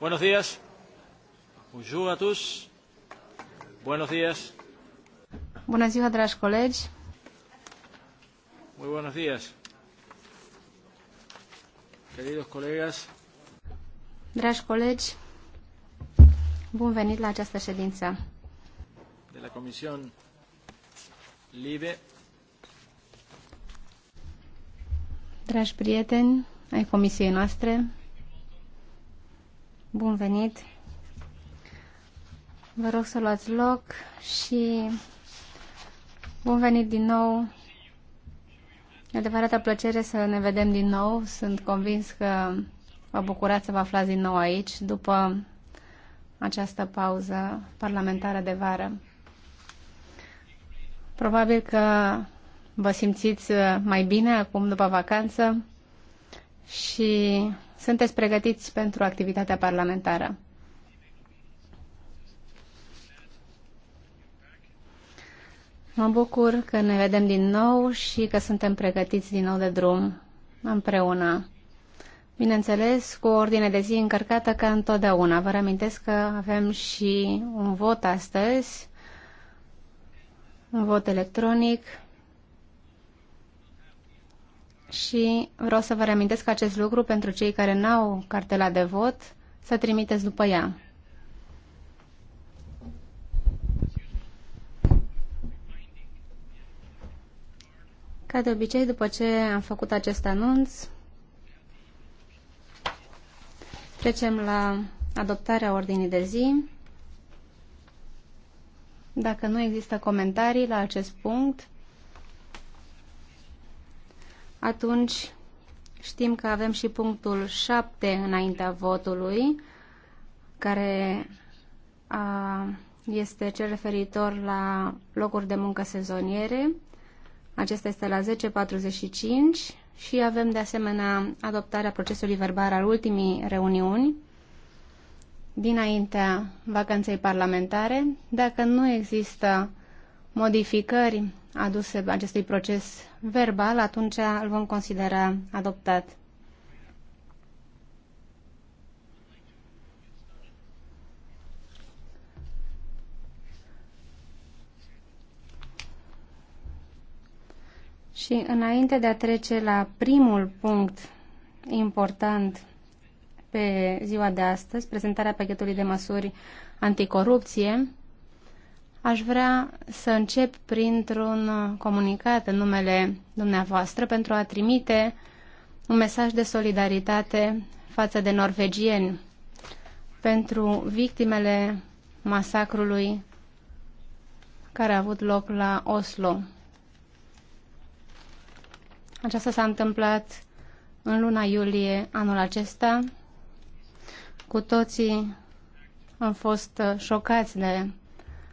Buenos días. Bonjour à tous. Buenos días. Bună ziua, dragi colegi. Muy buenos días. Queridos colegas. Dragi colegi, bun venit la această ședință. De la Comisión Libe. Dragi prieteni ai comisiei noastre, Bun venit! Vă rog să luați loc și bun venit din nou! E adevărată plăcere să ne vedem din nou. Sunt convins că vă bucurați să vă aflați din nou aici după această pauză parlamentară de vară. Probabil că vă simțiți mai bine acum după vacanță și sunteți pregătiți pentru activitatea parlamentară. Mă bucur că ne vedem din nou și că suntem pregătiți din nou de drum împreună. Bineînțeles, cu o ordine de zi încărcată ca întotdeauna. Vă reamintesc că avem și un vot astăzi, un vot electronic și vreau să vă reamintesc acest lucru pentru cei care n-au cartela de vot, să trimiteți după ea. Ca de obicei, după ce am făcut acest anunț, trecem la adoptarea ordinii de zi. Dacă nu există comentarii la acest punct, atunci știm că avem și punctul 7 înaintea votului, care a, este cel referitor la locuri de muncă sezoniere. Acesta este la 10.45 și avem de asemenea adoptarea procesului verbal al ultimii reuniuni dinaintea vacanței parlamentare. Dacă nu există modificări aduse acestui proces verbal, atunci îl vom considera adoptat. Și înainte de a trece la primul punct important pe ziua de astăzi, prezentarea pachetului de măsuri anticorupție, Aș vrea să încep printr-un comunicat în numele dumneavoastră pentru a trimite un mesaj de solidaritate față de norvegieni pentru victimele masacrului care a avut loc la Oslo. Aceasta s-a întâmplat în luna iulie anul acesta. Cu toții am fost șocați de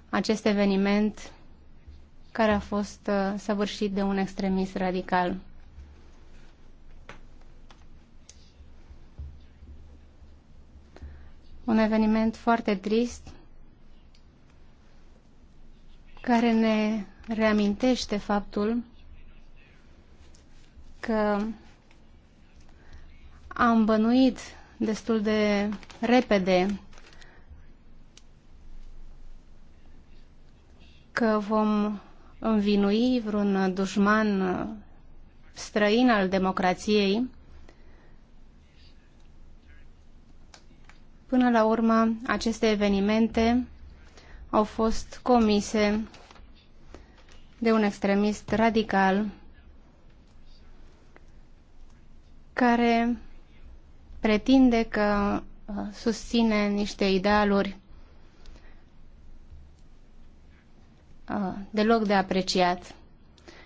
acest eveniment care a fost uh, săvârșit de un extremist radical. Un eveniment foarte trist care ne reamintește faptul că am bănuit destul de repede că vom învinui vreun dușman străin al democrației, până la urmă aceste evenimente au fost comise de un extremist radical care pretinde că uh, susține niște idealuri deloc de apreciat.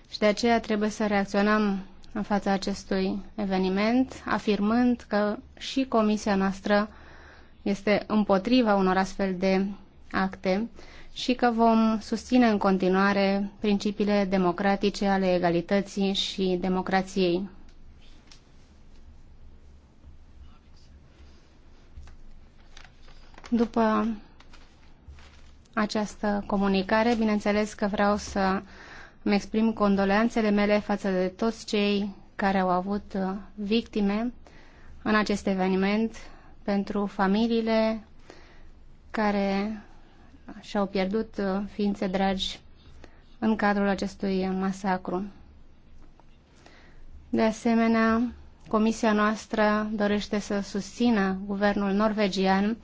Și de aceea trebuie să reacționăm în fața acestui eveniment, afirmând că și comisia noastră este împotriva unor astfel de acte și că vom susține în continuare principiile democratice ale egalității și democrației. După această comunicare. Bineînțeles că vreau să îmi exprim condoleanțele mele față de toți cei care au avut uh, victime în acest eveniment, pentru familiile care și-au pierdut uh, ființe dragi în cadrul acestui masacru. De asemenea, comisia noastră dorește să susțină guvernul norvegian,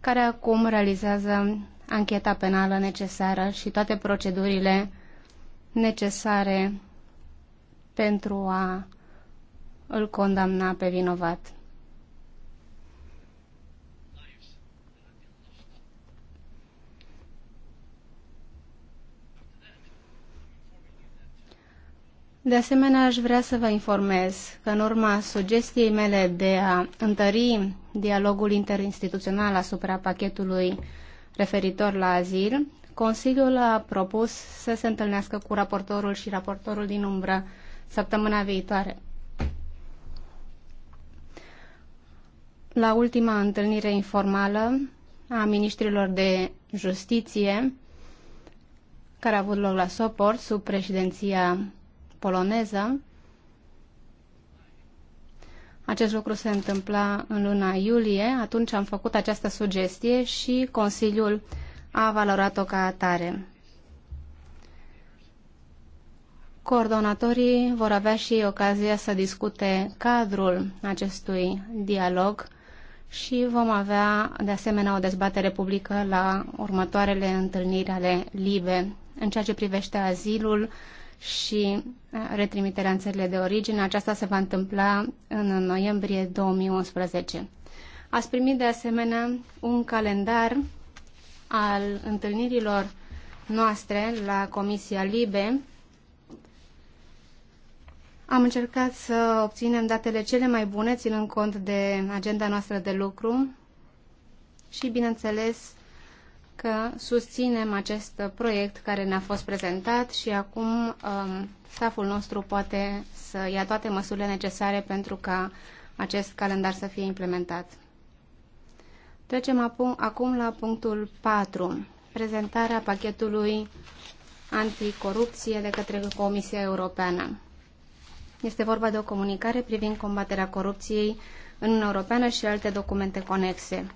care acum realizează ancheta penală necesară și toate procedurile necesare pentru a îl condamna pe vinovat. De asemenea, aș vrea să vă informez că în urma sugestiei mele de a întări dialogul interinstituțional asupra pachetului referitor la azil, Consiliul a propus să se întâlnească cu raportorul și raportorul din umbră săptămâna viitoare. La ultima întâlnire informală a ministrilor de justiție, care a avut loc la Sopor sub președinția poloneză, acest lucru se întâmpla în luna iulie, atunci am făcut această sugestie și Consiliul a valorat-o ca atare. Coordonatorii vor avea și ocazia să discute cadrul acestui dialog și vom avea de asemenea o dezbatere publică la următoarele întâlniri ale LIBE în ceea ce privește azilul, și retrimiterea în țările de origine. Aceasta se va întâmpla în noiembrie 2011. Ați primit de asemenea un calendar al întâlnirilor noastre la Comisia Libe. Am încercat să obținem datele cele mai bune, ținând cont de agenda noastră de lucru și, bineînțeles, că susținem acest proiect care ne-a fost prezentat și acum um, staful nostru poate să ia toate măsurile necesare pentru ca acest calendar să fie implementat. Trecem acum la punctul 4, prezentarea pachetului anticorupție de către Comisia Europeană. Este vorba de o comunicare privind combaterea corupției în Uniunea Europeană și alte documente conexe.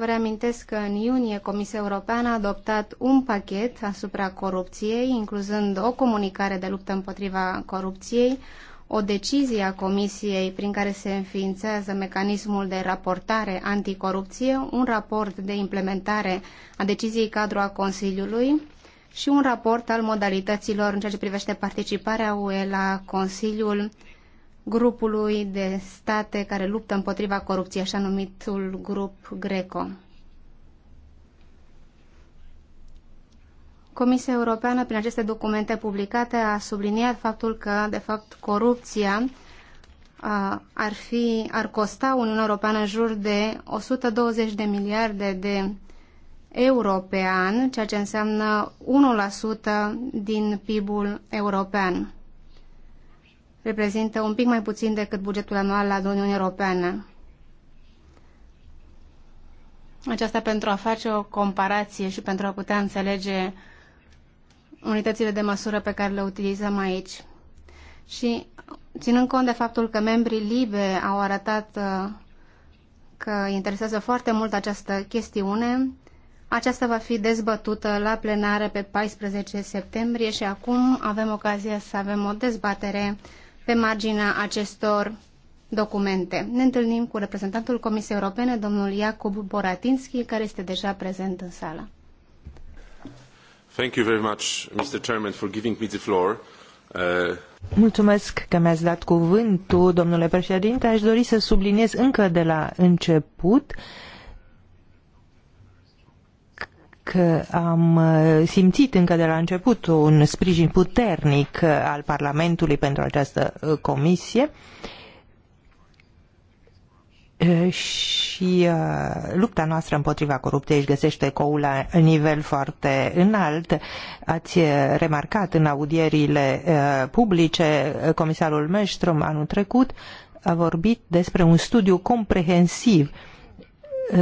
Vă reamintesc că în iunie Comisia Europeană a adoptat un pachet asupra corupției, incluzând o comunicare de luptă împotriva corupției, o decizie a Comisiei prin care se înființează mecanismul de raportare anticorupție, un raport de implementare a deciziei cadru a Consiliului și un raport al modalităților în ceea ce privește participarea UE la Consiliul grupului de state care luptă împotriva corupției, așa numitul grup Greco. Comisia Europeană, prin aceste documente publicate, a subliniat faptul că, de fapt, corupția ar, fi, ar costa Uniunea Europeană în jur de 120 de miliarde de euro pe an, ceea ce înseamnă 1% din PIB-ul european reprezintă un pic mai puțin decât bugetul anual al Uniunii Europeană. Aceasta pentru a face o comparație și pentru a putea înțelege unitățile de măsură pe care le utilizăm aici. Și ținând cont de faptul că membrii LIBE au arătat uh, că interesează foarte mult această chestiune, aceasta va fi dezbătută la plenară pe 14 septembrie și acum avem ocazia să avem o dezbatere pe marginea acestor documente. Ne întâlnim cu reprezentantul Comisiei Europene, domnul Iacub Boratinski, care este deja prezent în sală. Thank you very much, Mr. Chairman, for giving me the floor. Uh... Mulțumesc că mi-ați dat cuvântul, domnule președinte. Aș dori să subliniez încă de la început uh, că am uh, simțit încă de la început un sprijin puternic uh, al Parlamentului pentru această uh, comisie și lupta noastră împotriva corupției își găsește coul la nivel foarte înalt. Ați remarcat în audierile publice, comisarul Meștrom anul trecut a vorbit despre un studiu comprehensiv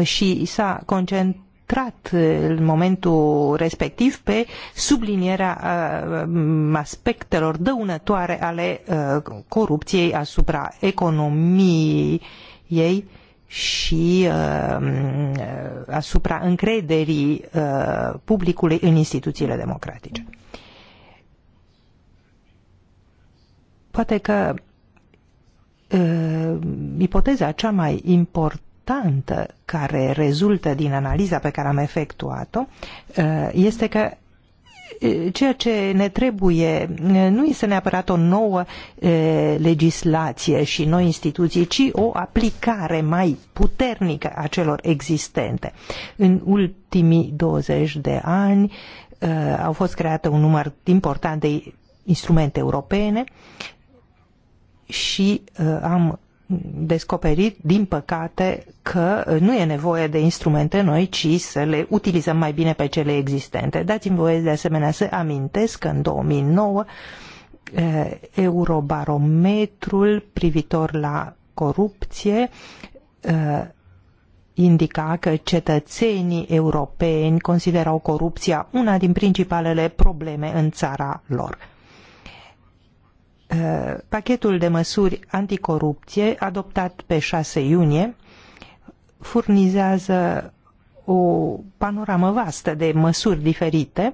și s-a concentrat concentrat în momentul respectiv pe sublinierea aspectelor dăunătoare ale corupției asupra economiei ei și asupra încrederii publicului în instituțiile democratice. Poate că uh, ipoteza cea mai importantă importantă care rezultă din analiza pe care am efectuat-o uh, este că uh, ceea ce ne trebuie uh, nu este neapărat o nouă legislație și noi instituții, ci o aplicare mai puternică a celor existente. În ultimii 20 de ani au fost create un număr important de instrumente europene și am descoperit, din păcate, că nu e nevoie de instrumente noi, ci să le utilizăm mai bine pe cele existente. Dați-mi voie de asemenea să amintesc că în 2009 eh, Eurobarometrul privitor la corupție eh, indica că cetățenii europeni considerau corupția una din principalele probleme în țara lor. Uh, pachetul de măsuri anticorupție adoptat pe 6 iunie furnizează o panoramă vastă de măsuri diferite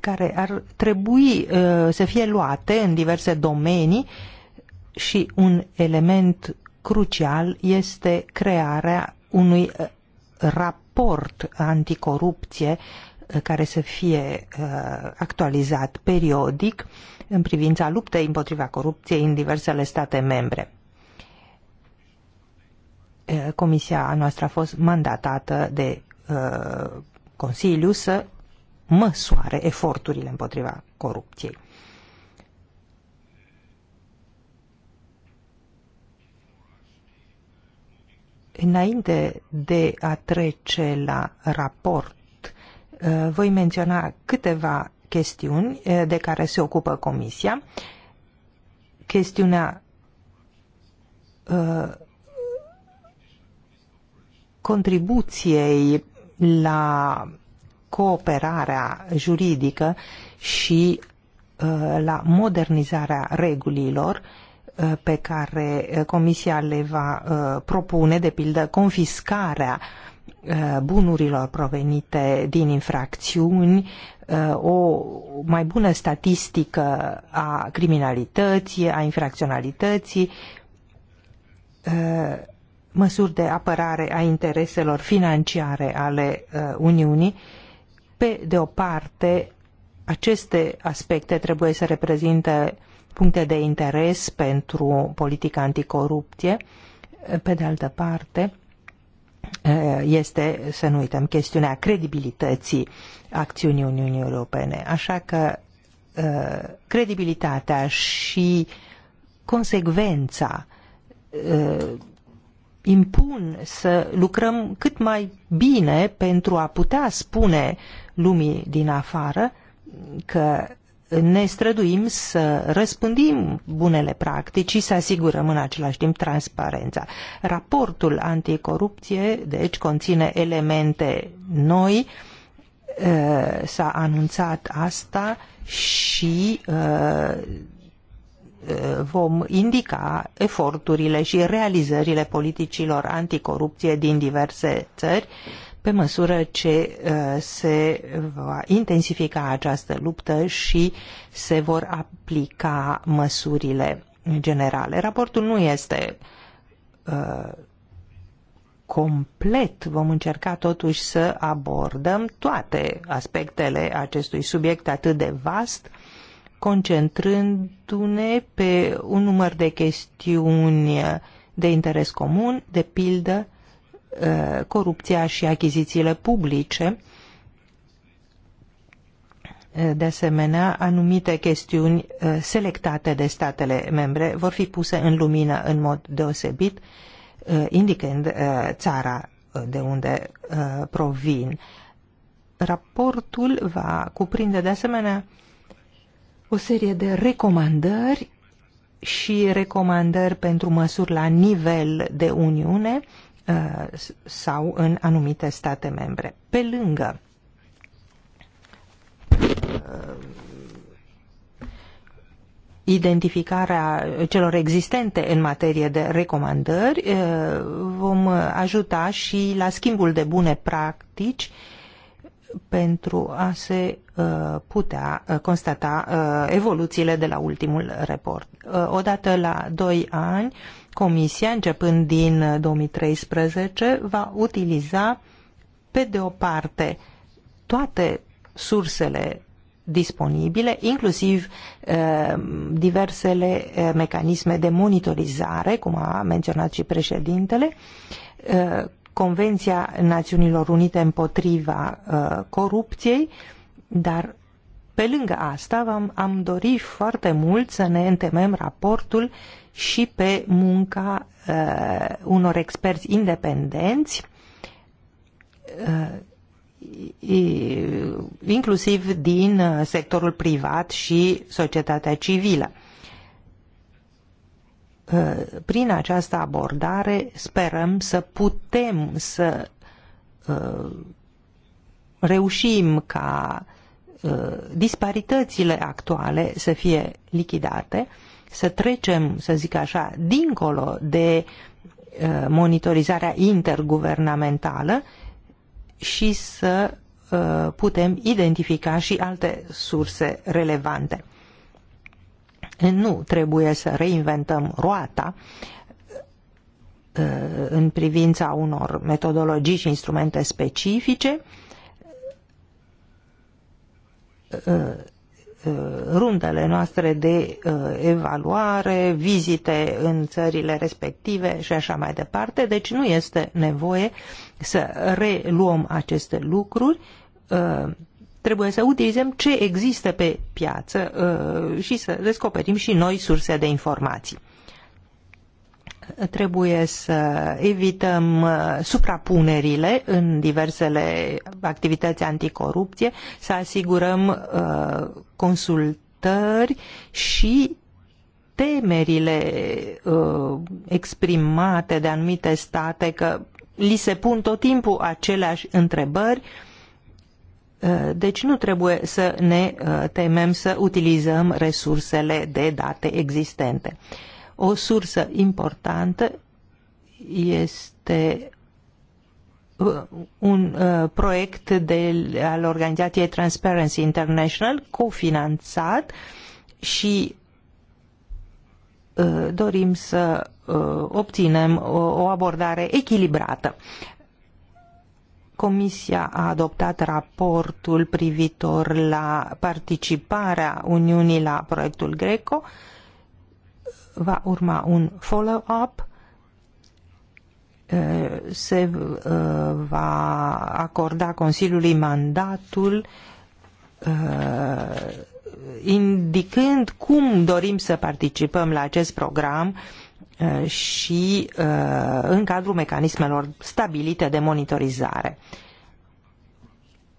care ar trebui uh, să fie luate în diverse domenii și un element crucial este crearea unui uh, raport anticorupție care să fie uh, actualizat periodic în privința luptei împotriva corupției în diversele state membre. Uh, comisia noastră a fost mandatată de uh, Consiliu să măsoare eforturile împotriva corupției. Înainte de a trece la raport Eh, voi menționa câteva chestiuni eh, de care se ocupă Comisia. Chestiunea eh, contribuției la cooperarea juridică și la modernizarea regulilor pe care Comisia le va propune, de pildă confiscarea uh, Uh, bunurilor provenite din infracțiuni, uh, o mai bună statistică a criminalității, a infracționalității, uh, măsuri de apărare a intereselor financiare ale Uniunii. Pe de o parte, aceste aspecte trebuie să reprezinte puncte de interes pentru politica anticorupție. Pe de altă parte, Eh, este, să nu uităm, chestiunea credibilității acțiunii Uniunii Europene. Așa că eh, credibilitatea și consecvența eh, impun să lucrăm cât mai bine pentru a putea spune lumii din afară că ne străduim să răspândim bunele practici și să asigurăm în același timp transparența. Raportul anticorupție, deci, conține elemente noi, uh, s-a anunțat asta și uh, uh, vom indica eforturile și realizările politicilor anticorupție din diverse țări pe măsură ce uh, se va intensifica această luptă și se vor aplica măsurile generale. Raportul nu este uh, complet, vom încerca totuși să abordăm toate aspectele acestui subiect atât de vast, concentrându-ne pe un număr de chestiuni de interes comun, de pildă Uh, corupția și achizițiile publice. Uh, de asemenea, anumite chestiuni uh, selectate de statele membre vor fi puse în lumină în mod deosebit, indicând țara de unde provin. Raportul va cuprinde de asemenea o serie de recomandări și recomandări pentru măsuri la nivel de Uniune, Uh, sau în anumite state membre. Pe lângă uh, identificarea celor existente în materie de recomandări, uh, vom ajuta și la schimbul de bune practici pentru a se putea constata evoluțiile de la ultimul report. Odată la doi ani Comisia, începând din 2013, uh, va utiliza, pe de o parte, toate sursele disponibile, inclusiv uh, diversele uh, mecanisme de monitorizare, cum a menționat și președintele, Convenția Națiunilor Unite împotriva corupției, dar pe lângă asta am, am dorit foarte mult să ne întemem raportul și pe munca uh, unor experți independenți, uh, inclusiv din uh, sectorul privat și societatea civilă. Uh, prin această abordare sperăm să putem să uh, reușim ca disparitățile actuale să fie lichidate să trecem, să zic așa, dincolo de uh, monitorizarea interguvernamentală și să uh, putem identifica și alte surse relevante. Nu trebuie să reinventăm roata uh, în privința unor metodologii și instrumente specifice, Uh, rundele noastre de uh, evaluare, vizite în țările respective și așa mai departe. Deci nu este nevoie să reluăm aceste lucruri. Uh, trebuie să utilizăm ce există pe piață și să descoperim și noi surse de informații trebuie să evităm uh, suprapunerile în diversele activități anticorupție, să asigurăm uh, consultări și temerile uh, exprimate de anumite state că li se pun tot timpul aceleași întrebări deci nu trebuie să ne temem să utilizăm resursele de date existente. O sursă importantă este uh, un uh, proiect de, al organizației Transparency International cofinanțat și uh, dorim să uh, obținem o, o abordare echilibrată. Comisia a adoptat raportul privitor la participarea Uniunii la proiectul Greco uh, va urma un follow-up eh, se eh, va acorda Consiliului mandatul eh, indicând cum dorim să participăm la acest program și în cadrul mecanismelor stabilite de monitorizare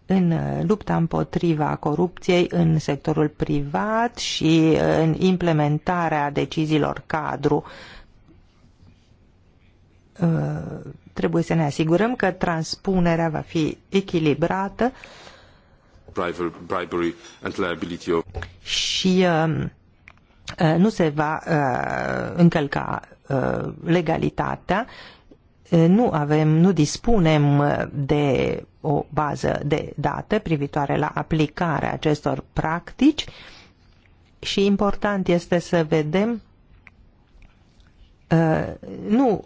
în uh, lupta împotriva corupției în sectorul privat și uh, în implementarea deciziilor cadru. Uh, trebuie să ne asigurăm că transpunerea va fi echilibrată bribery and liability of... și nu se va încălca legalitatea. Nu avem, nu dispunem de o bază de date privitoare la aplicarea acestor practici și important este să vedem uh, nu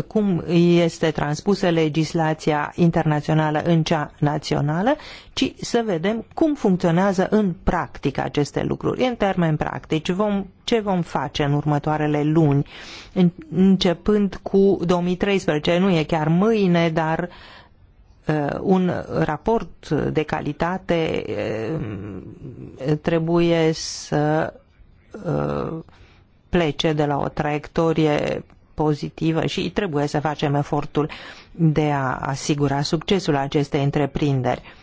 cum este transpusă legislația internațională în cea națională, ci să vedem cum funcționează în practică aceste lucruri, în termeni practici. Vom, ce vom face în următoarele luni, începând cu 2013, nu e chiar mâine, dar uh, un raport de calitate uh, trebuie să uh, plece de la o traiectorie pozitivă și trebuie să facem efortul de a asigura succesul acestei întreprinderi.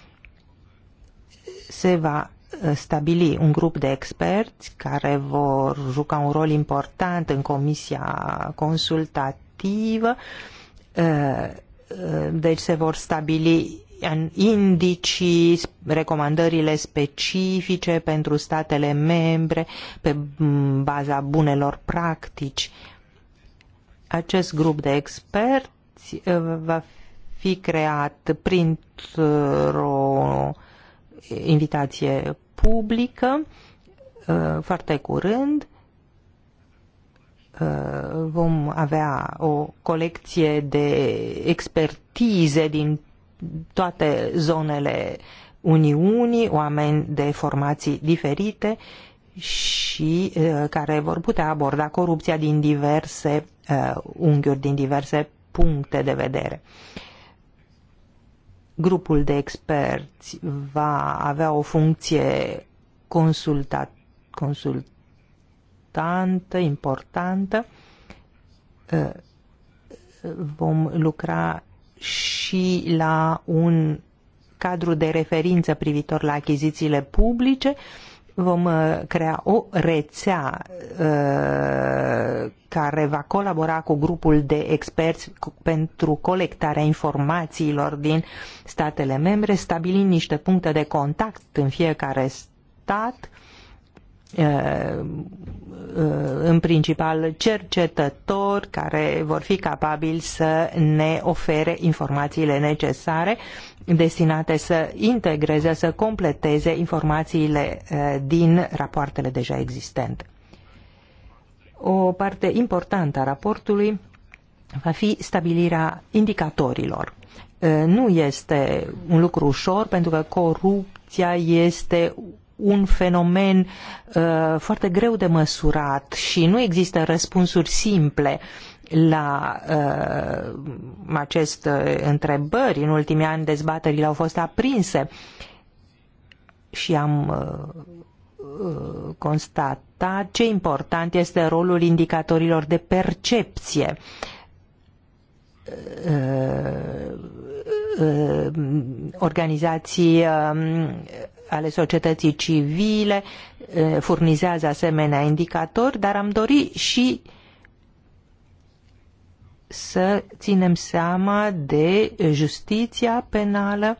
Se va uh, stabili un grup de experți care vor juca un rol important în comisia consultativă, uh, uh, deci se vor stabili indicii, recomandările specifice pentru statele membre pe baza bunelor practici acest grup de experți uh, va fi creat printr-o invitație publică uh, foarte curând. Uh, vom avea o colecție de expertize din toate zonele Uniunii, oameni de formații diferite și uh, care vor putea aborda corupția din diverse uh, unghiuri, din diverse puncte de vedere. Grupul de experți va avea o funcție consultat, consultantă, importantă. Uh, vom lucra și la un cadru de referință privitor la achizițiile publice vom uh, crea o rețea uh, care va colabora cu grupul de experți pentru colectarea informațiilor din statele membre, stabilind niște puncte de contact în fiecare stat, uh, în principal cercetători care vor fi capabili să ne ofere informațiile necesare destinate să integreze, să completeze informațiile eh, din rapoartele deja existente. O parte importantă a raportului va fi stabilirea indicatorilor. Eh, nu este un lucru ușor pentru că corupția este un fenomen uh, foarte greu de măsurat și nu există răspunsuri simple la uh, aceste uh, întrebări. În ultimii ani dezbaterile au fost aprinse și am uh, uh constatat ce important este rolul indicatorilor de percepție uh, organizații um, ale societății civile furnizează asemenea indicatori, dar am dori și uh, să ținem seama de justiția penală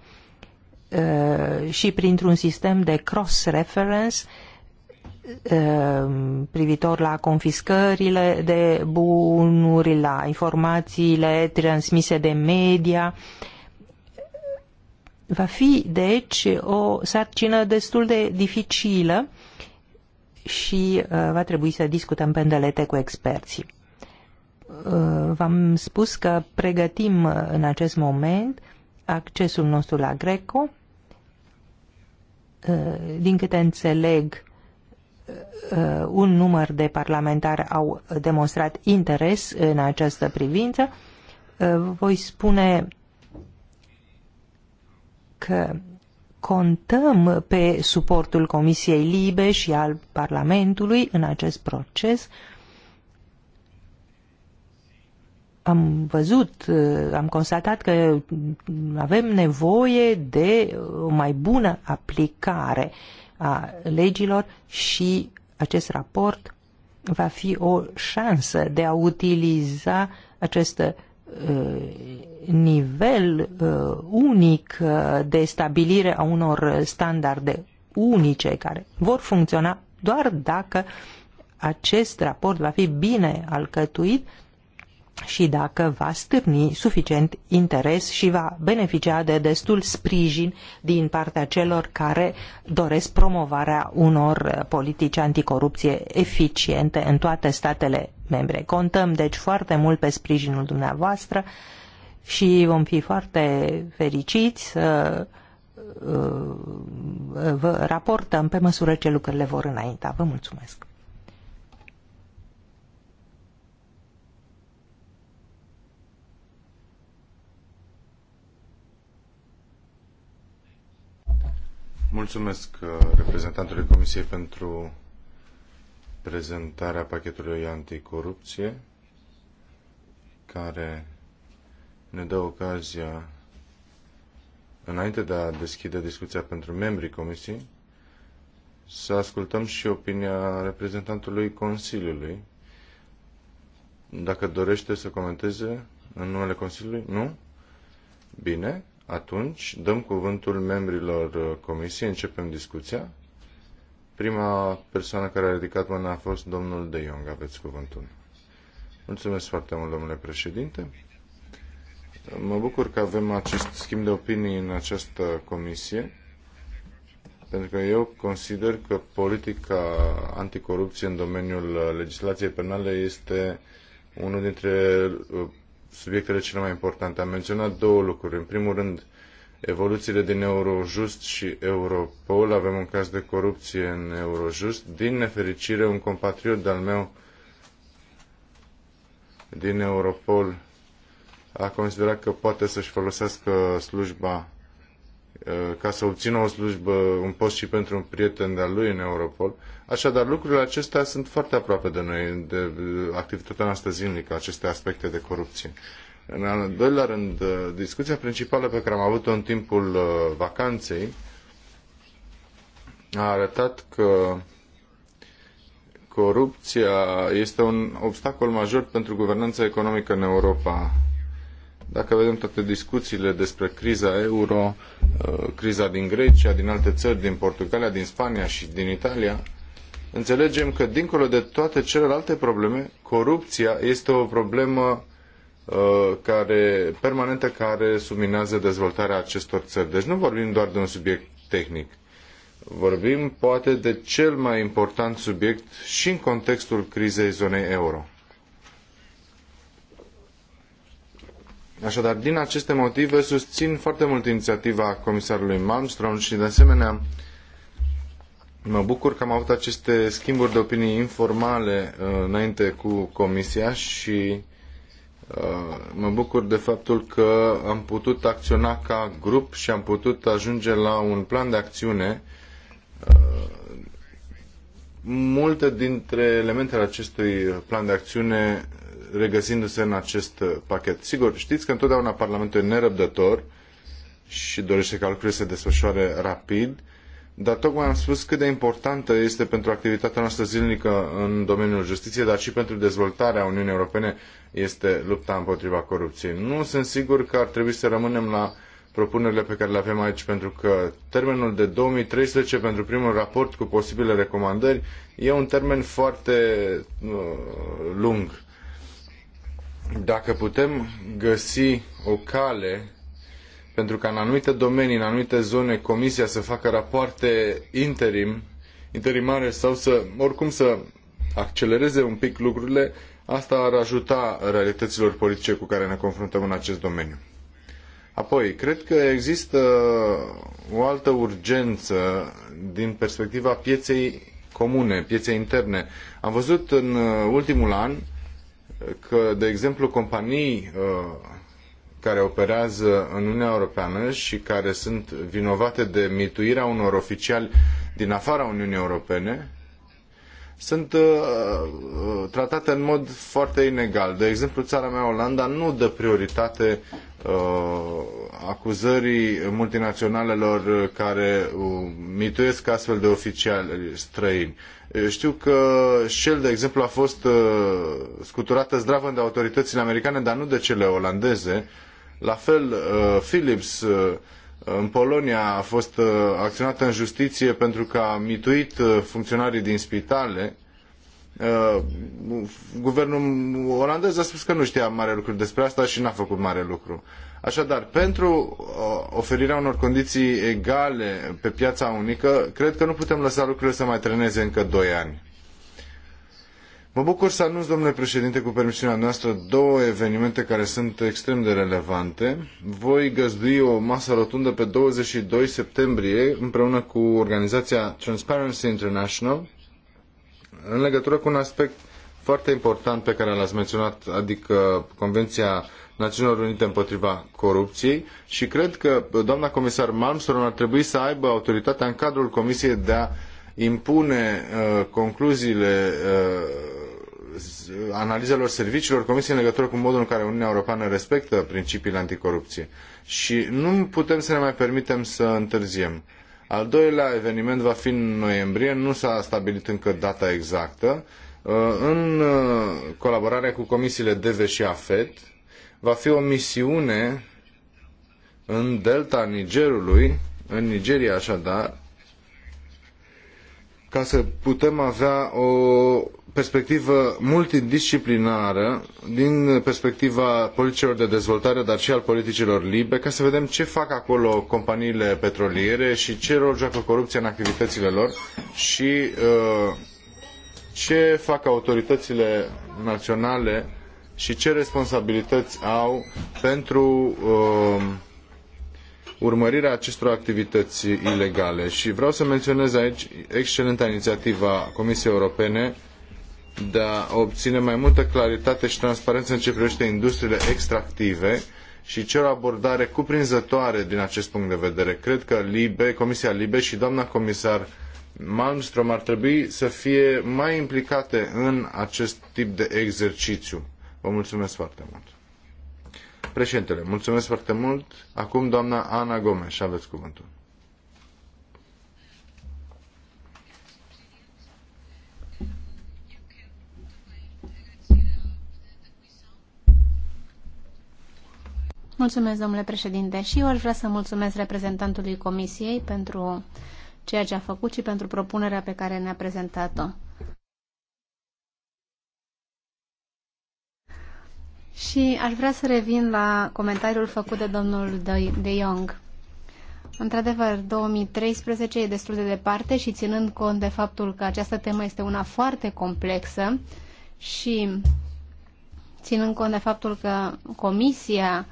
uh, și printr-un sistem de cross-reference uh, privitor la confiscările de bunuri, la informațiile transmise de media. Va fi, deci, o sarcină destul de dificilă și uh, va trebui să discutăm pendelete cu experții. Uh, v-am spus că pregătim uh, în acest moment accesul nostru la Greco. Uh, din câte înțeleg, un număr de parlamentari au demonstrat interes în această privință. Voi spune că contăm pe suportul Comisiei Libe și al Parlamentului în acest proces uh, am văzut, uh, am constatat că avem nevoie de uh, o mai bună aplicare a legilor și acest raport va fi o șansă de a utiliza acest uh, nivel unic de stabilire a unor standarde unice care vor funcționa doar dacă acest raport va fi bine alcătuit și dacă va stârni suficient interes și va beneficia de destul sprijin din partea celor care doresc promovarea unor uh, politici anticorupție eficiente în toate statele membre. Contăm deci foarte mult pe sprijinul dumneavoastră și vom fi foarte fericiți să uh, vă raportăm pe măsură ce lucrurile vor înainta. Vă mulțumesc! Mulțumesc uh, reprezentantului Comisiei pentru prezentarea pachetului anticorupție, care ne dă ocazia, înainte de a deschide discuția pentru membrii Comisiei, să ascultăm și opinia reprezentantului Consiliului. Dacă dorește să comenteze în numele Consiliului, nu? Bine. Atunci dăm cuvântul membrilor uh, comisiei, începem discuția. Prima persoană care a ridicat mâna a fost domnul De Jong. Aveți cuvântul. Mulțumesc foarte mult, domnule președinte. Mă bucur că avem acest schimb de opinii în această comisie, pentru că eu consider că politica anticorupție în domeniul uh, legislației penale este unul dintre uh, subiectele cele mai importante. Am menționat două lucruri. În primul rând, evoluțiile din Eurojust și Europol. Avem un caz de corupție în Eurojust. Din nefericire, un compatriot de-al meu din Europol a considerat că poate să-și folosească slujba uh, ca să obțină o slujbă, un post și pentru un prieten de-al lui în Europol Așadar, lucrurile acestea sunt foarte aproape de noi, de activitatea noastră zilnică, aceste aspecte de corupție. În al doilea rând, uh, discuția principală pe care am avut-o în timpul uh, vacanței a arătat că corupția este un obstacol major pentru guvernanța economică în Europa. Dacă vedem toate discuțiile despre criza euro, uh, criza din Grecia, din alte țări, din Portugalia, din Spania și din Italia, înțelegem că, dincolo de toate celelalte probleme, corupția este o problemă uh, care, permanentă care subminează dezvoltarea acestor țări. Deci nu vorbim doar de un subiect tehnic. Vorbim poate de cel mai important subiect și în contextul crizei zonei euro. Așadar, din aceste motive, susțin foarte mult inițiativa comisarului Malmström și, de asemenea, Mă bucur că am avut aceste schimburi de opinii informale uh, înainte cu Comisia și uh, mă bucur de faptul că am putut acționa ca grup și am putut ajunge la un plan de acțiune. Uh, multe dintre elementele acestui plan de acțiune regăsindu-se în acest pachet. Sigur, știți că întotdeauna Parlamentul e nerăbdător și dorește ca lucrurile să se desfășoare rapid dar tocmai am spus cât de importantă este pentru activitatea noastră zilnică în domeniul justiției, dar și pentru dezvoltarea Uniunii Europene este lupta împotriva corupției. Nu sunt sigur că ar trebui să rămânem la propunerile pe care le avem aici, pentru că termenul de 2013 pentru primul raport cu posibile recomandări e un termen foarte uh, lung. Dacă putem găsi o cale pentru ca în anumite domenii, în anumite zone, comisia să facă rapoarte interim, interimare sau să, oricum să accelereze un pic lucrurile, asta ar ajuta realităților politice cu care ne confruntăm în acest domeniu. Apoi, cred că există o altă urgență din perspectiva pieței comune, pieței interne. Am văzut în ultimul an că, de exemplu, companii uh, care operează în Uniunea Europeană și care sunt vinovate de mituirea unor oficiali din afara Uniunii Europene sunt uh, uh, tratate în mod foarte inegal. De exemplu, țara mea, Olanda, nu dă prioritate uh, acuzării multinaționalelor care uh, mituiesc astfel de oficiali străini. Uh, știu că Shell, de exemplu, a fost uh, scuturată zdravă de autoritățile americane, dar nu de cele olandeze. Uh, la fel, uh, Philips uh, în Polonia a fost uh, acționată în justiție pentru că a mituit funcționarii din spitale. Guvernul olandez a spus că nu știa mare lucru despre asta și n-a făcut mare lucru. Așadar, pentru oferirea unor condiții egale pe piața unică, cred că nu putem lăsa lucrurile să mai treneze încă doi ani. Mă bucur să anunț, domnule președinte, cu permisiunea noastră, două evenimente care sunt extrem de relevante. Voi găzdui o masă rotundă pe 22 septembrie împreună cu organizația Transparency International în legătură cu un aspect foarte important pe care l-ați menționat, adică Convenția Națiunilor Unite împotriva corupției și cred că doamna comisar Malmström ar trebui să aibă autoritatea în cadrul Comisiei de a impune uh, concluziile uh, analizelor serviciilor Comisiei în legătură cu modul în care Uniunea Europeană respectă principiile anticorupție. Și nu putem să ne mai permitem să întârziem. Al doilea eveniment va fi în noiembrie, nu s-a stabilit încă data exactă. Uh, în colaborare cu comisiile DEVE și AFET, va fi o misiune în delta Nigerului, în Nigeria așadar, ca să putem avea o perspectivă multidisciplinară din perspectiva politicilor de dezvoltare, dar și al politicilor libe, ca să vedem ce fac acolo companiile petroliere și ce rol joacă corupția în activitățile lor și uh, ce fac autoritățile naționale și ce responsabilități au pentru uh, urmărirea acestor activități ilegale. Și vreau să menționez aici excelenta inițiativa Comisiei Europene de a obține mai multă claritate și transparență în ce privește industriile extractive și cer o abordare cuprinzătoare din acest punct de vedere. Cred că LIBE, Comisia LIBE și doamna comisar Malmström ar trebui să fie mai implicate în acest tip de exercițiu. Vă mulțumesc foarte mult! Președintele, mulțumesc foarte mult. Acum doamna Ana Gomes, aveți cuvântul. Mulțumesc, domnule președinte. Și eu aș vrea să mulțumesc reprezentantului Comisiei pentru ceea ce a făcut și pentru propunerea pe care ne-a prezentat-o. Și aș vrea să revin la comentariul făcut de domnul De Jong. Într-adevăr, 2013 e destul de departe și ținând cont de faptul că această temă este una foarte complexă și ținând cont de faptul că Comisia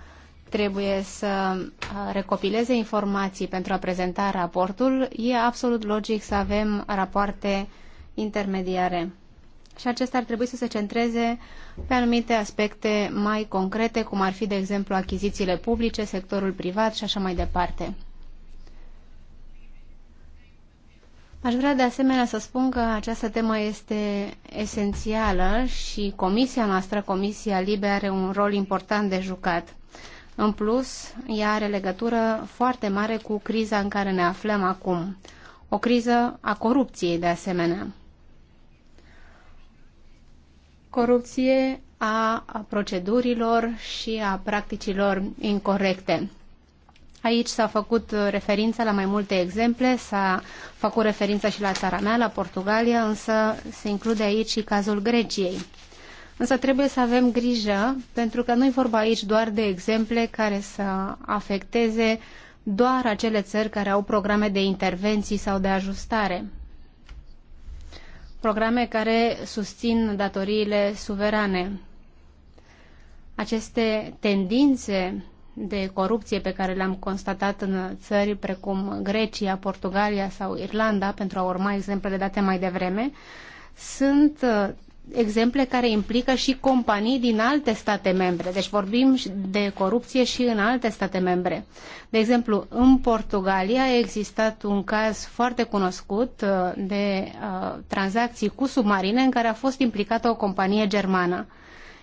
trebuie să uh, recopileze informații pentru a prezenta raportul, e absolut logic să avem rapoarte intermediare și acesta ar trebui să se centreze pe anumite aspecte mai concrete, cum ar fi, de exemplu, achizițiile publice, sectorul privat și așa mai departe. Aș vrea de asemenea să spun că această temă este esențială și comisia noastră, Comisia Libe, are un rol important de jucat. În plus, ea are legătură foarte mare cu criza în care ne aflăm acum, o criză a corupției de asemenea corupție, a procedurilor și a practicilor incorrecte. Aici s-a făcut referință la mai multe exemple, s-a făcut referință și la țara mea, la Portugalia, însă se include aici și cazul Greciei. Însă trebuie să avem grijă, pentru că nu e vorba aici doar de exemple care să afecteze doar acele țări care au programe de intervenții sau de ajustare programe care susțin datoriile suverane. Aceste tendințe de corupție pe care le-am constatat în țări precum Grecia, Portugalia sau Irlanda, pentru a urma exemplele date mai devreme, sunt exemple care implică și companii din alte state membre. Deci vorbim de corupție și în alte state membre. De exemplu, în Portugalia a existat un caz foarte cunoscut uh, de uh, tranzacții cu submarine în care a fost implicată o companie germană.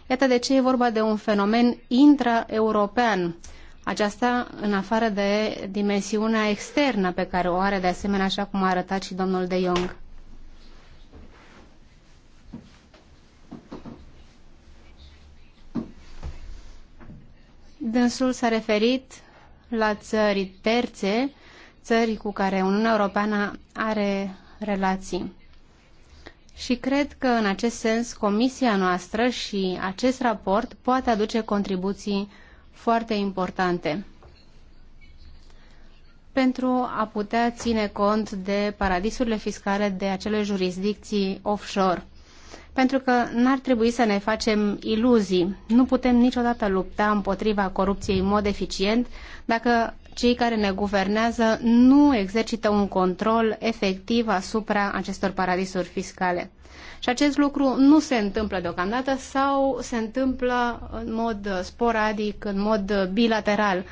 Iată de ce e vorba de un fenomen intraeuropean. Aceasta în afară de dimensiunea externă pe care o are de asemenea, așa cum a arătat și domnul De Jong. Dânsul s-a referit la țări terțe, țări cu care Uniunea Europeană are relații. Și cred că în acest sens comisia noastră și acest raport poate aduce contribuții foarte importante pentru a putea ține cont de paradisurile fiscale de acele jurisdicții offshore pentru că n-ar trebui să ne facem iluzii. Nu putem niciodată lupta împotriva corupției în mod eficient dacă cei care ne guvernează nu exercită un control efectiv asupra acestor paradisuri fiscale. Și acest lucru nu se întâmplă deocamdată sau se întâmplă în mod sporadic, în mod bilateral.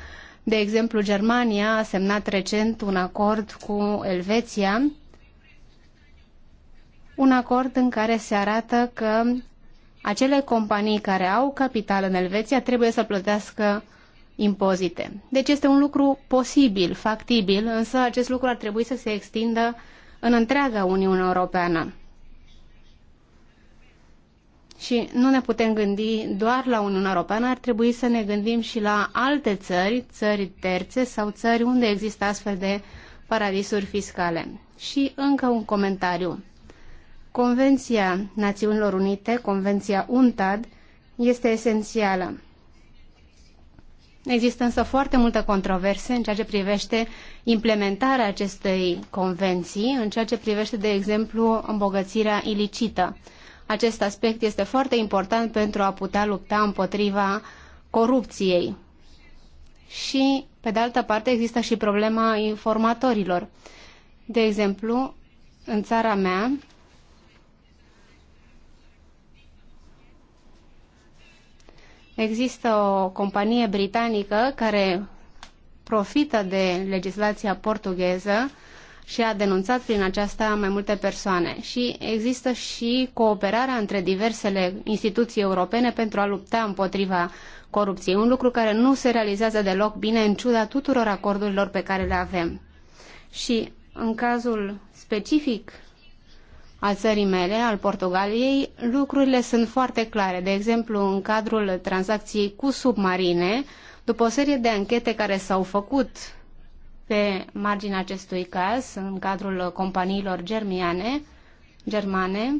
De exemplu, Germania a semnat recent un acord cu Elveția un acord în care se arată că acele companii care au capital în Elveția trebuie să plătească impozite. Deci este un lucru posibil, factibil, însă acest lucru ar trebui să se extindă în întreaga Uniune Europeană. Și nu ne putem gândi doar la Uniunea Europeană, ar trebui să ne gândim și la alte țări, țări terțe sau țări unde există astfel de paradisuri fiscale. Și încă un comentariu. Convenția Națiunilor Unite, Convenția UNTAD, este esențială. Există însă foarte multă controverse în ceea ce privește implementarea acestei convenții, în ceea ce privește, de exemplu, îmbogățirea ilicită. Acest aspect este foarte important pentru a putea lupta împotriva corupției. Și, pe de altă parte, există și problema informatorilor. De exemplu, în țara mea Există o companie britanică care profită de legislația portugheză și a denunțat prin aceasta mai multe persoane. Și există și cooperarea între diversele instituții europene pentru a lupta împotriva corupției, un lucru care nu se realizează deloc bine în ciuda tuturor acordurilor pe care le avem. Și în cazul specific a țării mele, al Portugaliei, lucrurile sunt foarte clare. De exemplu, în cadrul tranzacției cu submarine, după o serie de anchete care s-au făcut pe marginea acestui caz, în cadrul companiilor germiane, germane,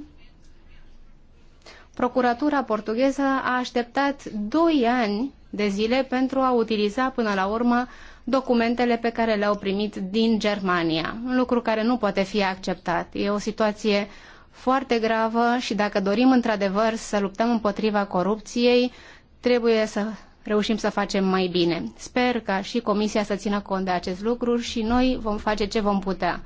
Procuratura portugheză a așteptat 2 ani de zile pentru a utiliza până la urmă documentele pe care le-au primit din Germania, un lucru care nu poate fi acceptat. E o situație foarte gravă și dacă dorim într-adevăr să luptăm împotriva corupției, trebuie să reușim să facem mai bine. Sper ca și Comisia să țină cont de acest lucru și noi vom face ce vom putea.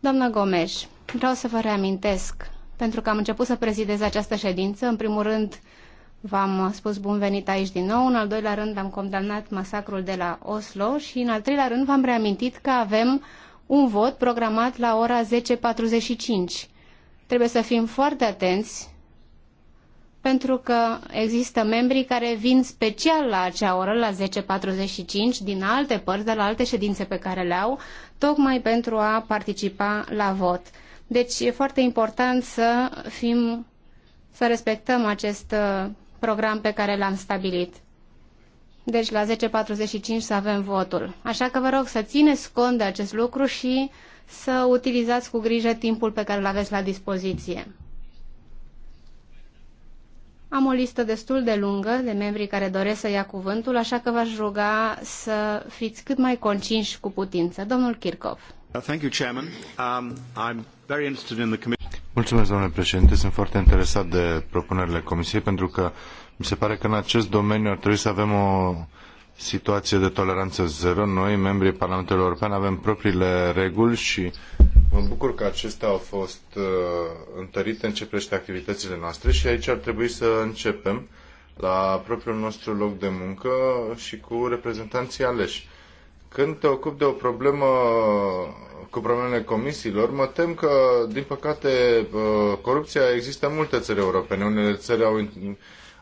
Doamna Gomes, vreau să vă reamintesc, pentru că am început să prezidez această ședință, în primul rând V-am uh, spus bun venit aici din nou, în al doilea rând am condamnat masacrul de la Oslo și în al treilea rând v-am reamintit că avem un vot programat la ora 10.45. Trebuie să fim foarte atenți pentru că există membri care vin special la acea oră, la 10.45, din alte părți, de la alte ședințe pe care le au, tocmai pentru a participa la vot. Deci e foarte important să fim, să respectăm acest uh, program pe care l-am stabilit. Deci la 10.45 să avem votul. Așa că vă rog să țineți cont de acest lucru și să utilizați cu grijă timpul pe care îl aveți la dispoziție. Am o listă destul de lungă de membri care doresc să ia cuvântul, așa că v-aș ruga să fiți cât mai concinși cu putință. Domnul Kirchhoff. Thank you, Chairman. Um, I'm Mulțumesc, domnule președinte. Sunt foarte interesat de propunerile Comisiei pentru că mi se pare că în acest domeniu ar trebui să avem o situație de toleranță zero. Noi, membrii Parlamentului European, avem propriile reguli și mă bucur că acestea au fost uh, întărite în ce privește activitățile noastre și aici ar trebui să începem la propriul nostru loc de muncă și cu reprezentanții aleși când te ocupi de o problemă cu problemele comisiilor, mă tem că, din păcate, uh, corupția există în multe țări europene. Unele țări au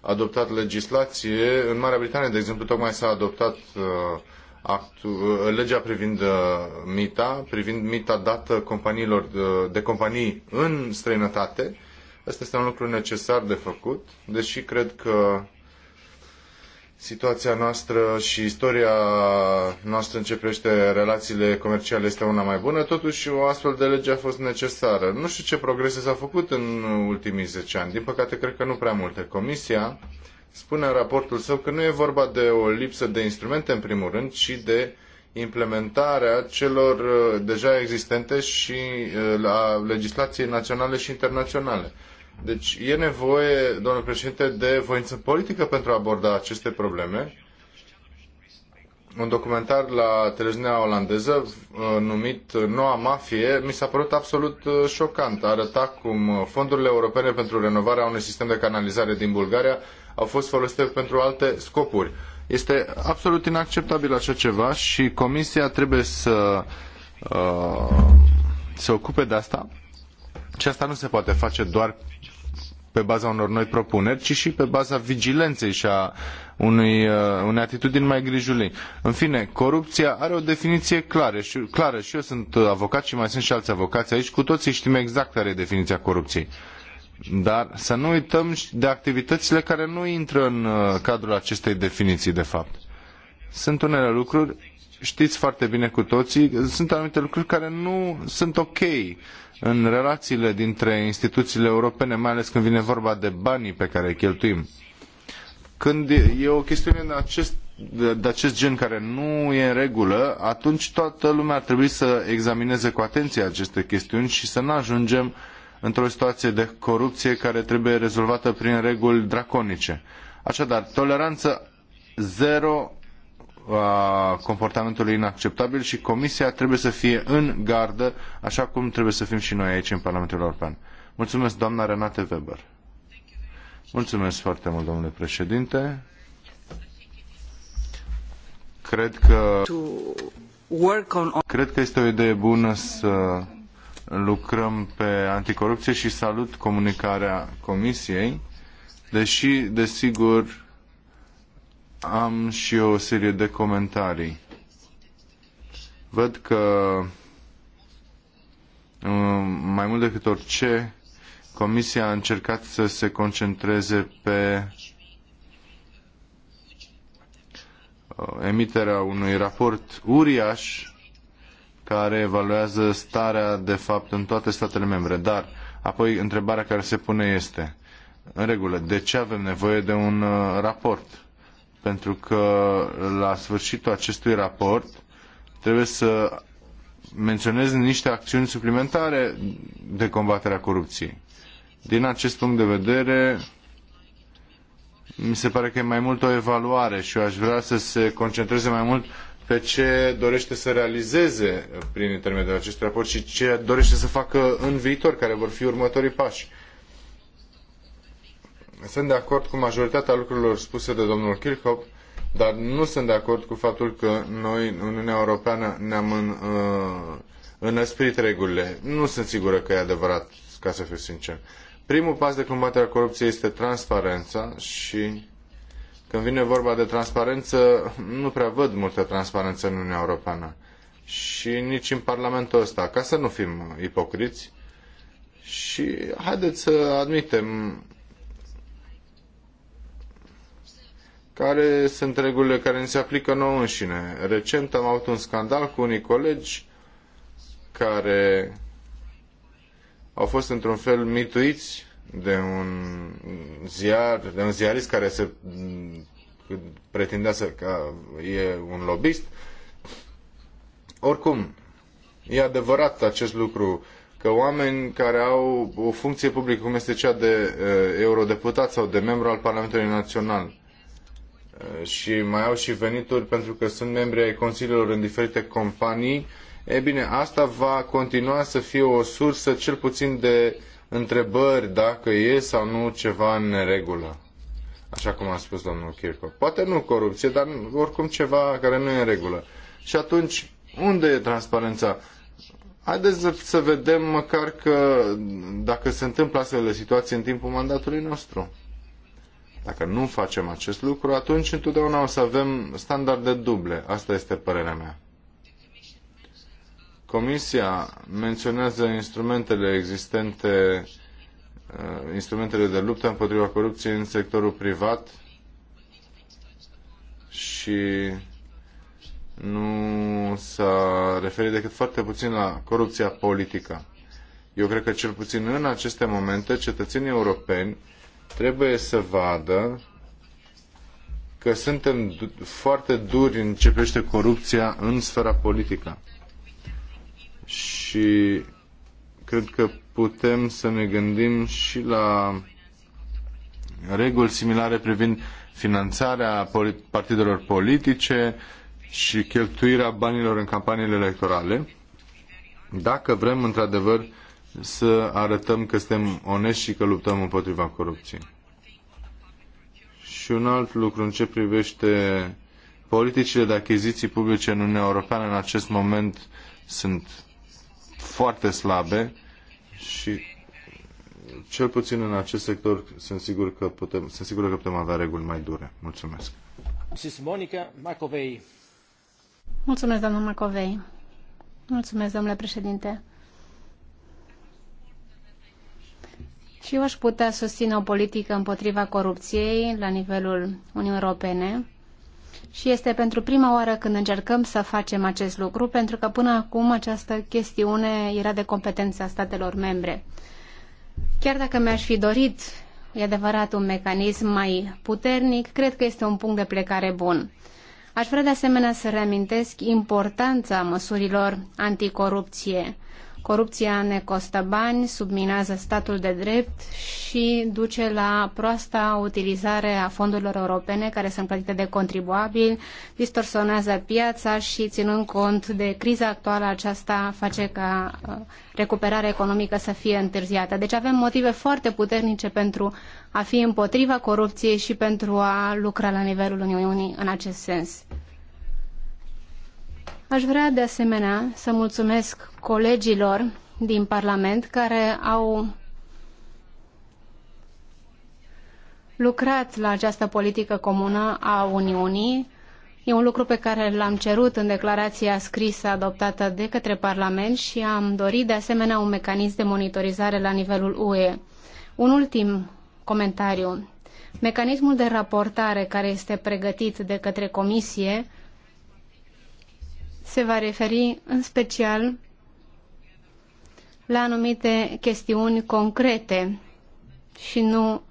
adoptat legislație. În Marea Britanie, de exemplu, tocmai s-a adoptat uh, uh, legea privind mita, privind mita dată companiilor de companii în străinătate. Asta este un lucru necesar de făcut, deși cred că situația noastră și istoria noastră în ce privește relațiile comerciale este una mai bună, totuși o astfel de lege a fost necesară. Nu știu ce progrese s-au făcut în ultimii zece ani, din păcate cred că nu prea multe. Comisia spune în raportul său că nu e vorba de o lipsă de instrumente în primul rând, ci de implementarea celor uh, deja existente și uh, a legislației naționale și internaționale. Deci e nevoie, domnule președinte, de voință politică pentru a aborda aceste probleme. Un documentar la televiziunea olandeză uh, numit Noua Mafie mi s-a părut absolut uh, șocant. Arăta cum uh, fondurile europene pentru renovarea unui sistem de canalizare din Bulgaria au fost folosite pentru alte scopuri. Este absolut inacceptabil așa ceva și Comisia trebuie să uh, se ocupe de asta. Și asta nu se poate face doar pe baza unor noi propuneri, ci și pe baza vigilenței și a unui, uh, unei atitudini mai grijulii. În fine, corupția are o definiție clară și, clară și eu sunt uh, avocat și mai sunt și alți avocați aici, cu toții știm exact care e definiția corupției. Dar să nu uităm de activitățile care nu intră în uh, cadrul acestei definiții, de fapt. Sunt unele lucruri, știți foarte bine cu toții, sunt anumite lucruri care nu sunt ok în relațiile dintre instituțiile europene, mai ales când vine vorba de banii pe care îi cheltuim. Când e o chestiune de acest, de acest gen care nu e în regulă, atunci toată lumea ar trebui să examineze cu atenție aceste chestiuni și să nu ajungem într-o situație de corupție care trebuie rezolvată prin reguli draconice. Așadar, toleranță zero a comportamentului inacceptabil și Comisia trebuie să fie în gardă, așa cum trebuie să fim și noi aici în Parlamentul European. Mulțumesc, doamna Renate Weber. Mulțumesc foarte mult, domnule președinte. Cred că... Cred că este o idee bună să lucrăm pe anticorupție și salut comunicarea Comisiei, deși, desigur, am și o serie de comentarii. Văd că um, mai mult decât orice, Comisia a încercat să se concentreze pe uh, emiterea unui raport uriaș care evaluează starea de fapt în toate statele membre. Dar apoi întrebarea care se pune este, în regulă, de ce avem nevoie de un uh, raport? pentru că la sfârșitul acestui raport trebuie să menționez niște acțiuni suplimentare de combatere a corupției. Din acest punct de vedere, mi se pare că e mai mult o evaluare și eu aș vrea să se concentreze mai mult pe ce dorește să realizeze prin intermediul acestui raport și ce dorește să facă în viitor, care vor fi următorii pași. Sunt de acord cu majoritatea lucrurilor spuse de domnul Kirchhoff, dar nu sunt de acord cu faptul că noi, în Uniunea Europeană, ne-am în, uh, înăsprit regulile. Nu sunt sigură că e adevărat, ca să fiu sincer. Primul pas de combatere a corupției este transparența și când vine vorba de transparență, nu prea văd multă transparență în Uniunea Europeană și nici în Parlamentul ăsta, ca să nu fim ipocriți. Și haideți să admitem care sunt regulile care ne se aplică nouă înșine. Recent am avut un scandal cu unii colegi care au fost într-un fel mituiți de un ziar, de un ziarist care se pretindea să că e un lobist. Oricum, e adevărat acest lucru că oameni care au o funcție publică, cum este cea de uh, eurodeputat sau de membru al Parlamentului Național, Eh, și mai au și venituri pentru că sunt membri ai consiliilor în diferite companii, e bine, asta va continua să fie o sursă cel puțin de întrebări dacă e sau nu ceva în neregulă. Așa cum a spus domnul Kirchhoff. Poate nu corupție, dar oricum ceva care nu e în regulă. Și atunci, unde e transparența? Haideți să, să vedem măcar că dacă se întâmplă astfel de situații în timpul mandatului nostru. Dacă nu facem acest lucru, atunci întotdeauna o să avem standarde duble. Asta este părerea mea. Comisia menționează instrumentele existente, uh, instrumentele de luptă împotriva corupției în sectorul privat și nu s-a referit decât foarte puțin la corupția politică. Eu cred că cel puțin în aceste momente cetățenii europeni trebuie să vadă că suntem foarte duri în ce privește corupția în sfera politică. Și cred că putem să ne gândim și la reguli similare privind finanțarea partidelor politice și cheltuirea banilor în campaniile electorale, dacă vrem într-adevăr să arătăm că suntem onești și că luptăm împotriva corupției. Și un alt lucru în ce privește politicile de achiziții publice în Uniunea Europeană în acest moment sunt foarte slabe și cel puțin în acest sector sunt sigur că putem, sunt sigur că putem avea reguli mai dure. Mulțumesc. Monica Macovei. Mulțumesc, domnul Macovei. Mulțumesc, domnule președinte. Și eu aș putea susține o politică împotriva corupției la nivelul Uniunii Europene, și este pentru prima oară când încercăm să facem acest lucru, pentru că până acum această chestiune era de competența statelor membre. Chiar dacă mi-aș fi dorit, e adevărat, un mecanism mai puternic, cred că este un punct de plecare bun. Aș vrea de asemenea să reamintesc importanța măsurilor anticorupție Corupția ne costă bani, subminează statul de drept și duce la proasta utilizare a fondurilor europene care sunt plătite de contribuabil, distorsionează piața și, ținând cont de criza actuală, aceasta face ca uh, recuperarea economică să fie întârziată. Deci avem motive foarte puternice pentru a fi împotriva corupției și pentru a lucra la nivelul Uniunii în acest sens. Aș vrea de asemenea să mulțumesc colegilor din Parlament care au lucrat la această politică comună a Uniunii. E un lucru pe care l-am cerut în declarația scrisă adoptată de către Parlament și am dorit de asemenea un mecanism de monitorizare la nivelul UE. Un ultim comentariu. Mecanismul de raportare care este pregătit de către Comisie se va referi în special la anumite chestiuni concrete și nu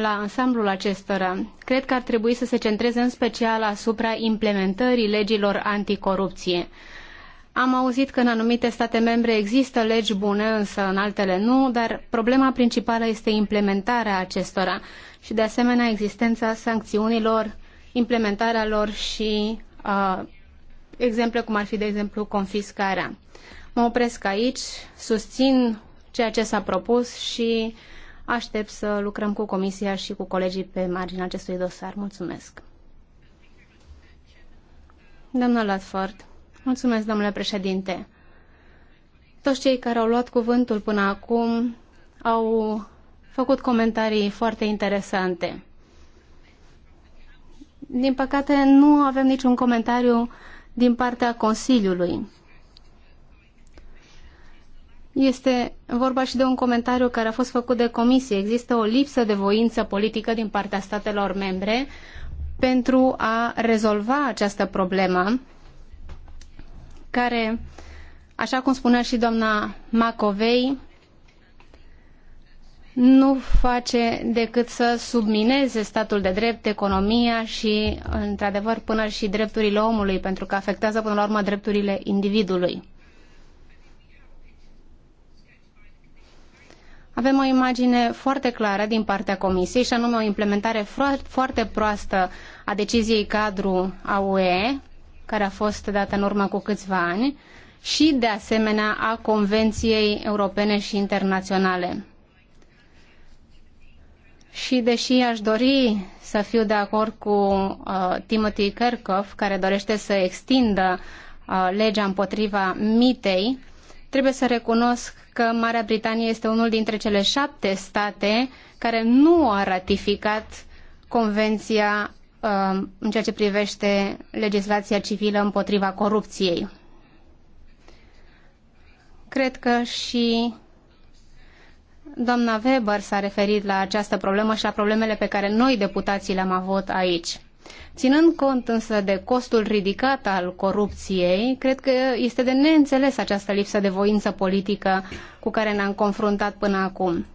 la ansamblul acestora. Cred că ar trebui să se centreze în special asupra implementării legilor anticorupție. Am auzit că în anumite state membre există legi bune, însă în altele nu, dar problema principală este implementarea acestora și de asemenea existența sancțiunilor, implementarea lor și uh, exemple cum ar fi de exemplu confiscarea. Mă opresc aici, susțin ceea ce s-a propus și aștept să lucrăm cu Comisia și cu colegii pe marginea acestui dosar. Mulțumesc. Doamna Latford, mulțumesc, domnule președinte. Toți cei care au luat cuvântul până acum au făcut comentarii foarte interesante. Din păcate, nu avem niciun comentariu din partea Consiliului. Este vorba și de un comentariu care a fost făcut de comisie. Există o lipsă de voință politică din partea statelor membre pentru a rezolva această problemă care, așa cum spunea și doamna Macovei, nu face decât să submineze statul de drept, economia și, într-adevăr, până și drepturile omului, pentru că afectează, până la urmă, drepturile individului. Avem o imagine foarte clară din partea Comisiei și anume o implementare foarte proastă a deciziei cadru a UE, care a fost dată în urmă cu câțiva ani, și de asemenea a Convenției Europene și Internaționale. Și deși aș dori să fiu de acord cu uh, Timothy Kerkhoff, care dorește să extindă uh, legea împotriva mitei, uh, Trebuie să recunosc că Marea Britanie este unul dintre cele șapte state care nu a ratificat convenția um, în ceea ce privește legislația civilă împotriva corupției. Cred că și doamna Weber s-a referit la această problemă și la problemele pe care noi, deputații, le-am avut aici. Ținând cont însă de costul ridicat al corupției, cred că este de neînțeles această lipsă de voință politică cu care ne-am confruntat până acum.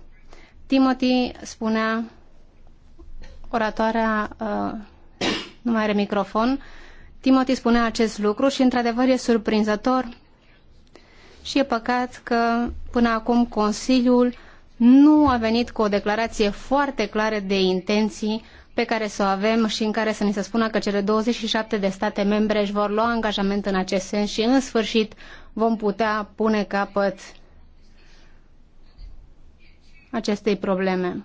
Timothy spunea, oratoarea uh, nu mai are microfon, Timothy spunea acest lucru și într-adevăr e surprinzător și e păcat că până acum Consiliul nu a venit cu o declarație foarte clară de intenții pe care să o avem și în care să ni se spună că cele 27 de state membre își vor lua angajament în acest sens și în sfârșit vom putea pune capăt acestei probleme.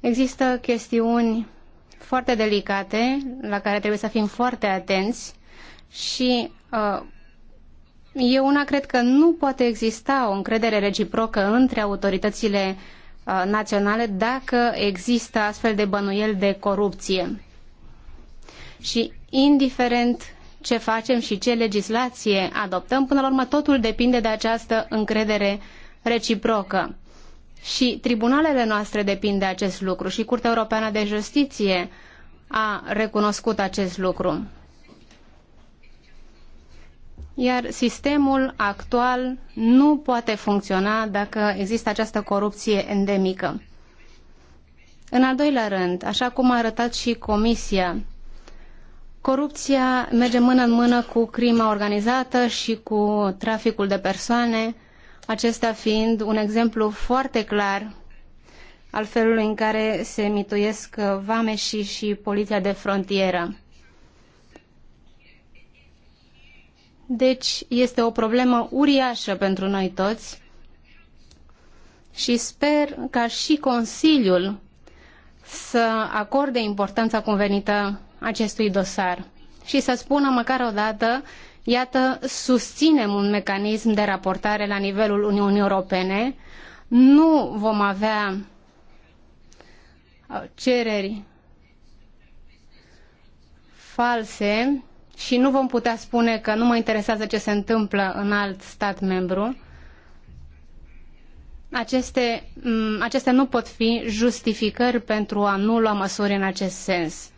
Există chestiuni foarte delicate la care trebuie să fim foarte atenți și uh, eu una cred că nu poate exista o încredere reciprocă între autoritățile uh, Uh, naționale dacă există astfel de bănuieli de corupție. Și indiferent ce facem și ce legislație adoptăm, până la urmă totul depinde de această încredere reciprocă. Și tribunalele noastre depind de acest lucru și Curtea Europeană de Justiție a recunoscut acest lucru iar sistemul actual nu poate funcționa dacă există această corupție endemică. În al doilea rând, așa cum a arătat și Comisia, corupția merge mână în mână cu crima organizată și cu traficul de persoane, acesta fiind un exemplu foarte clar al felului în care se mituiesc vameșii și, și poliția de frontieră. Deci este o problemă uriașă pentru noi toți și sper ca și Consiliul să acorde importanța cuvenită acestui dosar și să spună măcar o dată, iată, susținem un mecanism de raportare la nivelul Uniunii Europene, nu vom avea uh, cereri false și nu vom putea spune că nu mă interesează ce se întâmplă în alt stat membru, aceste, acestea nu pot fi justificări pentru a nu lua măsuri în acest sens.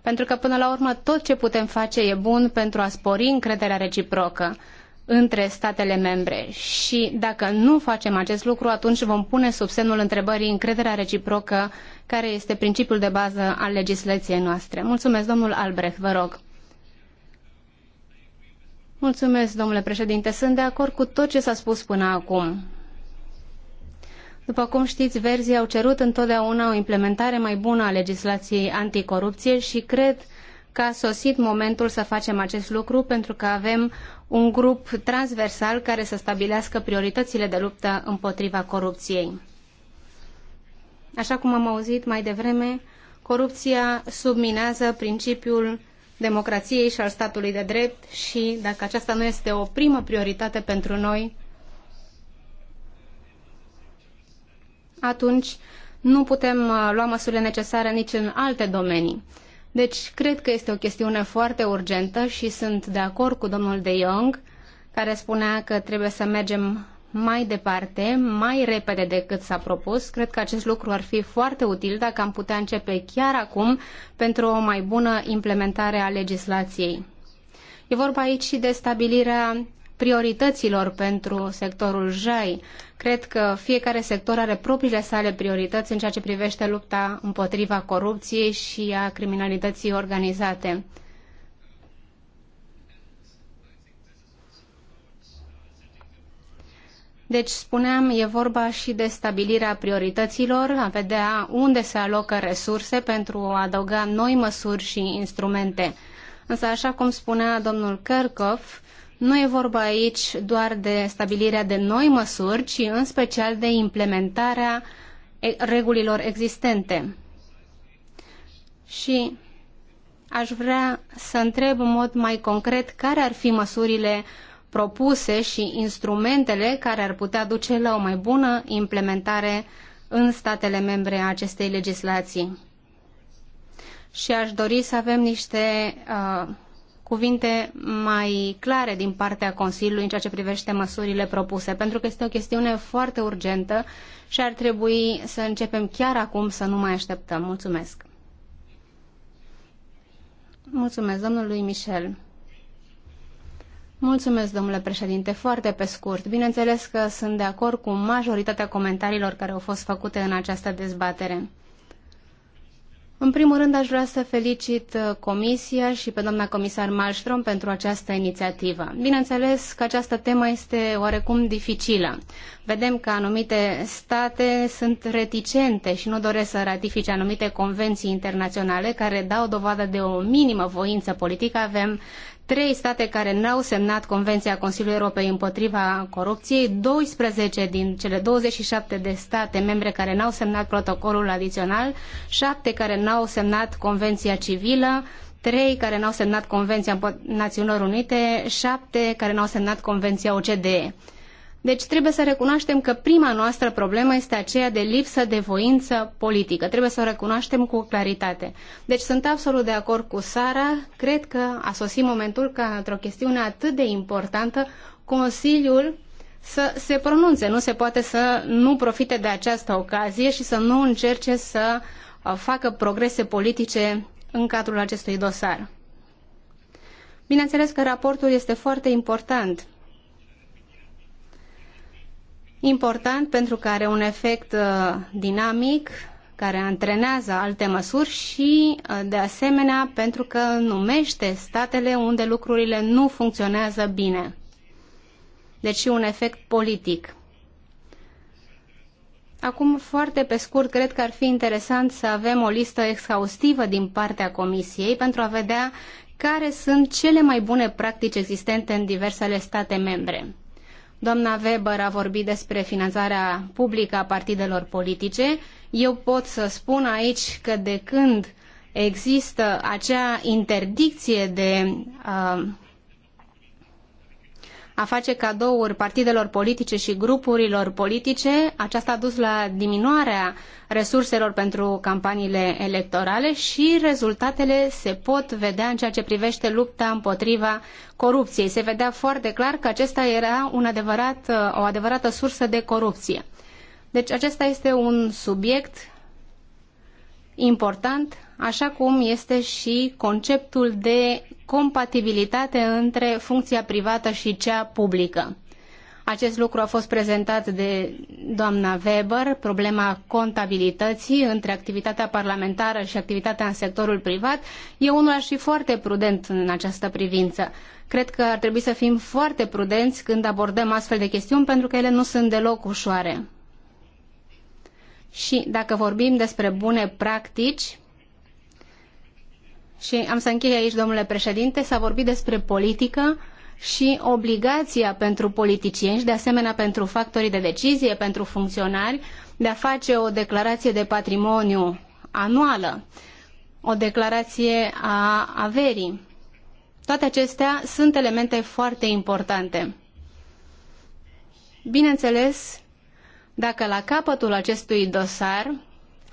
Pentru că, până la urmă, tot ce putem face e bun pentru a spori încrederea reciprocă între statele membre. Și dacă nu facem acest lucru, atunci vom pune sub semnul întrebării încrederea reciprocă, care este principiul de bază al legislației noastre. Mulțumesc, domnul Albrecht, vă rog. Mulțumesc, domnule președinte. Sunt de acord cu tot ce s-a spus până acum. După cum știți, verzii au cerut întotdeauna o implementare mai bună a legislației anticorupție și cred că a sosit momentul să facem acest lucru pentru că avem un grup transversal care să stabilească prioritățile de luptă împotriva corupției. Așa cum am auzit mai devreme, corupția subminează principiul democrației și al statului de drept și dacă aceasta nu este o primă prioritate pentru noi, atunci nu putem uh, lua măsurile necesare nici în alte domenii. Deci, cred că este o chestiune foarte urgentă și sunt de acord cu domnul De Jong, care spunea că trebuie să mergem mai departe, mai repede decât s-a propus. Cred că acest lucru ar fi foarte util dacă am putea începe chiar acum pentru o mai bună implementare a legislației. E vorba aici și de stabilirea priorităților pentru sectorul JAI. Cred că fiecare sector are propriile sale priorități în ceea ce privește lupta împotriva corupției și a criminalității organizate. Deci, spuneam, e vorba și de stabilirea priorităților, a vedea unde se alocă resurse pentru a adăuga noi măsuri și instrumente. Însă, așa cum spunea domnul Kerkov, nu e vorba aici doar de stabilirea de noi măsuri, ci în special de implementarea regulilor existente. Și aș vrea să întreb în mod mai concret care ar fi măsurile propuse și instrumentele care ar putea duce la o mai bună implementare în statele membre a acestei legislații. Și aș dori să avem niște uh, cuvinte mai clare din partea Consiliului în ceea ce privește măsurile propuse, pentru că este o chestiune foarte urgentă și ar trebui să începem chiar acum să nu mai așteptăm. Mulțumesc! Mulțumesc domnului Michel. Mulțumesc, domnule președinte. Foarte pe scurt. Bineînțeles că sunt de acord cu majoritatea comentariilor care au fost făcute în această dezbatere. În primul rând, aș vrea să felicit uh, Comisia și pe doamna comisar Malmström pentru această inițiativă. Bineînțeles că această temă este oarecum dificilă. Vedem că anumite state sunt reticente și nu doresc să ratifice anumite convenții internaționale care dau dovadă de o minimă voință politică. Avem trei state care n-au semnat Convenția Consiliului Europei împotriva corupției, 12 din cele 27 de state membre care n-au semnat protocolul adițional, 7 care n-au semnat Convenția Civilă, 3 care n-au semnat Convenția Națiunilor Unite, 7 care n-au semnat Convenția OCDE. Deci trebuie să recunoaștem că prima noastră problemă este aceea de lipsă de voință politică. Trebuie să o recunoaștem cu claritate. Deci sunt absolut de acord cu Sara. Cred că a sosit momentul ca într-o chestiune atât de importantă, Consiliul să se pronunțe. Nu se poate să nu profite de această ocazie și să nu încerce să uh, facă progrese politice în cadrul acestui dosar. Bineînțeles că raportul este foarte important important pentru că are un efect uh, dinamic care antrenează alte măsuri și, uh, de asemenea, pentru că numește statele unde lucrurile nu funcționează bine. Deci un efect politic. Acum, foarte pe scurt, cred că ar fi interesant să avem o listă exhaustivă din partea Comisiei pentru a vedea care sunt cele mai bune practici existente în diversele state membre. Doamna Weber a vorbit despre finanțarea publică a partidelor politice. Eu pot să spun aici că de când există acea interdicție de uh, a face cadouri partidelor politice și grupurilor politice. Aceasta a dus la diminuarea resurselor pentru campaniile electorale și rezultatele se pot vedea în ceea ce privește lupta împotriva corupției. Se vedea foarte clar că acesta era un adevărat, o adevărată sursă de corupție. Deci acesta este un subiect important, așa cum este și conceptul de compatibilitate între funcția privată și cea publică. Acest lucru a fost prezentat de doamna Weber, problema contabilității între activitatea parlamentară și activitatea în sectorul privat. Eu unul aș fi foarte prudent în această privință. Cred că ar trebui să fim foarte prudenți când abordăm astfel de chestiuni, pentru că ele nu sunt deloc ușoare. Și dacă vorbim despre bune practici, și am să închei aici, domnule președinte, s-a vorbit despre politică și obligația pentru politicieni și de asemenea pentru factorii de decizie, pentru funcționari, de a face o declarație de patrimoniu anuală, o declarație a averii. Toate acestea sunt elemente foarte importante. Bineînțeles, dacă la capătul acestui dosar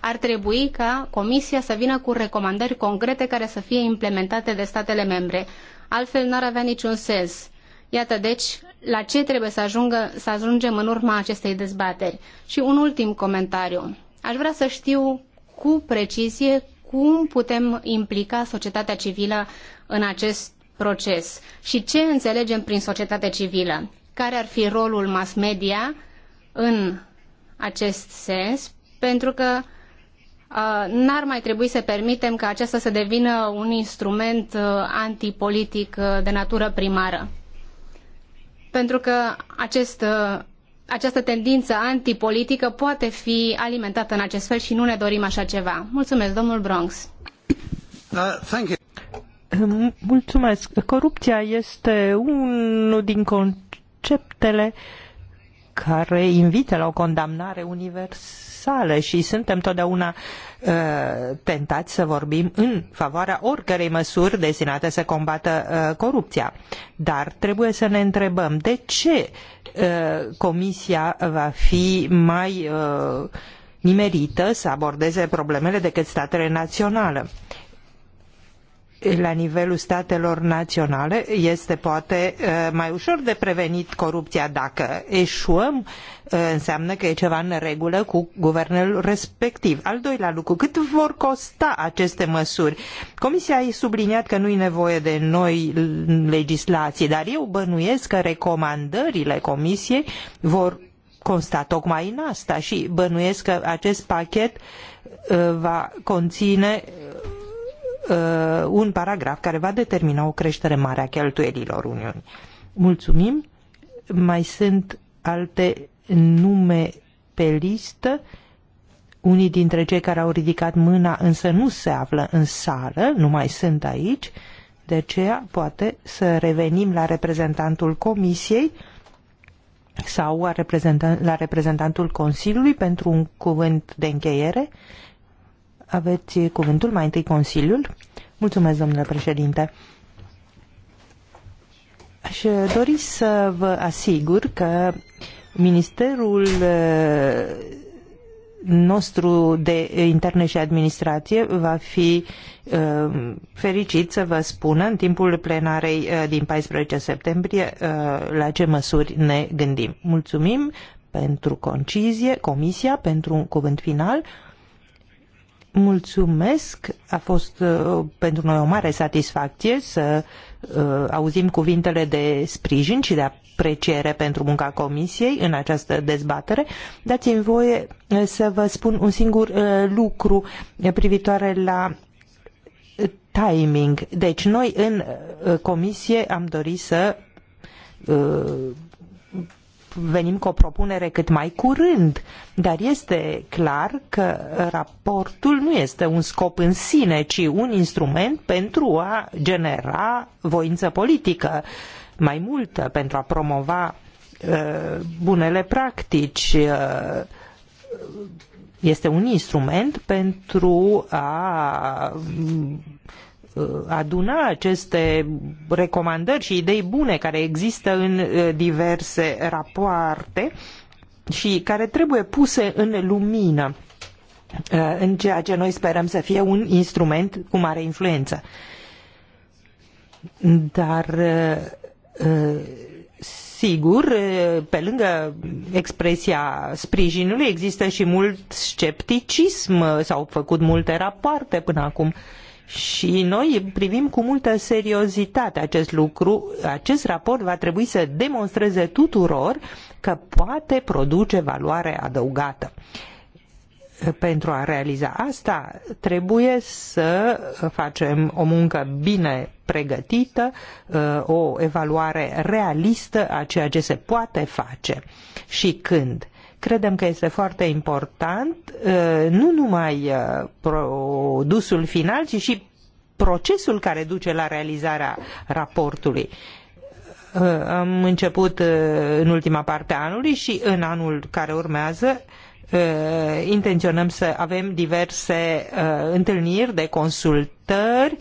ar trebui ca Comisia să vină cu recomandări concrete care să fie implementate de statele membre. Altfel n-ar avea niciun sens. Iată deci la ce trebuie să, ajungă, să ajungem în urma acestei dezbateri. Și un ultim comentariu. Aș vrea să știu cu precizie cum putem implica societatea civilă în acest proces și ce înțelegem prin societate civilă. Care ar fi rolul mass media în acest sens? Pentru că Uh, n-ar mai trebui să permitem ca acesta să devină un instrument uh, antipolitic uh, de natură primară. Pentru că acest, această tendință antipolitică poate fi alimentată în acest fel și nu ne dorim așa ceva. Mulțumesc, domnul Bronx. Uh, Mulțumesc. Corupția este unul din conceptele care invită la o condamnare universală paradoxală și suntem totdeauna uh, tentați să vorbim în favoarea oricărei măsuri destinate să combată uh, corupția. Dar trebuie să ne întrebăm de ce uh, Comisia va fi mai uh, nimerită să abordeze problemele decât statele naționale la nivelul statelor naționale este poate eh, mai ușor de prevenit corupția. Dacă eșuăm, eh, înseamnă că e ceva în regulă cu guvernul respectiv. Al doilea lucru, cât vor costa aceste măsuri? Comisia a subliniat că nu e nevoie de noi legislații, dar eu bănuiesc că recomandările Comisiei vor consta tocmai în asta și bănuiesc că acest pachet eh, va conține Uh, un paragraf care va determina o creștere mare a cheltuielilor Uniunii. Mulțumim. Mai sunt alte nume pe listă. Unii dintre cei care au ridicat mâna însă nu se află în sală, nu mai sunt aici. De aceea, poate să revenim la reprezentantul Comisiei sau la reprezentantul Consiliului pentru un cuvânt de încheiere. Aveți cuvântul, mai întâi Consiliul. Mulțumesc, domnule președinte. Aș dori să vă asigur că Ministerul eh, nostru de interne și administrație va fi uh, fericit să vă spună în timpul plenarei uh, din 14 septembrie uh, la ce măsuri ne gândim. Mulțumim pentru concizie, Comisia pentru un cuvânt final. Mulțumesc, a fost uh, pentru noi o mare satisfacție să uh, auzim cuvintele de sprijin și de apreciere pentru munca Comisiei în această dezbatere. Dați-mi voie uh, să vă spun un singur uh, lucru privitoare la timing. Deci noi în uh, Comisie am dorit să venim cu o propunere cât mai curând, dar este clar că raportul nu este un scop în sine, ci un instrument pentru a genera voință politică mai multă, pentru a promova uh, bunele practici. Uh, este un instrument pentru a Uh, aduna aceste recomandări și idei bune care există în uh, diverse rapoarte și care trebuie puse în lumină uh, în ceea ce noi sperăm să fie un instrument cu mare influență. Dar Sigur, pe lângă expresia sprijinului, există și mult scepticism, s-au făcut multe rapoarte până acum și noi privim cu multă seriozitate acest lucru. Acest raport va trebui să demonstreze tuturor că poate produce valoare adăugată. Pentru a realiza asta, trebuie să facem o muncă bine pregătită, o evaluare realistă a ceea ce se poate face și când Credem că este foarte important uh, nu numai uh, produsul final, ci și procesul care duce la realizarea raportului uh, am început în ultima parte a anului și în anul care urmează intenționăm să avem diverse întâlniri de consultări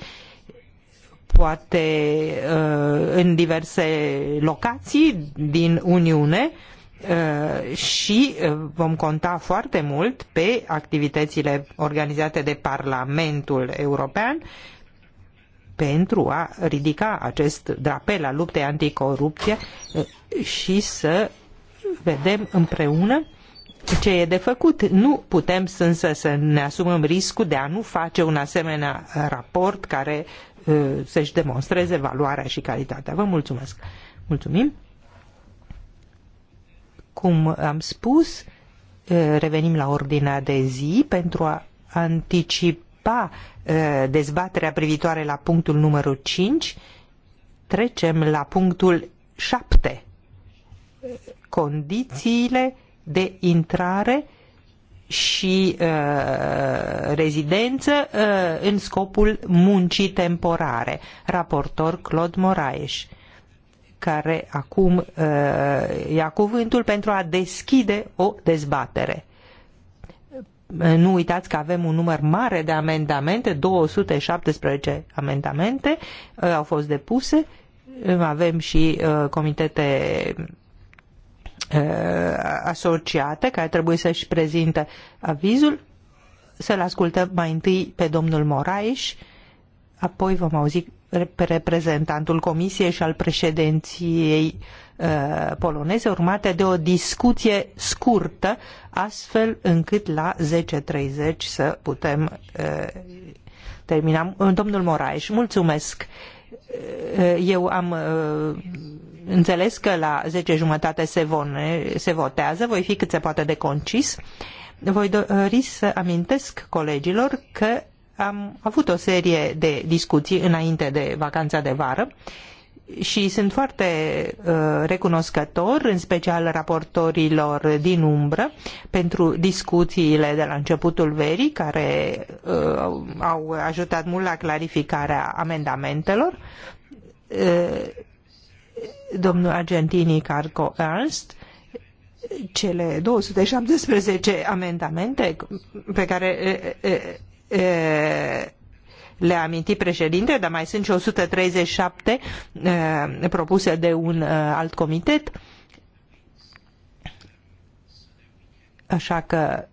poate în diverse locații din Uniune Eh, și eh, vom conta foarte mult pe activitățile organizate de Parlamentul European pentru a ridica acest drapel al luptei anticorupție eh, și să vedem împreună ce e de făcut. Nu putem însă să ne asumăm riscul de a nu face un asemenea raport care să-și demonstreze valoarea și calitatea. Vă mulțumesc! Mulțumim! Cum am spus, eh, revenim la ordinea de zi pentru a anticipa eh, dezbaterea privitoare la punctul numărul 5. Trecem la punctul 7. Condițiile de intrare și uh, rezidență uh, în scopul muncii temporare. Raportor Claude Moraes care acum uh, ia cuvântul pentru a deschide o dezbatere. Nu uitați că avem un număr mare de amendamente, 217 amendamente uh, au fost depuse, uh, avem și comitete asociate care trebuie să-și prezinte avizul. Să-l ascultăm mai întâi pe domnul Moraes, apoi vom auzi reprezentantul Comisiei și al președinției uh, poloneze, urmate de o discuție scurtă, astfel încât la 10.30 să putem uh, termina. Uh, domnul Moraes, mulțumesc. Eu am înțeles că la zece jumătate se, se votează, voi fi cât se poate de concis. Voi dori să amintesc colegilor că am avut o serie de discuții înainte de vacanța de vară și sunt foarte uh, recunoscător, în special raportorilor din umbră, pentru discuțiile de la începutul verii, care uh, au ajutat mult la clarificarea amendamentelor. Uh, domnul Argentini Carco Ernst, cele 217 amendamente pe care uh, uh, le-a amintit președinte, dar mai sunt și 137 propuse de un alt comitet. Așa că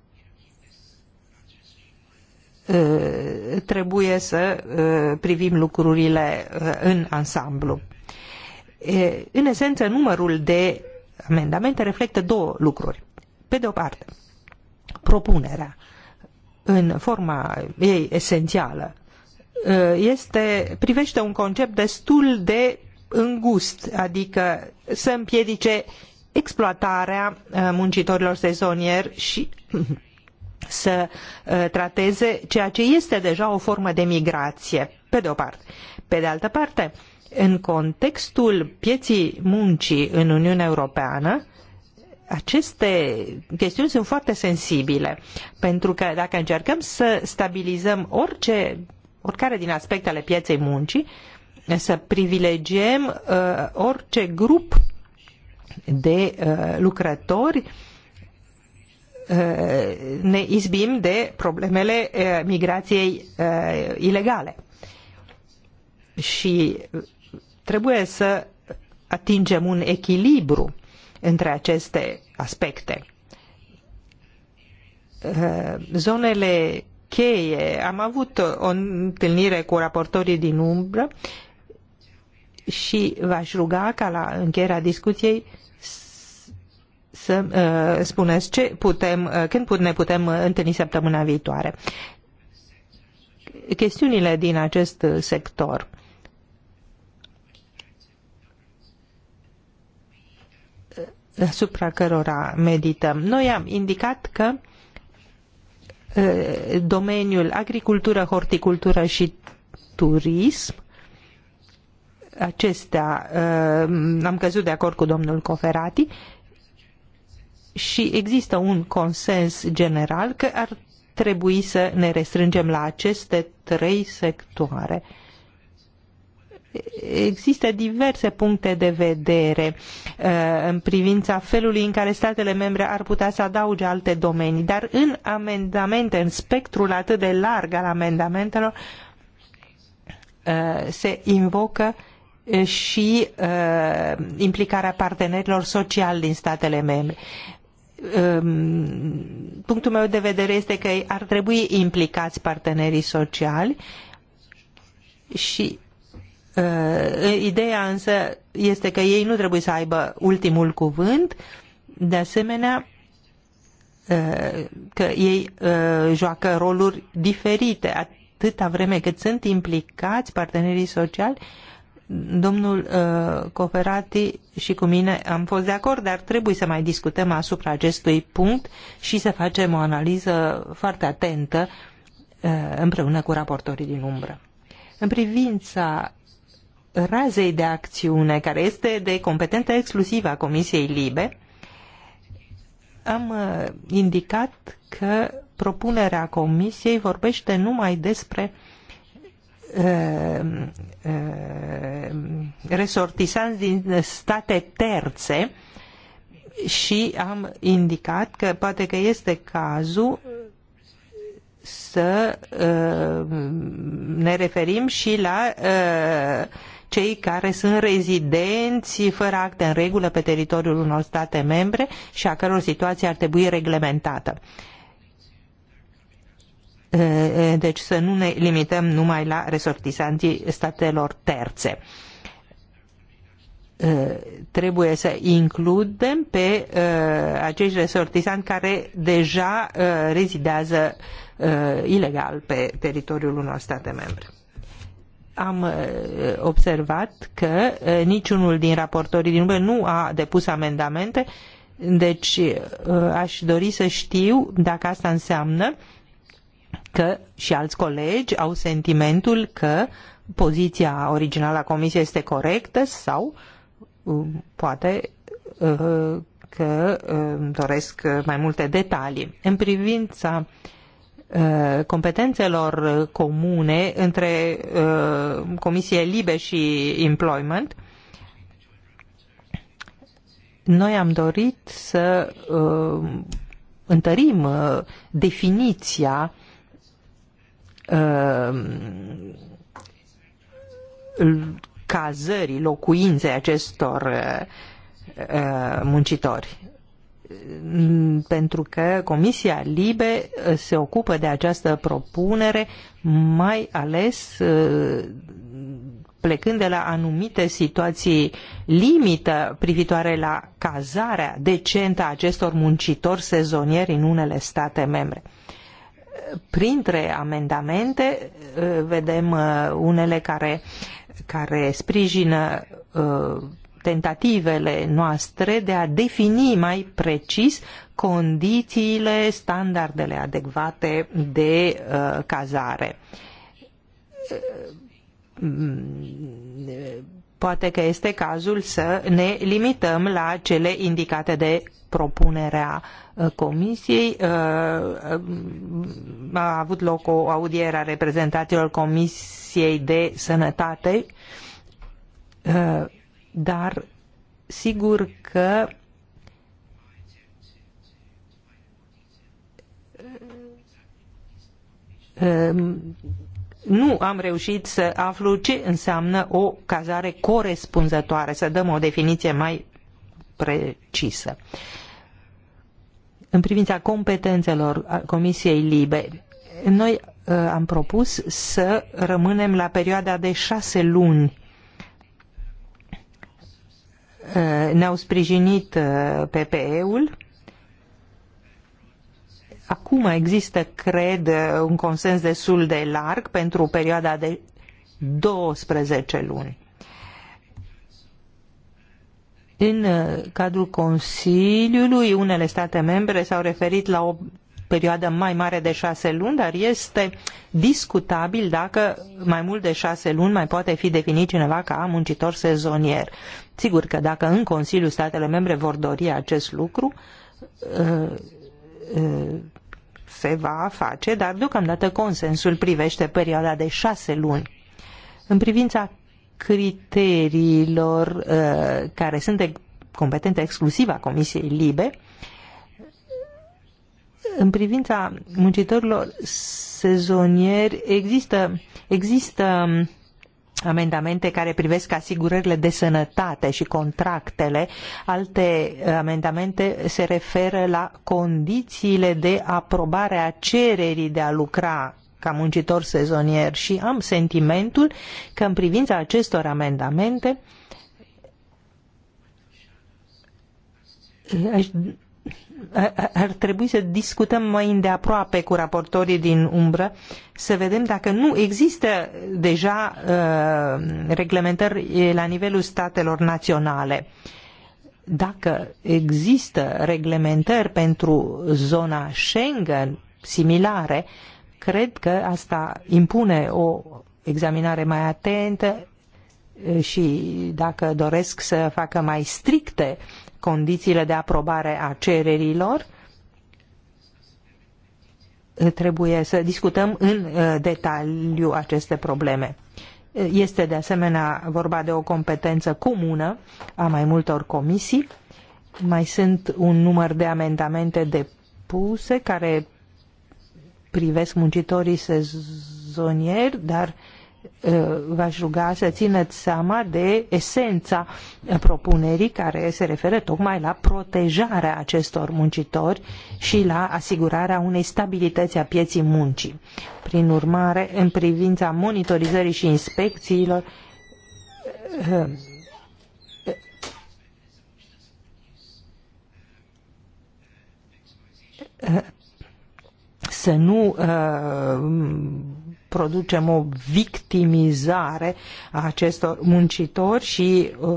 trebuie să privim lucrurile în ansamblu. În esență, numărul de amendamente reflectă două lucruri. Pe de o parte, propunerea în forma ei esențială uh, este, privește un concept destul de îngust, adică să împiedice exploatarea uh, muncitorilor sezonieri și să uh, trateze ceea ce este deja o formă de migrație, pe de o parte. Pe de altă parte, în contextul pieții muncii în Uniunea Europeană, aceste chestiuni sunt foarte sensibile, pentru că dacă încercăm să stabilizăm orice, oricare din aspectele pieței muncii, să privilegiem uh, orice grup de uh, lucrători, uh, ne izbim de problemele uh, migrației uh, ilegale. Și trebuie să atingem un echilibru între aceste aspecte. Uh, zonele cheie. Am avut o întâlnire cu raportorii din umbră și v-aș ruga ca la încheierea discuției să uh, spuneți ce putem, uh, când ne putem întâlni săptămâna viitoare. Chestiunile din acest sector uh, asupra cărora medităm. Noi am indicat că domeniul agricultură, horticultură și turism acestea am căzut de acord cu domnul Coferati și există un consens general că ar trebui să ne restrângem la aceste trei sectoare există diverse puncte de vedere uh, în privința felului în care statele membre ar putea să adauge alte domenii, dar în amendamente, în spectrul atât de larg al amendamentelor, uh, se invocă uh, și implicarea partenerilor sociali din statele membre um, punctul meu de vedere este că ar trebui implicați partenerii sociali și Uh, ideea însă este că ei nu trebuie să aibă ultimul cuvânt, de asemenea uh, că ei uh, joacă roluri diferite atâta vreme cât sunt implicați partenerii sociali. Domnul Coferati și cu mine am fost de acord, dar trebuie să mai discutăm asupra acestui punct și să facem o analiză foarte atentă împreună cu raportorii din umbră. În privința razei de acțiune, care este de competentă exclusivă a Comisiei Libe, am uh, indicat că propunerea Comisiei vorbește numai despre uh, uh, resortisanți din state terțe și am indicat că poate că este cazul să ne referim și la uh, cei care sunt rezidenți fără acte în regulă pe teritoriul unor state membre și a căror situație ar trebui reglementată deci să nu ne limităm numai la resortisanții statelor terțe. Trebuie să includem pe acești resortisanți care deja rezidează ilegal pe teritoriul unor state membre am eh, observat că eh, niciunul din raportorii din UE nu a depus amendamente, deci eh, aș dori să știu dacă asta înseamnă că și alți colegi au sentimentul că poziția originală a comisiei este corectă sau um, poate că um, doresc mai multe detalii. În privința uh, Uh, competențelor comune între uh, Comisie Libe și Employment, noi am dorit să uh, întărim definiția cazării locuinței acestor muncitori pentru că Comisia Libe uh, se ocupă de această propunere mai ales uh, plecând de la anumite situații limită privitoare la cazarea decentă a acestor muncitori sezonieri în unele state membre. Printre amendamente uh, vedem unele care, care sprijină tentativele noastre de a defini mai precis condițiile, standardele adecvate de uh, cazare. Poate că este cazul să ne limităm la cele indicate de propunerea uh, comisiei. Uh, uh, a avut loc o audiere a reprezentanților Comisiei de Sănătate dar sigur că um, nu am reușit să aflu ce înseamnă o cazare corespunzătoare, să dăm o definiție mai precisă. În privința competențelor Comisiei Libe, noi uh, am propus să rămânem la perioada de șase luni Uh, ne-au sprijinit uh, PPE-ul. Acum există, cred, uh, un consens destul de larg pentru perioada de 12 luni. În cadrul Consiliului, unele state membre s-au referit la o perioadă mai mare de șase luni, dar este discutabil dacă mai mult de șase luni mai poate fi definit cineva ca muncitor sezonier. Sigur că dacă în Consiliul statele membre vor dori acest lucru, uh, uh, se va face, dar deocamdată consensul privește perioada de șase luni. În privința criteriilor uh, care sunt competente exclusiv a Comisiei Libe, în privința muncitorilor sezonieri există, există amendamente care privesc asigurările de sănătate și contractele, alte amendamente se referă la condițiile de aprobare a cererii de a lucra ca muncitor sezonier și am sentimentul că în privința acestor amendamente ar trebui să discutăm mai îndeaproape cu raportorii din umbră, să vedem dacă nu există deja uh, reglementări la nivelul statelor naționale. Dacă există reglementări pentru zona Schengen similare, cred că asta impune o examinare mai atentă uh, și dacă doresc să facă mai stricte condițiile de aprobare a cererilor. Trebuie să discutăm în uh, detaliu aceste probleme. Uh, este de asemenea vorba de o competență comună a mai multor comisii. Mai sunt un număr de amendamente depuse care privesc muncitorii sezonieri, dar uh, Eh, v-aș ruga să țineți seama de esența propunerii care se referă tocmai la protejarea acestor muncitori și la asigurarea unei stabilități a pieții muncii. Prin urmare, în privința monitorizării și inspecțiilor, eh, eh, să nu producem o victimizare a acestor muncitori și uh,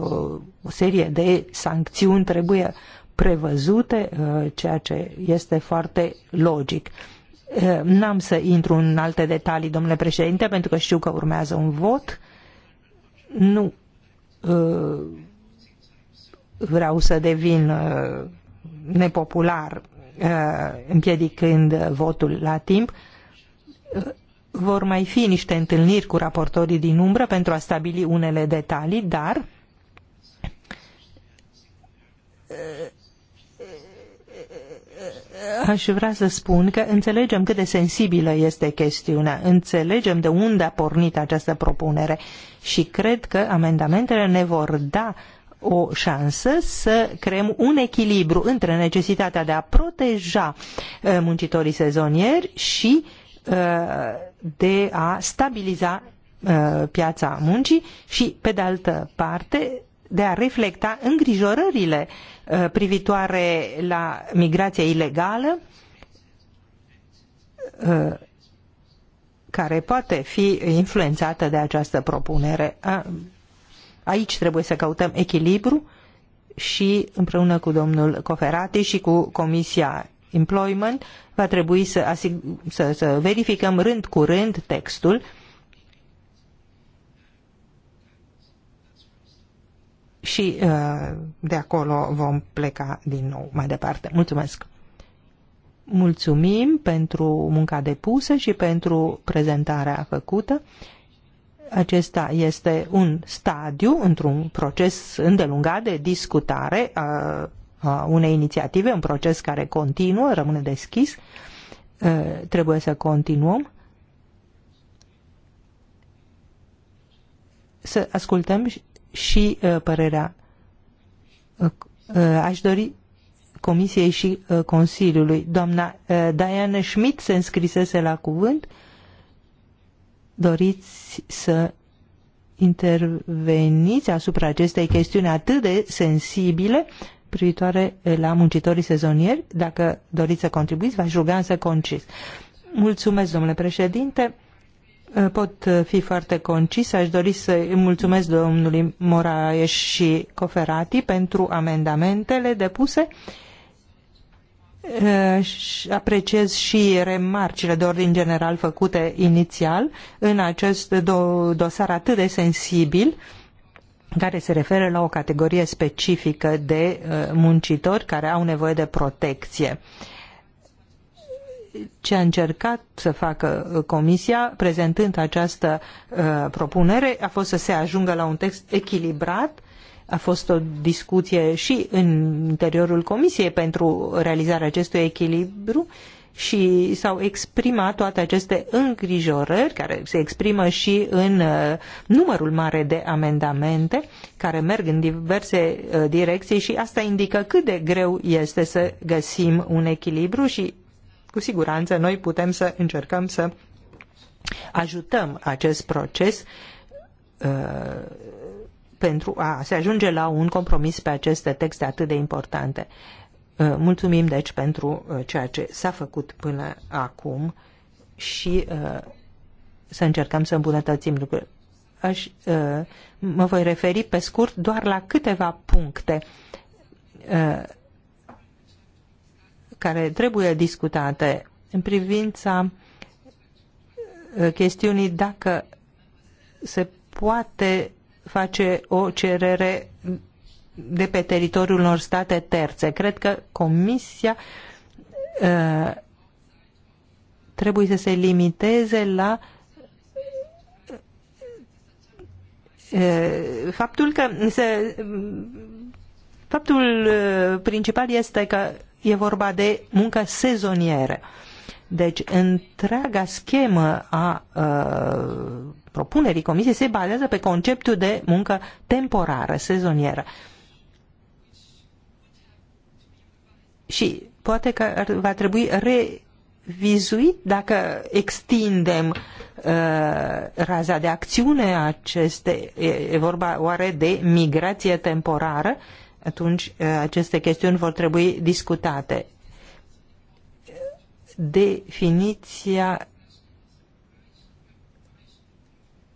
o serie de sancțiuni trebuie prevăzute, uh, ceea ce este foarte logic. Uh, N-am să intru în alte detalii, domnule președinte, pentru că știu că urmează un vot. Nu uh, vreau să devin uh, nepopular uh, împiedicând votul la timp vor mai fi niște întâlniri cu raportorii din umbră pentru a stabili unele detalii, dar uh, aș vrea să spun că înțelegem cât de sensibilă este chestiunea, înțelegem de unde a pornit această propunere și cred că amendamentele ne vor da o șansă să creăm un echilibru între necesitatea de a proteja uh, muncitorii sezonieri și uh, de a stabiliza uh, piața muncii și, pe de altă parte, de a reflecta îngrijorările uh, privitoare la migrația ilegală uh, care poate fi influențată de această propunere. Aici trebuie să căutăm echilibru și împreună cu domnul Coferati și cu Comisia Employment, va trebui să, să, să verificăm rând cu rând textul și uh, de acolo vom pleca din nou mai departe. Mulțumesc! Mulțumim pentru munca depusă și pentru prezentarea făcută. Acesta este un stadiu într-un proces îndelungat de discutare uh, unei inițiative, un proces care continuă, rămâne deschis, uh, trebuie să continuăm să ascultăm și uh, părerea. Uh, aș dori Comisiei și Consiliului. Doamna Diana Schmidt se înscrisese la cuvânt. Doriți să interveniți asupra acestei chestiuni atât de sensibile privitoare eh, la muncitorii sezonieri. Dacă doriți să contribuiți, v-aș ruga însă concis. Mulțumesc, domnule președinte. Eh, pot eh, fi foarte concis. Aș dori să îi mulțumesc domnului Moraes și Coferati pentru amendamentele depuse. Apreciez și remarcile de ordin general făcute inițial în acest dosar atât de sensibil care se referă la o categorie specifică de uh, muncitori care au nevoie de protecție. Ce a încercat să facă uh, Comisia prezentând această uh, propunere a fost să se ajungă la un text echilibrat a fost o discuție și în interiorul Comisiei pentru realizarea acestui echilibru și s-au exprimat toate aceste îngrijorări care se exprimă și în uh, numărul mare de amendamente care merg în diverse uh, direcții și asta indică cât de greu este să găsim un echilibru și cu siguranță noi putem să încercăm să ajutăm acest proces uh, pentru a se ajunge la un compromis pe aceste texte atât de importante. Uh, mulțumim, deci, pentru uh, ceea ce s-a făcut până acum și uh, să încercăm să îmbunătățim lucrurile. Aș, mă voi referi pe scurt doar la câteva puncte care trebuie discutate în privința chestiunii dacă se poate face o cerere de pe teritoriul unor state terțe. Cred că Comisia uh, trebuie să se limiteze la uh, faptul că se, faptul uh, principal este că e vorba de muncă sezonieră. Deci întreaga schemă a propunerii comisiei se bazează pe conceptul de muncă temporară, sezonieră. Uh, și poate că va trebui revizuit dacă extindem uh, raza de acțiune a aceste, e, e vorba oare de migrație temporară, atunci uh, aceste chestiuni vor trebui discutate. Definiția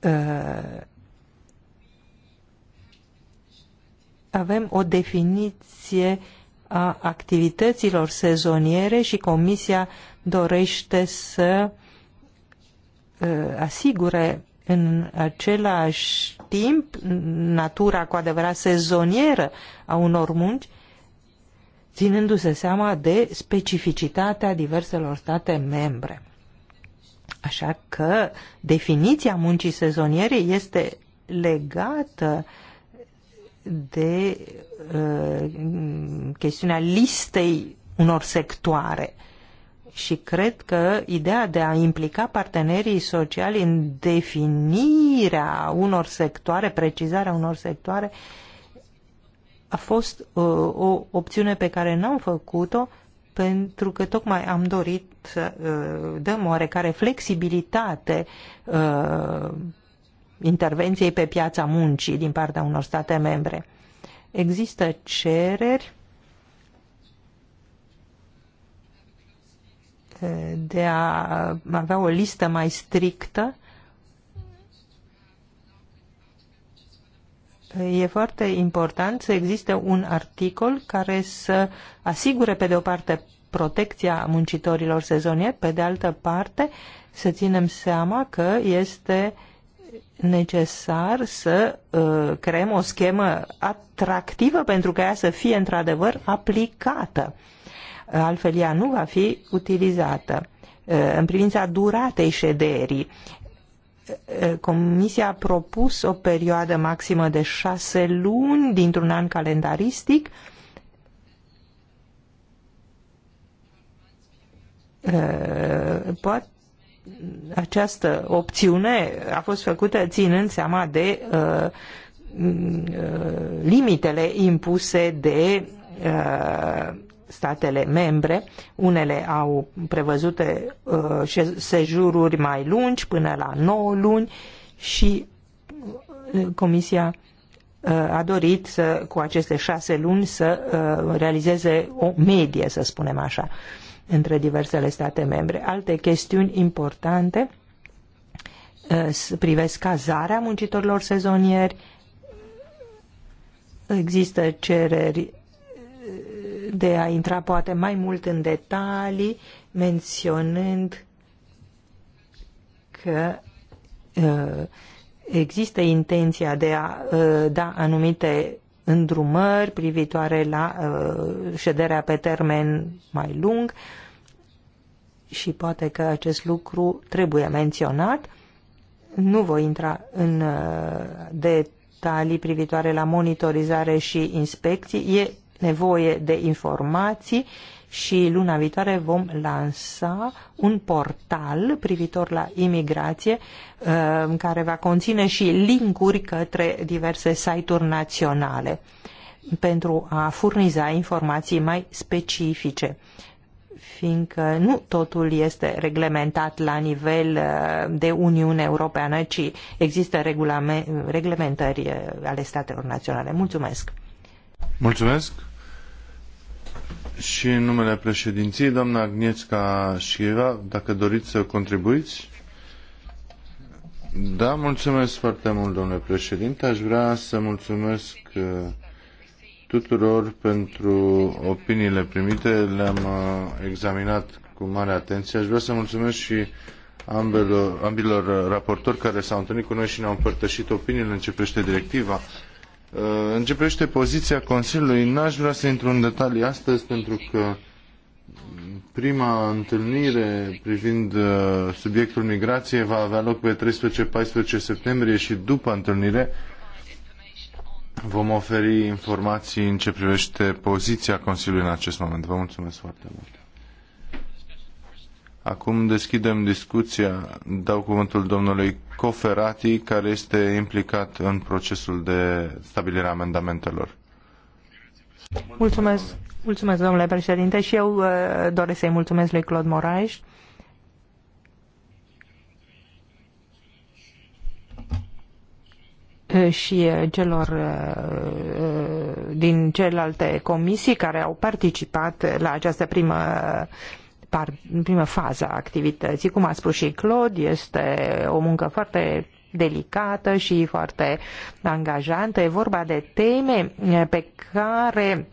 uh, avem o definiție uh, a activităților sezoniere și Comisia dorește să uh, asigure în același timp natura cu adevărat sezonieră a unor munci, ținându-se seama de specificitatea diverselor state membre. Așa că definiția muncii sezoniere este legată de uh, chestiunea listei unor sectoare. Și cred că ideea de a implica partenerii sociali în definirea unor sectoare, precizarea unor sectoare, a fost uh, o opțiune pe care n-am făcut-o pentru că tocmai am dorit să uh, dăm oarecare flexibilitate uh, intervenției pe piața muncii din partea unor state membre. Există cereri de a avea o listă mai strictă e foarte important să existe un articol care să asigure, pe de o parte, protecția muncitorilor sezonieri, pe de altă parte, să ținem seama că este uh, necesar să uh, creăm o schemă atractivă pentru ca ea să fie într-adevăr aplicată. Altfel ea nu va fi utilizată. Uh, în privința duratei șederii, uh, uh, Comisia a propus o perioadă maximă de șase luni dintr-un an calendaristic uh, poate această opțiune a fost făcută ținând seama de uh, uh limitele impuse de uh, statele membre. Unele au prevăzute uh, sejururi mai lungi, până la 9 luni și uh, Comisia uh, a dorit să, cu aceste șase luni să realizeze o medie, să spunem așa între diversele state membre. Alte chestiuni importante uh, privesc cazarea muncitorilor sezonieri. Există cereri uh, de a intra poate mai mult în detalii, menționând că uh, există intenția de a da anumite îndrumări privitoare la șederea pe termen mai lung, și poate că acest lucru trebuie menționat. Nu voi intra în uh, detalii privitoare la monitorizare și inspecții. E nevoie de informații și luna viitoare vom lansa un portal privitor la imigrație uh, care va conține și linkuri către diverse site-uri naționale pentru a furniza informații mai specifice fiindcă nu totul este reglementat la nivel uh, de Uniune Europeană, ci există reglementări uh, ale statelor naționale. Mulțumesc! Mulțumesc! Și în numele președinției, doamna Agnieszka Șiva, dacă doriți să contribuiți. Da, mulțumesc foarte mult, domnule președinte. Aș vrea să mulțumesc uh, tuturor pentru opiniile primite. Le-am uh, examinat cu mare atenție. Aș vrea să mulțumesc și ambelor, ambilor uh, raportori care s-au întâlnit cu noi și ne-au împărtășit opiniile în ce privește directiva. Uh, în ce privește poziția Consiliului, n-aș vrea să intru în detalii astăzi pentru că prima întâlnire privind subiectul migrației va avea loc pe 13-14 septembrie și după întâlnire Vom oferi informații în ce privește poziția Consiliului în acest moment. Vă mulțumesc foarte mult. Acum deschidem discuția. Dau cuvântul domnului Coferati, care este implicat în procesul de stabilire a amendamentelor. Mulțumesc, mulțumesc domnule președinte, și eu uh, doresc să-i mulțumesc lui Claude Moraes Eh, și eh, celor eh, din celelalte comisii care au participat la această primă par, primă fază a activității. Cum a spus și Claude, este o muncă foarte delicată și foarte angajantă. E vorba de teme pe care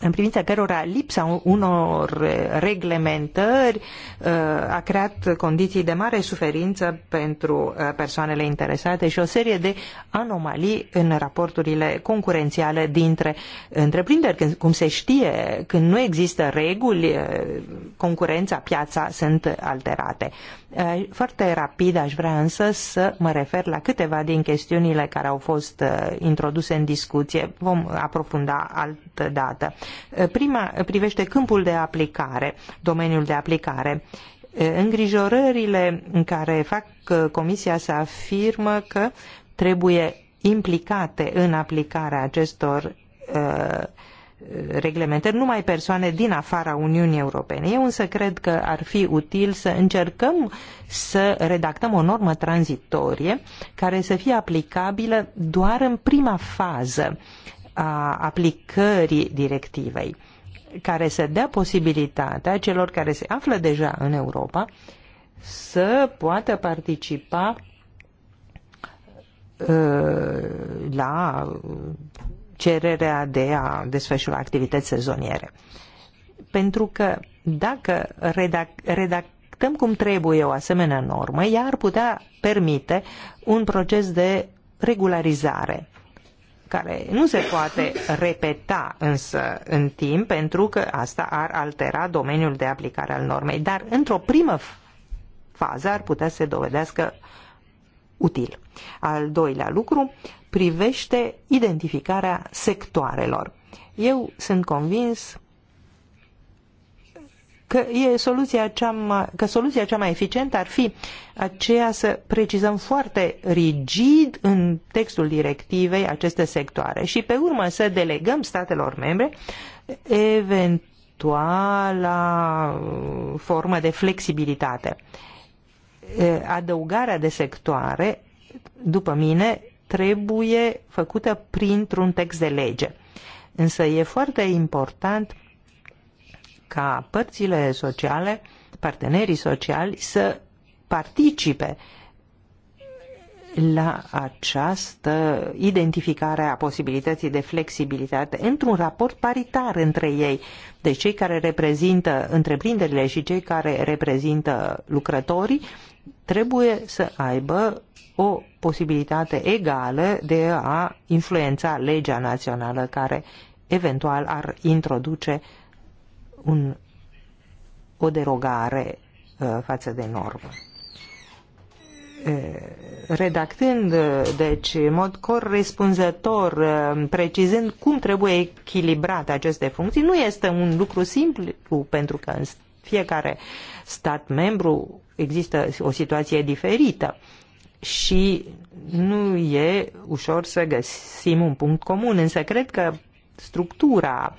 în privința cărora lipsa unor reglementări uh, a creat condiții de mare suferință pentru uh, persoanele interesate și o serie de anomalii în raporturile concurențiale dintre întreprinderi. Când, cum se știe, când nu există reguli, uh, concurența, piața sunt alterate. Eh, foarte rapid aș vrea însă să mă refer la câteva din chestiunile care au fost eh, introduse în discuție. Vom aprofunda altă dată. Eh, prima privește câmpul de aplicare, domeniul de aplicare. Îngrijorările în care fac Comisia să afirmă că trebuie implicate în aplicarea acestor uh, reglementări numai persoane din afara Uniunii Europene. Eu însă cred că ar fi util să încercăm să redactăm o normă tranzitorie care să fie aplicabilă doar în prima fază a aplicării directivei, care să dea posibilitatea celor care se află deja în Europa să poată participa uh, la cererea de a desfășura activități sezoniere. Pentru că dacă redac- redactăm cum trebuie o asemenea normă, ea ar putea permite un proces de regularizare care nu se poate repeta însă în timp pentru că asta ar altera domeniul de aplicare al normei, dar într-o primă fază ar putea să se dovedească util. Al doilea lucru, privește identificarea sectoarelor. Eu sunt convins că, e soluția cea mai, că soluția cea mai eficientă ar fi aceea să precizăm foarte rigid în textul directivei aceste sectoare și pe urmă să delegăm statelor membre eventuala formă de flexibilitate. Adăugarea de sectoare, după mine, trebuie făcută printr-un text de lege. Însă e foarte important ca părțile sociale, partenerii sociali, să participe la această identificare a posibilității de flexibilitate într-un raport paritar între ei, deci cei care reprezintă întreprinderile și cei care reprezintă lucrătorii trebuie să aibă o posibilitate egală de a influența legea națională care eventual ar introduce un, o derogare uh, față de normă. Uh, redactând, uh, deci, în mod corespunzător, uh, precizând cum trebuie echilibrate aceste funcții, nu este un lucru simplu, pentru că în fiecare stat membru există o situație diferită. Uh, și nu e ușor să găsim un punct comun, însă cred că structura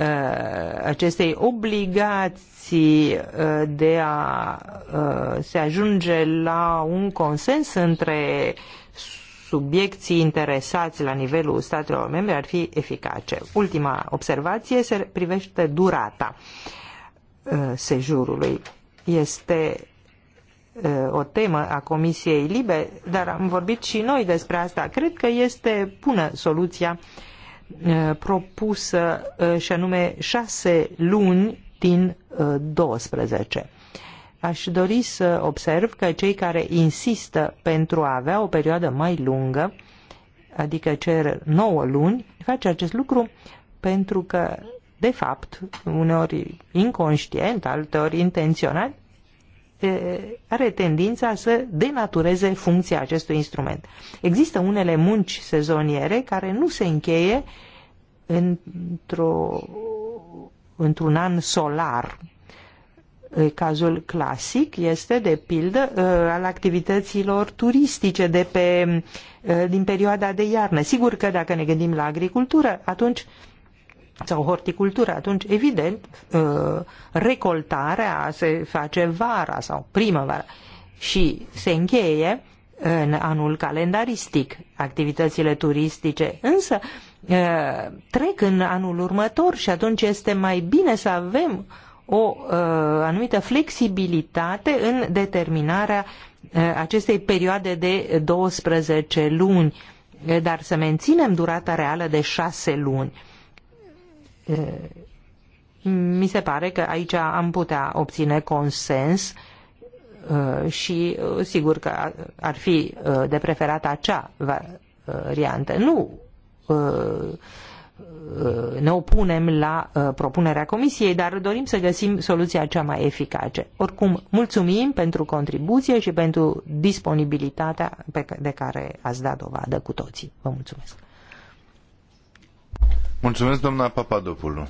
uh, acestei obligații uh, de a uh, se ajunge la un consens între subiecții interesați la nivelul statelor membre ar fi eficace. Ultima observație se privește durata uh, sejurului. Este Eh, o temă a Comisiei Libe, dar am vorbit și noi despre asta. Cred că este bună soluția eh, propusă eh, și anume șase luni din 12. Aș dori să observ că cei care insistă pentru a avea o perioadă mai lungă, adică cer 9 luni, face acest lucru pentru că, de fapt, uneori inconștient, alteori intenționat, are tendința să denatureze funcția acestui instrument. Există unele munci sezoniere care nu se încheie într într-un an solar. Cazul clasic este, de pildă, al activităților turistice de pe, din perioada de iarnă. Sigur că dacă ne gândim la agricultură, atunci sau horticultură, atunci, evident, uh, recoltarea se face vara sau primăvara și se încheie în anul calendaristic activitățile turistice, însă uh, trec în anul următor și atunci este mai bine să avem o uh, anumită flexibilitate în determinarea acestei perioade de 12 luni, dar să menținem durata reală de 6 luni mi se pare că aici am putea obține consens uh, și uh, sigur că ar fi uh, de preferat acea variantă. Nu ne opunem la propunerea comisiei, dar dorim să găsim soluția cea mai eficace. Oricum, mulțumim pentru contribuție și pentru disponibilitatea de care ați dat dovadă cu toții. Vă mulțumesc! Mulțumesc, doamna Papadopoulou.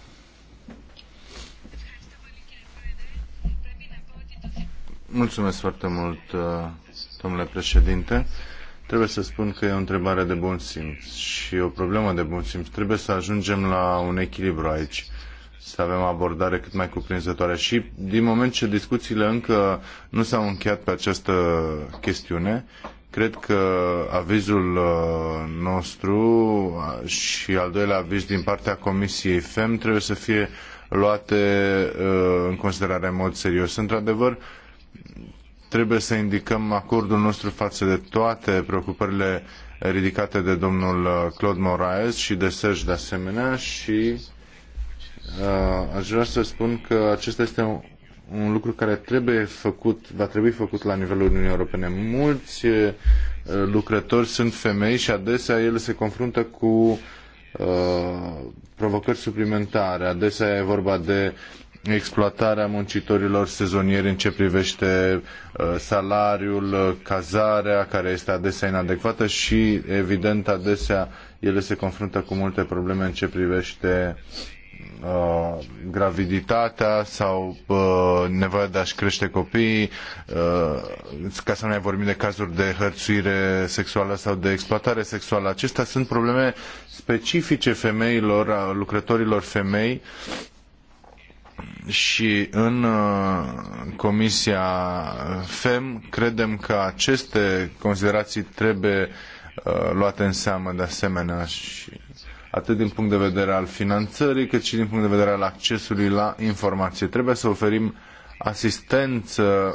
Mulțumesc foarte mult, uh, domnule președinte. Trebuie să spun că e o întrebare de bun simț și o problemă de bun simț. Trebuie să ajungem la un echilibru aici, să avem abordare cât mai cuprinzătoare. Și din moment ce discuțiile încă nu s-au încheiat pe această chestiune, Cred că avizul uh, nostru uh, și al doilea aviz din partea Comisiei FEM trebuie să fie luate uh, în considerare în mod serios. Într-adevăr, trebuie să indicăm acordul nostru față de toate preocupările ridicate de domnul Claude Moraes și de Serge de asemenea și uh, aș vrea să spun că acesta este un, un lucru care trebuie făcut, va trebui făcut la nivelul Uniunii Europene. Mulți eh, lucrători sunt femei și adesea ele se confruntă cu uh, provocări suplimentare. Adesea e vorba de exploatarea muncitorilor sezonieri în ce privește uh, salariul, cazarea, care este adesea inadecvată și, evident, adesea ele se confruntă cu multe probleme în ce privește uh, Uh, graviditatea sau uh, nevoia de a-și crește copiii, uh, ca să nu mai vorbim de cazuri de hărțuire sexuală sau de exploatare sexuală. Acestea sunt probleme specifice femeilor, a lucrătorilor femei și în uh, Comisia FEM credem că aceste considerații trebuie uh, luate în seamă de asemenea și atât din punct de vedere al finanțării, cât și din punct de vedere al accesului la informație. Trebuie să oferim asistență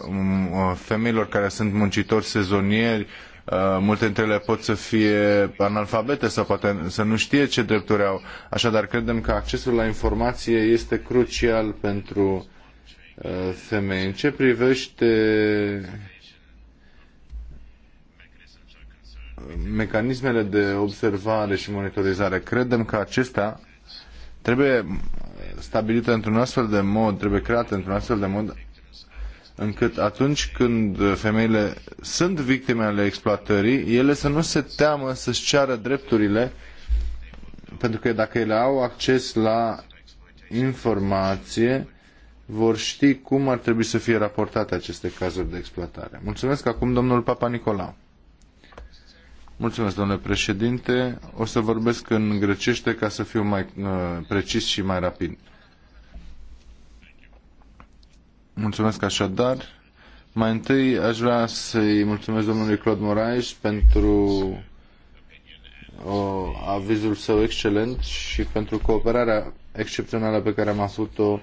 femeilor care sunt muncitori sezonieri, uh, multe dintre ele pot să fie analfabete sau poate să nu știe ce drepturi au. Așadar, credem că accesul la informație este crucial pentru uh, femei. În ce privește mecanismele de observare și monitorizare. Credem că acestea trebuie stabilite într-un astfel de mod, trebuie create într-un astfel de mod încât atunci când femeile sunt victime ale exploatării, ele să nu se teamă să-și ceară drepturile, pentru că dacă ele au acces la informație, vor ști cum ar trebui să fie raportate aceste cazuri de exploatare. Mulțumesc acum domnul Papa Nicolau. Mulțumesc, domnule președinte. O să vorbesc în grecește ca să fiu mai uh, precis și mai rapid. Mulțumesc așadar. Mai întâi aș vrea să-i mulțumesc domnului Claude Moraes pentru o, avizul său excelent și pentru cooperarea excepțională pe care am avut-o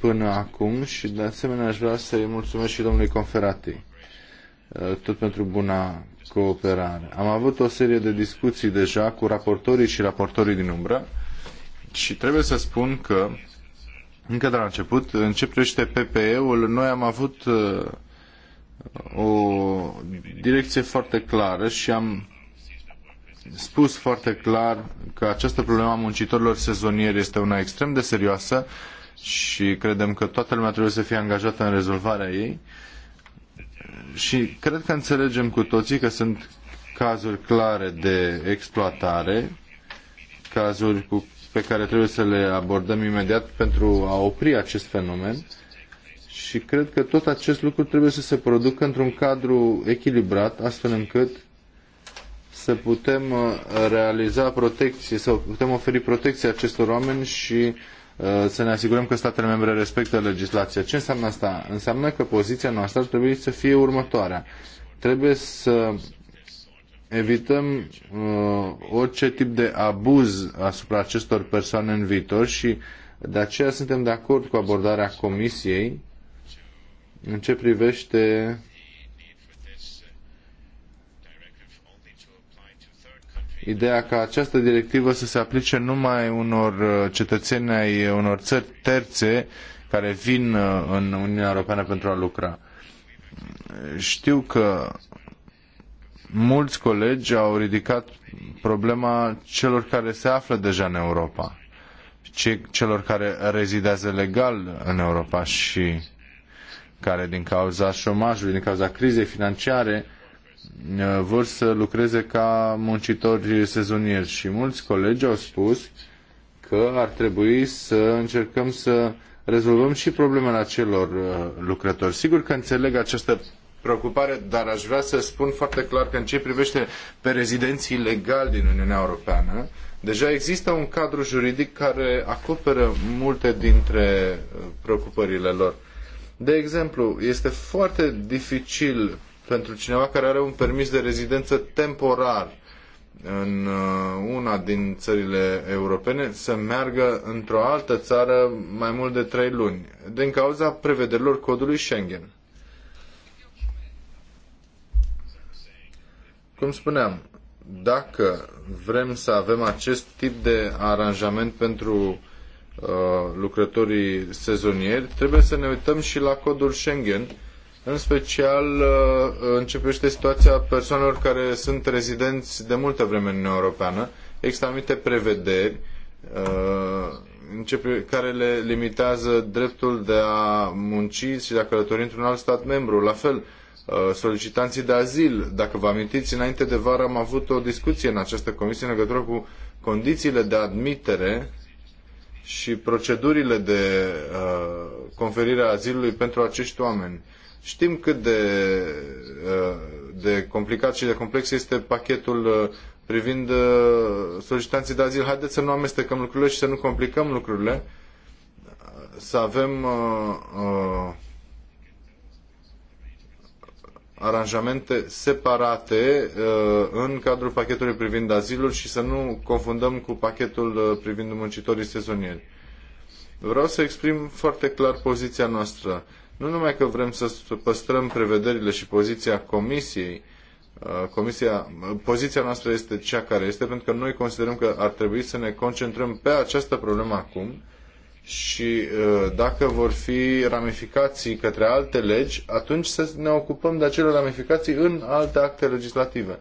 până acum și de asemenea aș vrea să-i mulțumesc și domnului Conferati uh, tot pentru buna cooperare. Am avut o serie de discuții deja cu raportorii și raportorii din umbră și trebuie să spun că încă de la început, în ce privește PPE-ul, noi am avut uh, o direcție foarte clară și am spus foarte clar că această problemă a muncitorilor sezonieri este una extrem de serioasă și credem că toată lumea trebuie să fie angajată în rezolvarea ei. Uh, și cred că înțelegem cu toții că sunt cazuri clare de exploatare, cazuri cu, pe care trebuie să le abordăm imediat pentru a opri acest fenomen și cred că tot acest lucru trebuie să se producă într-un cadru echilibrat, astfel încât să putem uh, realiza protecție, să putem oferi protecție acestor oameni și Uh, să ne asigurăm că statele membre respectă legislația. Ce înseamnă asta? Înseamnă că poziția noastră trebuie să fie următoarea. Trebuie să evităm uh, orice tip de abuz asupra acestor persoane în viitor și de aceea suntem de acord cu abordarea Comisiei în ce privește ideea ca această directivă să se aplice numai unor uh, cetățeni ai unor țări terțe care vin uh, în Uniunea Europeană pentru a lucra. Știu că mulți colegi au ridicat problema celor care se află deja în Europa, celor care rezidează legal în Europa și care din cauza șomajului, din cauza crizei financiare, vor să lucreze ca muncitori sezonieri și mulți colegi au spus că ar trebui să încercăm să rezolvăm și problemele acelor uh, lucrători. Sigur că înțeleg această preocupare, dar aș vrea să spun foarte clar că în ce privește pe rezidenții legali din Uniunea Europeană, deja există un cadru juridic care acoperă multe dintre uh, preocupările lor. De exemplu, este foarte dificil pentru cineva care are un permis de rezidență temporar în uh, una din țările europene să meargă într-o altă țară mai mult de trei luni, din cauza prevederilor codului Schengen. Cum spuneam, dacă vrem să avem acest tip de aranjament pentru uh, lucrătorii sezonieri, trebuie să ne uităm și la codul Schengen în special uh, începește situația persoanelor care sunt rezidenți de multă vreme în Uniunea Europeană. Există anumite prevederi uh, care le limitează dreptul de a munci și de a călători într-un alt stat membru. La fel, uh, solicitanții de azil, dacă vă amintiți, înainte de vară am avut o discuție în această comisie în legătură cu condițiile de admitere și procedurile de conferire a azilului pentru acești oameni Știm cât de, uh, de complicat și de complex este pachetul uh, privind uh, solicitanții de azil. Haideți să nu amestecăm lucrurile și să nu complicăm lucrurile. Să avem uh, aranjamente separate în cadrul pachetului privind azilul și să nu confundăm cu pachetul privind muncitorii sezonieri. Vreau să exprim foarte clar poziția noastră. Nu numai că vrem să păstrăm prevederile și poziția Comisiei, uh, Comisia, poziția noastră este cea care este, pentru că noi considerăm că ar trebui să ne concentrăm pe această problemă acum și uh, dacă vor fi ramificații către alte legi, atunci să ne ocupăm de acele ramificații în alte acte legislative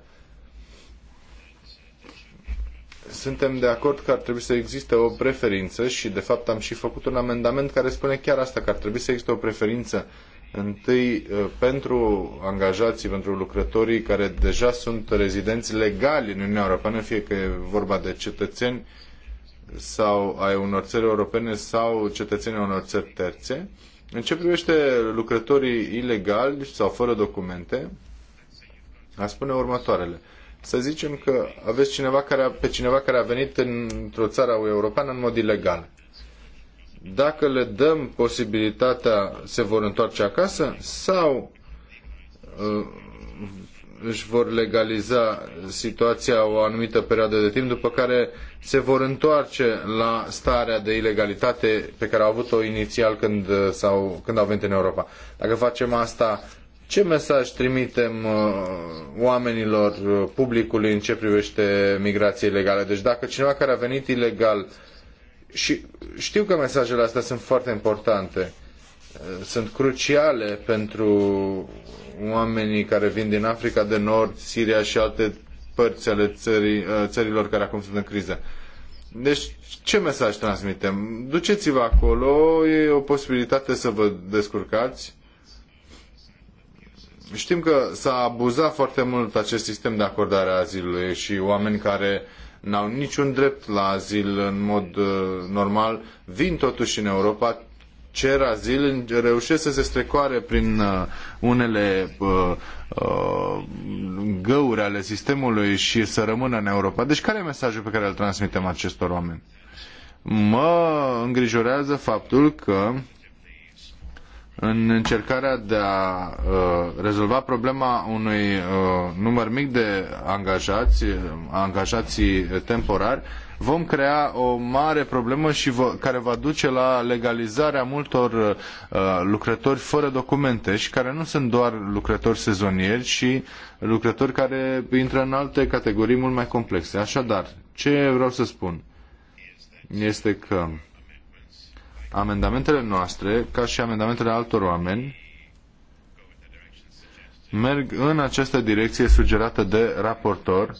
suntem de acord că ar trebui să existe o preferință și de fapt am și făcut un amendament care spune chiar asta, că ar trebui să existe o preferință întâi uh, pentru angajații, pentru lucrătorii care deja sunt rezidenți legali în Uniunea Europeană, fie că e vorba de cetățeni sau ai unor țări europene sau cetățenii unor țări terțe. În ce privește lucrătorii ilegali sau fără documente, a spune următoarele să zicem că aveți cineva care a, pe cineva care a venit într-o țară europeană în mod ilegal. Dacă le dăm posibilitatea, se vor întoarce acasă sau uh, își vor legaliza situația o anumită perioadă de timp, după care se vor întoarce la starea de ilegalitate pe care au avut-o inițial când, uh, sau, când au venit în Europa. Dacă facem asta ce mesaj trimitem uh, oamenilor, uh, publicului în ce privește migrația ilegală? Deci dacă cineva care a venit ilegal și știu că mesajele astea sunt foarte importante, uh, sunt cruciale pentru oamenii care vin din Africa de Nord, Siria și alte părți ale țării, țărilor care acum sunt în criză. Deci, ce mesaj transmitem? Duceți-vă acolo, e o posibilitate să vă descurcați Știm că s-a abuzat foarte mult acest sistem de acordare a azilului și oameni care n-au niciun drept la azil în mod uh, normal vin totuși în Europa, cer azil, reușesc să se strecoare prin uh, unele uh, uh, găuri ale sistemului și să rămână în Europa. Deci care e mesajul pe care îl transmitem acestor oameni? Mă îngrijorează faptul că în încercarea de a uh, rezolva problema unui uh, număr mic de angajați, angajații temporari, vom crea o mare problemă și care va duce la legalizarea multor uh, lucrători fără documente și care nu sunt doar lucrători sezonieri, ci lucrători care intră în alte categorii mult mai complexe. Așadar, ce vreau să spun este că amendamentele noastre, ca și amendamentele altor oameni, merg în această direcție sugerată de raportor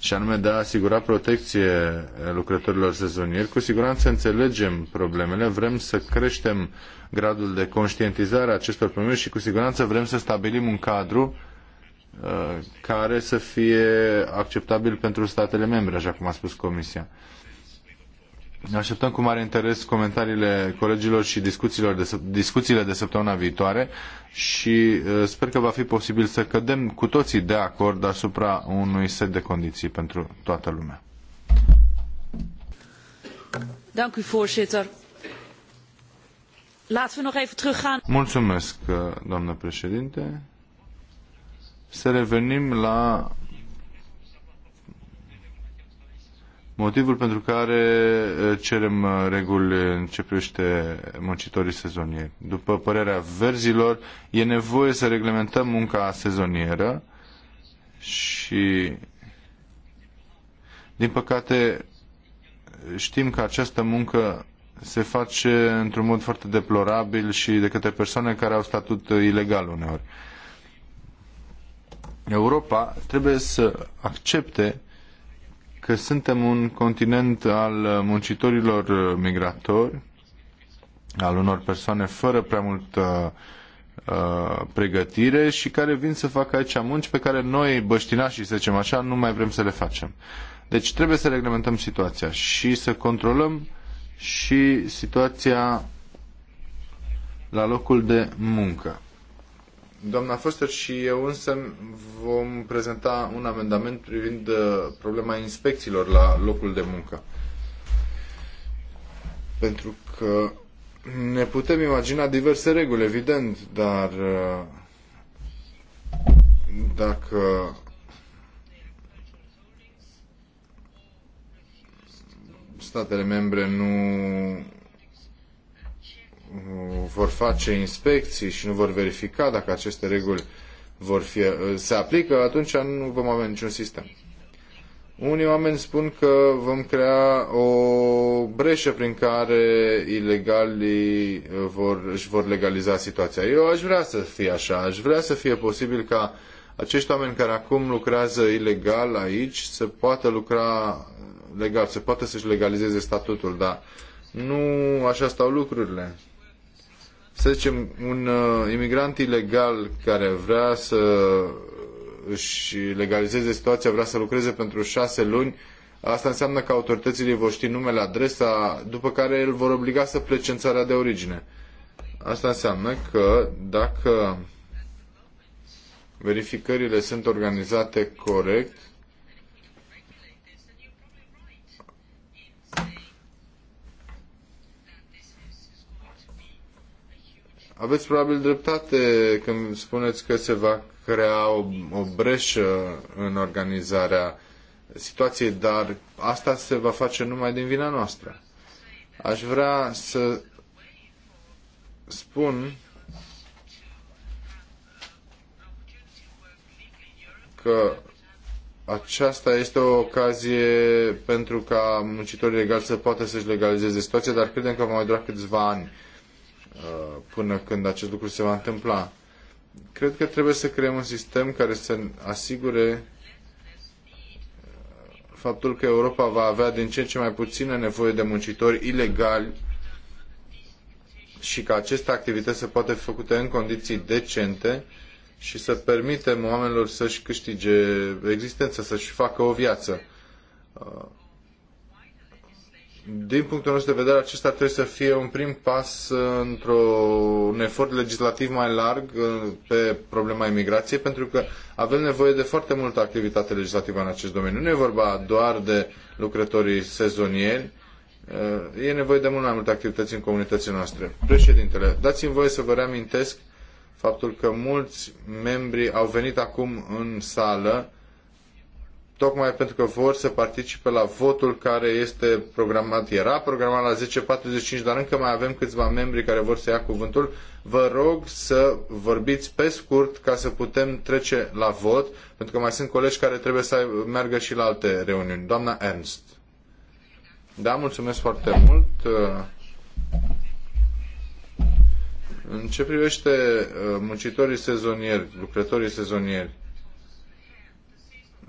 și anume de a asigura protecție lucrătorilor sezonieri. Cu siguranță înțelegem problemele, vrem să creștem gradul de conștientizare a acestor probleme și cu siguranță vrem să stabilim un cadru uh, care să fie acceptabil pentru statele membre, așa cum a spus Comisia. Așteptăm cu mare interes comentariile colegilor și discuțiilor de, discuțiile de săptămâna viitoare și uh, sper că va fi posibil să cădem cu toții de acord asupra unui set de condiții pentru toată lumea. Mulțumesc, uh, doamnă președinte. Să revenim la motivul pentru care cerem reguli în ce privește muncitorii sezonieri. După părerea verzilor, e nevoie să reglementăm munca sezonieră și, din păcate, știm că această muncă se face într-un mod foarte deplorabil și de către persoane care au statut ilegal uneori. Europa trebuie să accepte că suntem un continent al muncitorilor migratori, al unor persoane fără prea multă uh, pregătire și care vin să facă aici munci pe care noi, băștinașii, să zicem așa, nu mai vrem să le facem. Deci trebuie să reglementăm situația și să controlăm și situația la locul de muncă. Doamna Foster și eu însă vom prezenta un amendament privind uh, problema inspecțiilor la locul de muncă. Pentru că ne putem imagina diverse reguli, evident, dar uh, dacă statele membre nu vor face inspecții și nu vor verifica dacă aceste reguli vor fi, uh, se aplică, atunci nu vom avea niciun sistem. Unii oameni spun că vom crea o breșă prin care ilegalii uh, vor, își vor legaliza situația. Eu aș vrea să fie așa, aș vrea să fie posibil ca acești oameni care acum lucrează ilegal aici să poată lucra legal, să poată să-și legalizeze statutul, dar nu așa stau lucrurile să zicem, un uh, imigrant ilegal care vrea să își legalizeze situația, vrea să lucreze pentru șase luni, asta înseamnă că autoritățile vor ști numele, adresa, după care îl vor obliga să plece în țara de origine. Asta înseamnă că dacă verificările sunt organizate corect, Aveți probabil dreptate când spuneți că se va crea o, o breșă în organizarea situației, dar asta se va face numai din vina noastră. Aș vrea să spun că aceasta este o ocazie pentru ca muncitorii legali să poată să-și legalizeze situația, dar credem că va mai dura câțiva ani Uh, până când acest lucru se va întâmpla. Cred că trebuie să creăm un sistem care să asigure uh, faptul că Europa va avea din ce în ce mai puțină nevoie de muncitori ilegali și că aceste activități să poate fi făcute în condiții decente și să permitem oamenilor să-și câștige existența, să-și facă o viață. Uh, din punctul nostru de vedere, acesta trebuie să fie un prim pas uh, într-un efort legislativ mai larg uh, pe problema imigrației, pentru că avem nevoie de foarte multă activitate legislativă în acest domeniu. Nu e vorba doar de lucrătorii sezonieri, uh, e nevoie de mult mai multe activități în comunitățile noastre. Președintele, dați-mi voie să vă reamintesc faptul că mulți membri au venit acum în sală tocmai pentru că vor să participe la votul care este programat, era programat la 10.45, dar încă mai avem câțiva membri care vor să ia cuvântul. Vă rog să vorbiți pe scurt ca să putem trece la vot, pentru că mai sunt colegi care trebuie să meargă și la alte reuniuni. Doamna Ernst. Da, mulțumesc foarte mult. În ce privește uh, muncitorii sezonieri, lucrătorii sezonieri,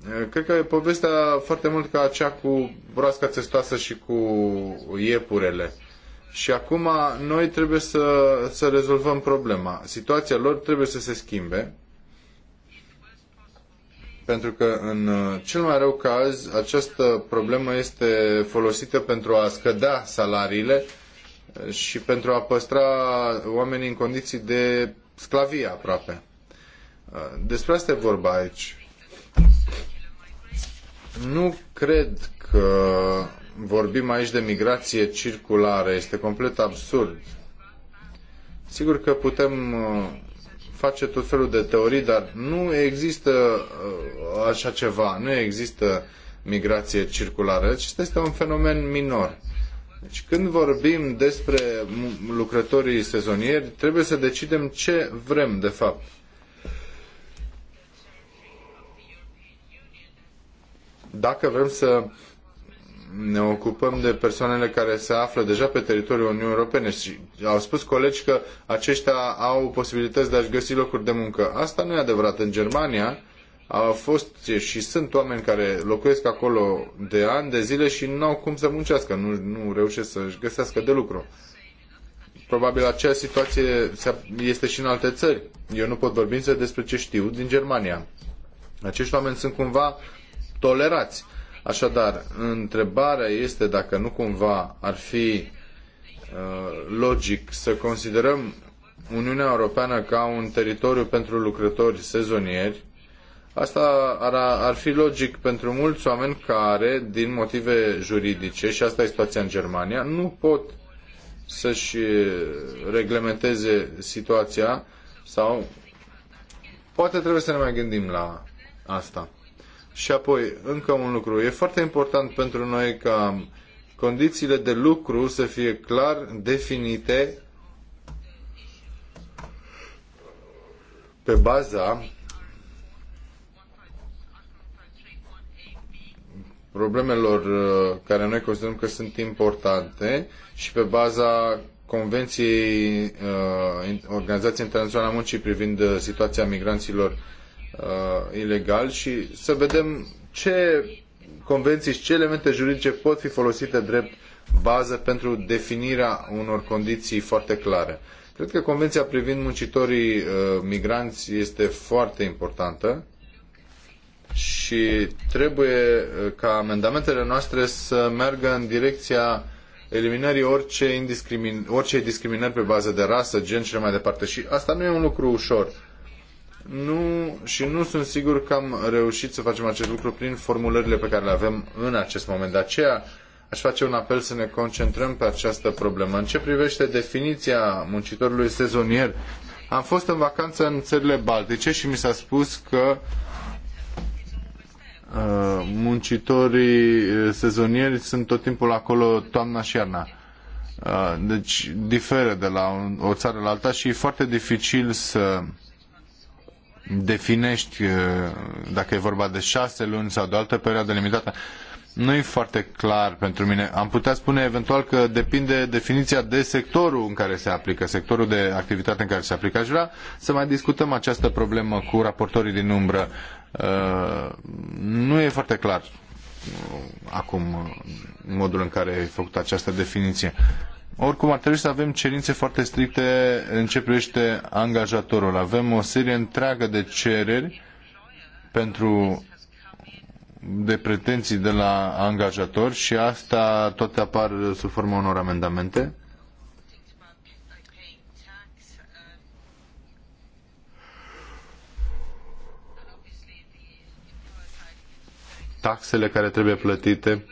Eh, cred că e povestea foarte mult ca acea cu broasca testoasă și cu iepurele. Și acum noi trebuie să, să rezolvăm problema. Situația lor trebuie să se schimbe. Pentru că în eh, cel mai rău caz, această problemă este folosită pentru a scădea salariile eh, și pentru a păstra oamenii în condiții de sclavie aproape. Despre asta e vorba aici. Nu cred că vorbim aici de migrație circulară. Este complet absurd. Sigur că putem uh, face tot felul de teorii, dar nu există uh, așa ceva. Nu există migrație circulară. Acesta este un fenomen minor. Deci când vorbim despre lucrătorii sezonieri, trebuie să decidem ce vrem de fapt. dacă vrem să ne ocupăm de persoanele care se află deja pe teritoriul Uniunii Europene și au spus colegi că aceștia au posibilități de a-și găsi locuri de muncă. Asta nu e adevărat. În Germania au fost și sunt oameni care locuiesc acolo de ani, de zile și nu au cum să muncească, nu, nu reușesc să-și găsească de lucru. Probabil acea situație este și în alte țări. Eu nu pot vorbi însă despre ce știu din Germania. Acești oameni sunt cumva tolerați. Așadar, întrebarea este dacă nu cumva ar fi uh, logic să considerăm Uniunea Europeană ca un teritoriu pentru lucrători sezonieri. Asta ar, ar fi logic pentru mulți oameni care, din motive juridice, și asta e situația în Germania, nu pot să-și reglementeze situația sau poate trebuie să ne mai gândim la asta. Și apoi, încă un lucru. E foarte important pentru noi ca condițiile de lucru să fie clar definite pe baza problemelor uh, care noi considerăm că sunt importante și pe baza Convenției uh, Organizației Internaționale a Muncii privind uh, situația migranților uh, ilegal și să vedem ce convenții și ce elemente juridice pot fi folosite drept bază pentru definirea unor condiții foarte clare. Cred că convenția privind muncitorii uh, migranți este foarte importantă și trebuie uh, ca amendamentele noastre să meargă în direcția eliminării orice, indiscrimin, orice discriminări pe bază de rasă, gen și mai departe. Și asta nu e un lucru ușor nu, și nu sunt sigur că am reușit să facem acest lucru prin formulările pe care le avem în acest moment. De aceea aș face un apel să ne concentrăm pe această problemă. În ce privește definiția muncitorului sezonier, am fost în vacanță în țările baltice și mi s-a spus că uh, muncitorii uh, sezonieri sunt tot timpul acolo toamna și iarna. Uh, deci diferă de la o țară la alta și e foarte dificil să uh, definești uh, dacă e vorba de șase luni sau de o altă perioadă limitată. Nu e foarte clar pentru mine. Am putea spune eventual că depinde definiția de sectorul în care se aplică, sectorul de activitate în care se aplică. Aș vrea să mai discutăm această problemă cu raportorii din umbră. Uh, nu e foarte clar uh, acum modul în care e făcută această definiție. Oricum, ar trebui să avem cerințe foarte stricte în ce privește angajatorul. Avem o serie întreagă de cereri pentru de pretenții de la angajator și asta toate apar sub forma unor amendamente. Taxele care trebuie plătite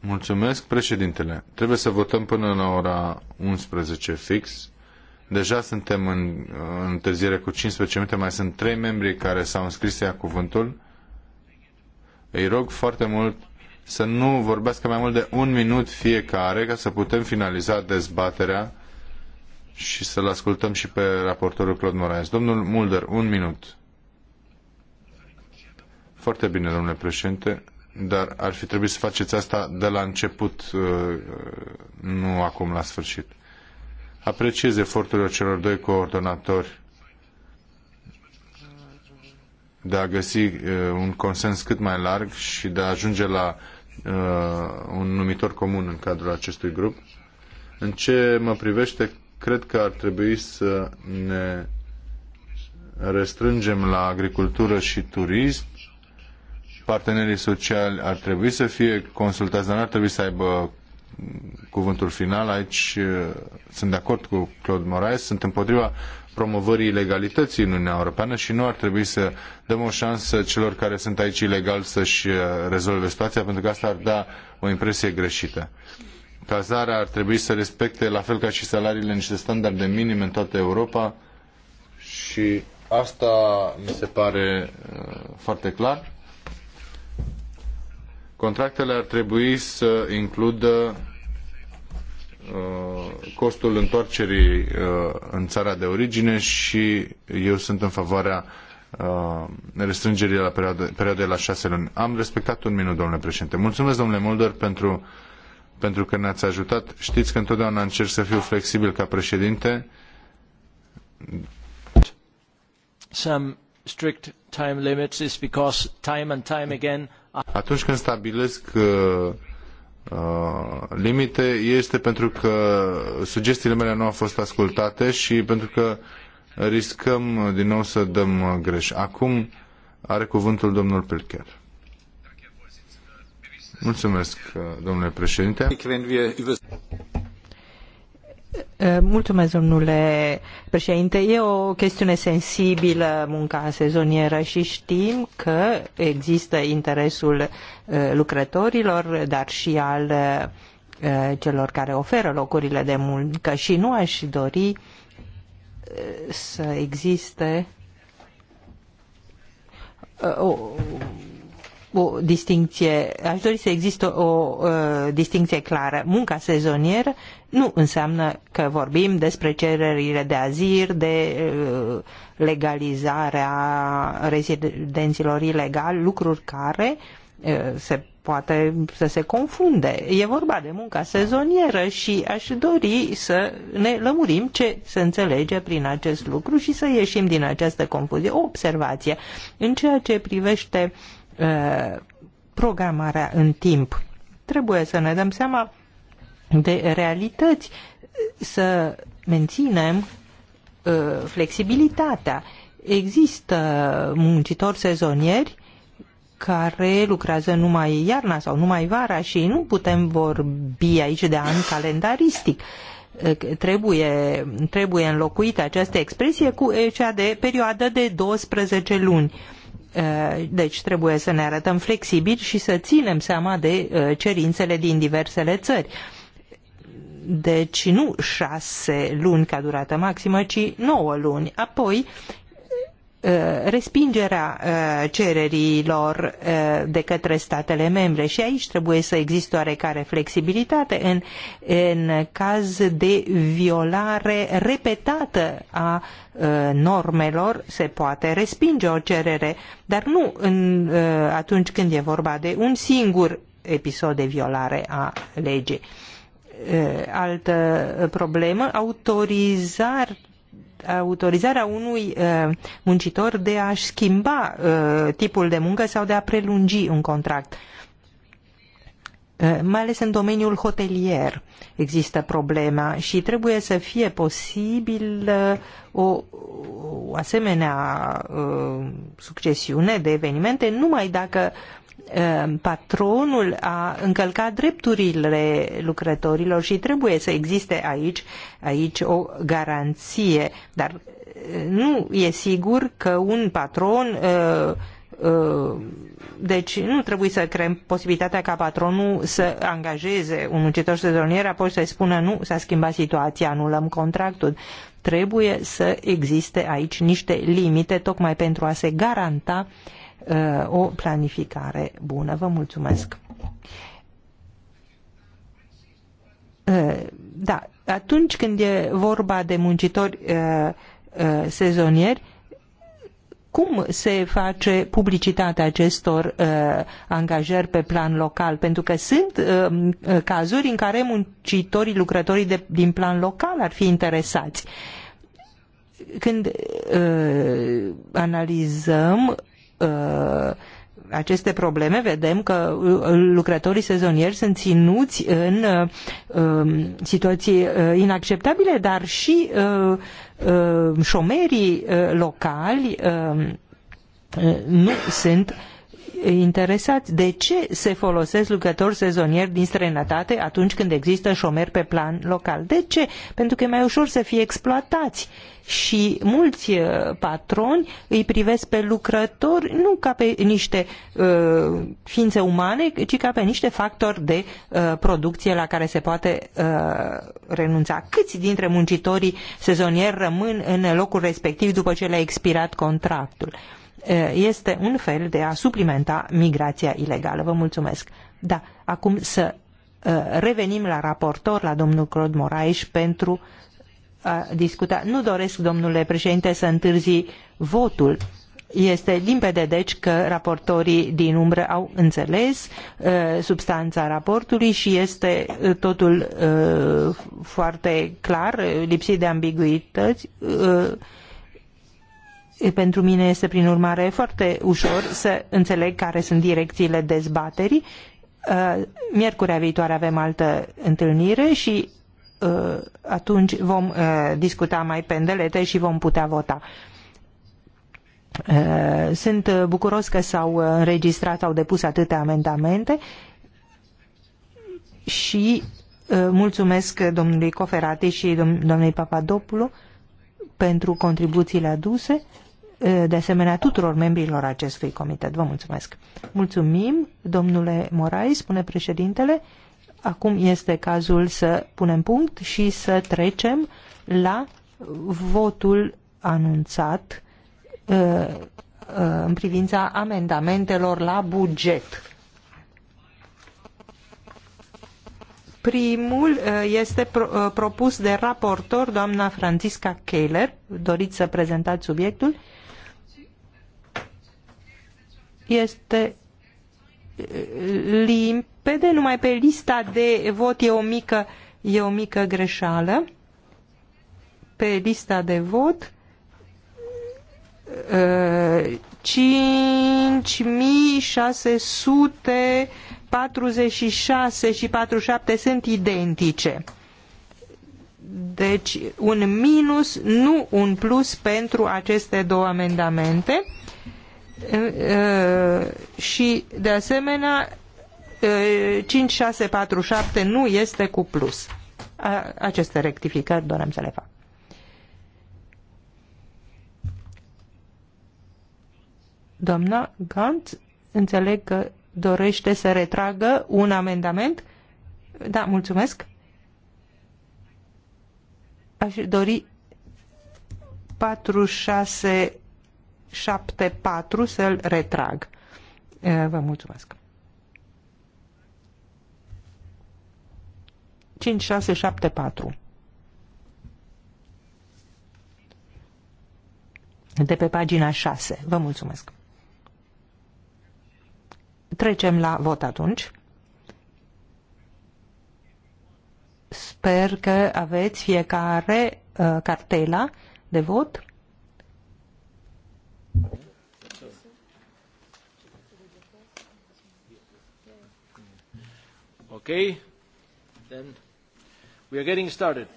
Mulțumesc, președintele. Trebuie să votăm până la ora 11 fix. Deja suntem în, întârziere cu 15 minute, mai sunt trei membri care s-au înscris să ia cuvântul. Îi rog foarte mult să nu vorbească mai mult de un minut fiecare ca să putem finaliza dezbaterea și să-l ascultăm și pe raportorul Claude Moraes. Domnul Mulder, un minut. Foarte bine, domnule președinte dar ar fi trebuit să faceți asta de la început, uh, nu acum la sfârșit. Apreciez eforturile celor doi coordonatori de a găsi uh, un consens cât mai larg și de a ajunge la uh, un numitor comun în cadrul acestui grup. În ce mă privește, cred că ar trebui să ne restrângem la agricultură și turism Partenerii sociali ar trebui să fie consultați, dar nu ar trebui să aibă cuvântul final. Aici uh, sunt de acord cu Claude Moraes, sunt împotriva promovării ilegalității în Uniunea Europeană și nu ar trebui să dăm o șansă celor care sunt aici ilegal să-și uh, rezolve situația, pentru că asta ar da o impresie greșită. Cazarea ar trebui să respecte, la fel ca și salariile, niște standarde minime în toată Europa și asta mi se pare uh, foarte clar. Contractele ar trebui să includă uh, costul întoarcerii uh, în țara de origine și eu sunt în favoarea uh, restrângerii la perioade, la șase luni. Am respectat un minut, domnule președinte. Mulțumesc, domnule Mulder, pentru, pentru că ne-ați ajutat. Știți că întotdeauna încerc să fiu flexibil ca președinte. Some strict time limits is because time and time again atunci când stabilesc uh, uh, limite, este pentru că sugestiile mele nu au fost ascultate și pentru că riscăm din nou să dăm greș. Acum are cuvântul domnul Pilcher. Mulțumesc, uh, domnule președinte. Eh, mulțumesc, domnule președinte. E o chestiune sensibilă munca sezonieră și știm că există interesul eh, lucrătorilor, dar și al eh, celor care oferă locurile de muncă și nu aș dori să existe o, o distinție, aș dori să existe o, o distinție clară. Munca sezonieră nu înseamnă că vorbim despre cererile de azir, de uh, legalizarea rezidenților ilegali, lucruri care uh, se poate să se confunde. E vorba de munca sezonieră și aș dori să ne lămurim ce se înțelege prin acest lucru și să ieșim din această confuzie. O observație în ceea ce privește uh, programarea în timp. Trebuie să ne dăm seama de realități, să menținem uh, flexibilitatea. Există muncitori sezonieri care lucrează numai iarna sau numai vara și nu putem vorbi aici de an calendaristic. Uh, trebuie, trebuie înlocuită această expresie cu cea de perioadă de 12 luni. Uh, deci trebuie să ne arătăm flexibili și să ținem seama de cerințele din diversele țări deci nu șase luni ca durată maximă, ci nouă luni. Apoi, uh, respingerea uh, cererilor uh, de către statele membre și aici trebuie să existe oarecare flexibilitate în, în caz de violare repetată a normelor se poate respinge o cerere, dar nu în, atunci când e vorba de un singur episod de violare a legii altă problemă, autorizar, autorizarea unui muncitor de a-și schimba tipul de muncă sau de a prelungi un contract. Mai ales în domeniul hotelier există problema și trebuie să fie posibil o, o asemenea succesiune de evenimente numai dacă Um, patronul a încălcat drepturile lucrătorilor și trebuie să existe aici, aici o garanție, dar uh, nu e sigur că un patron uh, uh, deci nu trebuie să creăm posibilitatea ca patronul să angajeze un muncitor sezonier, apoi să-i spună nu, s-a schimbat situația, anulăm contractul. Trebuie să existe aici niște limite tocmai pentru a se garanta uh, Uh, o planificare bună. Vă mulțumesc! Uh, da, atunci când e vorba de muncitori uh, sezonieri, cum se face publicitatea acestor uh, angajări pe plan local? Pentru că sunt uh, cazuri în care muncitorii, lucrătorii de, din plan local ar fi interesați. Când uh, analizăm Uh, aceste probleme, vedem că uh, lucrătorii sezonieri sunt ținuți în uh, um, situații inacceptabile, dar și șomerii locali nu sunt interesați de ce se folosesc lucrători sezonieri din străinătate atunci când există șomeri pe plan local. De ce? Pentru că e mai ușor să fie exploatați și mulți uh, patroni îi privesc pe lucrători nu ca pe niște uh, ființe umane, ci ca pe niște factori de uh, producție la care se poate uh, renunța. Câți dintre muncitorii sezonieri rămân în locul respectiv după ce le-a expirat contractul? Uh, este un fel de a suplimenta migrația ilegală. Vă mulțumesc. Da, acum să revenim la raportor, la domnul Claude Moraes, pentru a discuta. Nu doresc, domnule președinte, să întârzi votul. Este limpede, deci, că raportorii din umbră au înțeles uh, substanța raportului și este uh, totul uh, foarte clar, lipsit de ambiguități. Uh, pentru mine este, prin urmare, foarte ușor să înțeleg care sunt direcțiile dezbaterii. Uh, miercurea viitoare avem altă întâlnire și uh, atunci vom uh, discuta mai pendelete și vom putea vota. Sunt bucuros că s-au înregistrat, au depus atâtea amendamente și mulțumesc domnului Coferati și domnului Papadopoulou pentru contribuțiile aduse. Eh, de asemenea tuturor membrilor acestui comitet. Vă mulțumesc. Mulțumim, domnule Morai, spune președintele. Acum este cazul să punem punct și să trecem la votul anunțat eh, eh, în privința amendamentelor la buget. Primul este propus de raportor, doamna Francisca Keller. Doriți să prezentați subiectul? este eh, limpede, numai pe lista de vot e o mică, e o mică greșeală. Pe lista de vot 5646 eh, și 47 sunt identice. Deci un minus, nu un plus pentru aceste două amendamente și de asemenea 5647 nu este cu plus. Aceste rectificări doream să le fac. Doamna Gant, înțeleg că dorește să retragă un amendament. Da, mulțumesc. Aș dori 46 74 să-l retrag. Vă mulțumesc. 5674. De pe pagina 6. Vă mulțumesc. Trecem la vot atunci. Sper că aveți fiecare uh, cartela de vot. Okay, then we are getting started.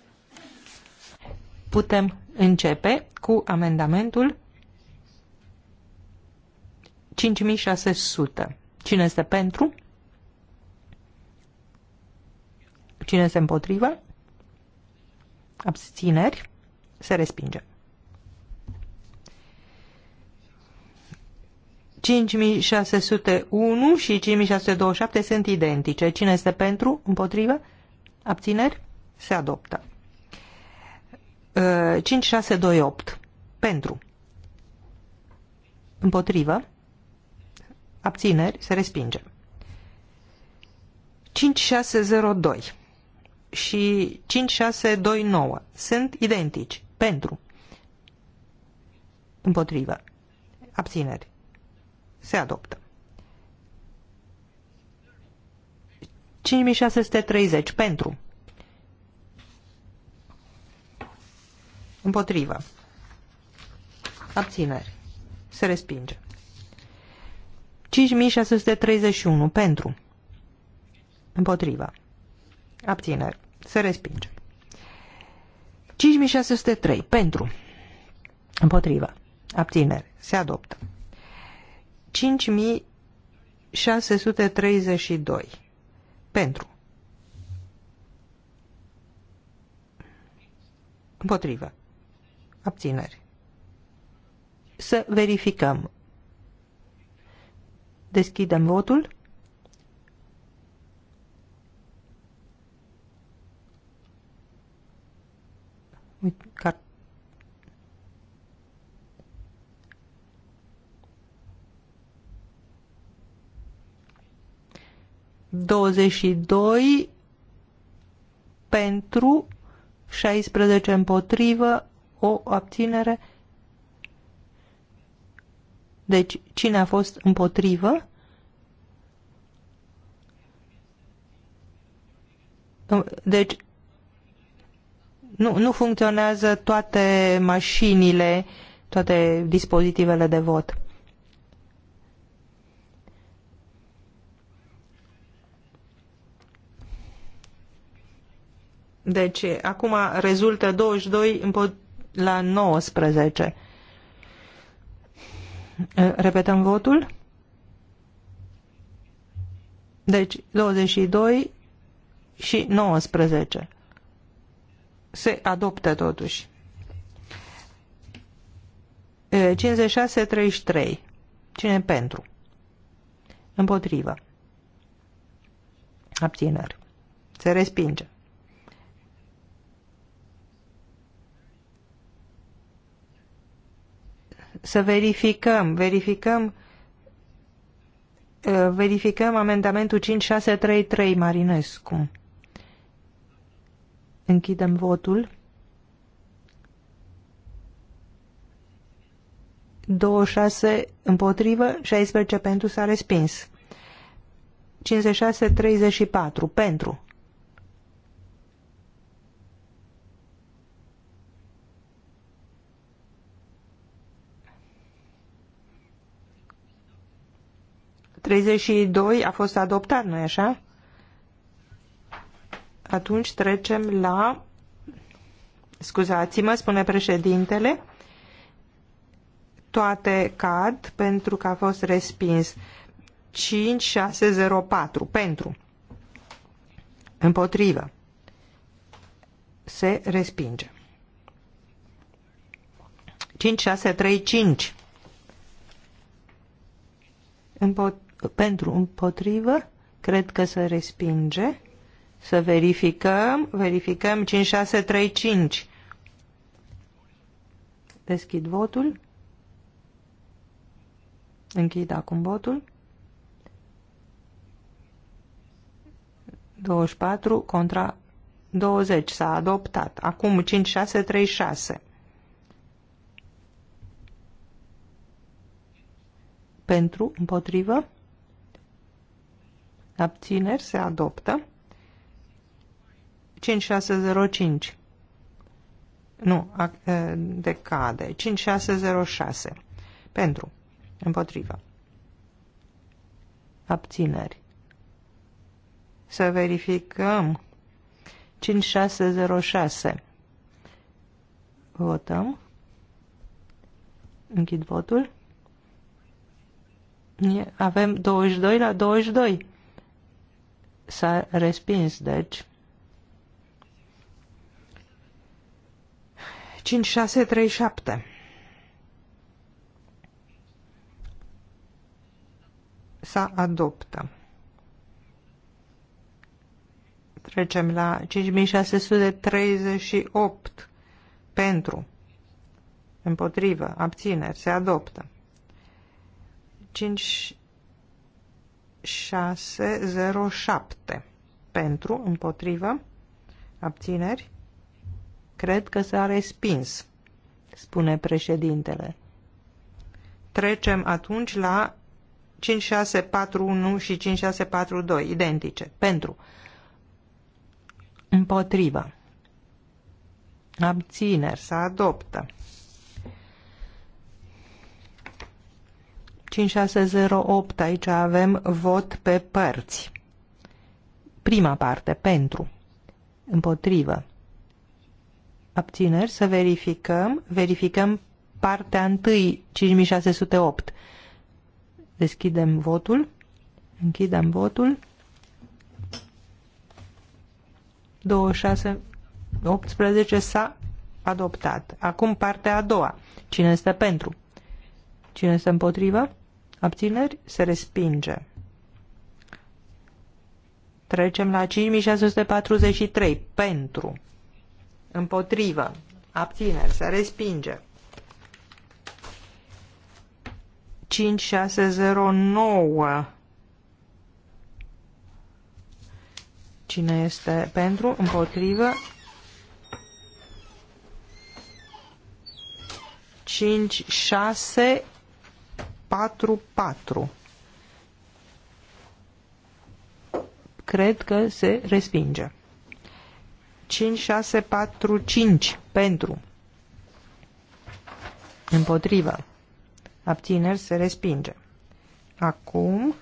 Putem începe cu amendamentul 5600. Cine este pentru? Cine este împotrivă? Abțineri? Se respinge. 5601 și 5627 sunt identice. Cine este pentru? Împotrivă? Abțineri? Se adoptă. 5628 uh, pentru. Împotrivă? Abțineri? Se respinge. 5602 și 5629 sunt identici. Pentru. Împotrivă. Abțineri se adoptă. 5630 pentru. Împotrivă. Abțineri. Se respinge. 5631 pentru. Împotrivă. Abțineri. Se respinge. 5603 pentru. Împotrivă. Abțineri. Se adoptă. 5632. Pentru. Împotrivă. Abțineri. Să verificăm. Deschidem votul. Uite, 22 pentru, 16 împotrivă, o abținere. Deci, cine a fost împotrivă? Deci, nu, nu funcționează toate mașinile, toate dispozitivele de vot. Deci, acum rezultă 22 la 19. Repetăm votul. Deci, 22 și 19. Se adoptă totuși. 56-33. Cine pentru? Împotrivă. Abțineri. Se respinge. să verificăm, verificăm uh, verificăm amendamentul 5633 Marinescu. Închidem votul. 26 împotrivă, 16 pentru s-a respins. 56-34 pentru. 32 a fost adoptat, nu-i așa? Atunci trecem la... Scuzați-mă, spune președintele. Toate cad pentru că a fost respins. 5604 pentru. Împotrivă. Se respinge. 5635 împotrivă pentru împotrivă, cred că se respinge. Să verificăm, verificăm 5635. Deschid votul. Închid acum votul. 24 contra 20 s-a adoptat. Acum 5636. Pentru, împotrivă, abțineri, se adoptă. 5605 nu, decade 5606 pentru, împotrivă abțineri să verificăm 5606 votăm închid votul avem 22 la 22 S-a respins, deci. 5637. Să adoptă. Trecem la 5638. Pentru. Împotrivă. Abțineri. Se adoptă. 5 607 pentru, împotrivă, abțineri, cred că s-a respins, spune președintele. Trecem atunci la 5641 și 5642, identice, pentru, împotrivă, abțineri, să adoptă, 5608, aici avem vot pe părți. Prima parte, pentru, împotrivă. Abțineri, să verificăm. Verificăm partea întâi, 5608. Deschidem votul. Închidem votul. 26, 18 s-a adoptat. Acum partea a doua. Cine este pentru? Cine este împotrivă? abțineri, se respinge. Trecem la 5643, pentru, împotrivă, abțineri, se respinge. 5609, cine este pentru, împotrivă, 5, 6, 4-4. Cred că se respinge. 5-6-4-5 pentru. Împotrivă. Abțineri se respinge. Acum...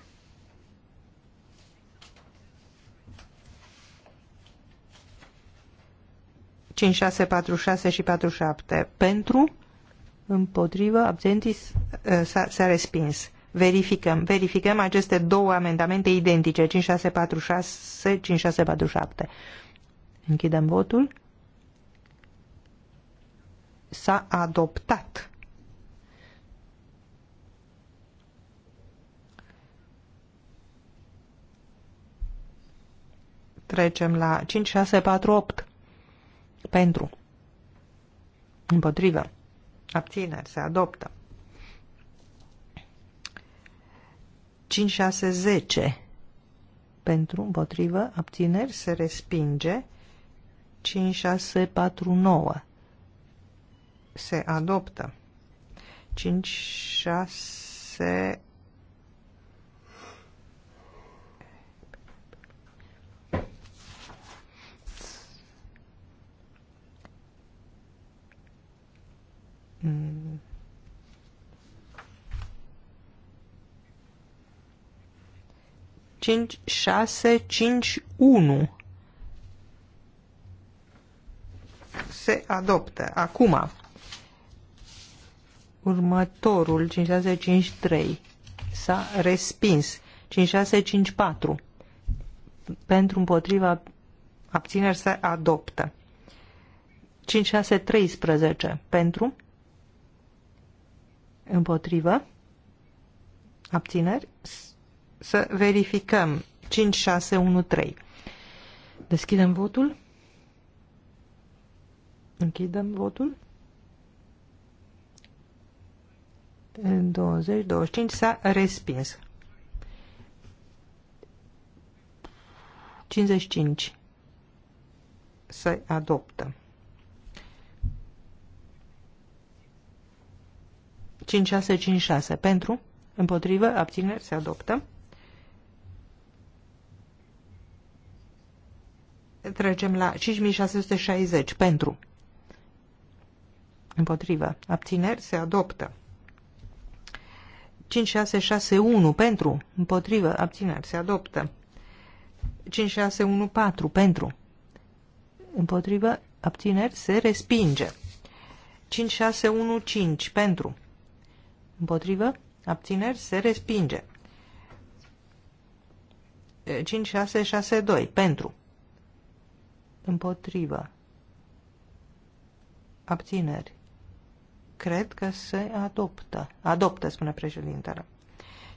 cinci, șase, patru, șase și patru, șapte pentru împotrivă, abțintii ă, s-a respins. Verificăm, verificăm aceste două amendamente identice, 5646, 5647. Închidem votul. S-a adoptat. Trecem la 5648. Pentru. Împotrivă. Abțineri. Se adoptă. 5, 6, 10. Pentru, împotrivă, abțineri, se respinge. 5, 6, 4, 9. Se adoptă. 5, 6, Cinci, șase, cinci, unu. Se adoptă. Acum. Următorul, 5653, s-a respins. 5654, pentru împotriva abțineri se adoptă. 5613, pentru Împotrivă? Abțineri? Să verificăm. 5613. Deschidem votul. Închidem votul. 20, 25 s-a respins. 55 să adoptă. 5656 pentru, împotrivă, abțineri, se adoptă. Trecem la 5660 pentru, împotrivă, abțineri, se adoptă. 5661 pentru, împotrivă, abțineri, se adoptă. 5614 pentru, împotrivă, abțineri, se respinge. 5615 pentru, Împotrivă? Abțineri? Se respinge. 5662. Pentru. Împotrivă. Abțineri. Cred că se adoptă. Adoptă, spune președintele.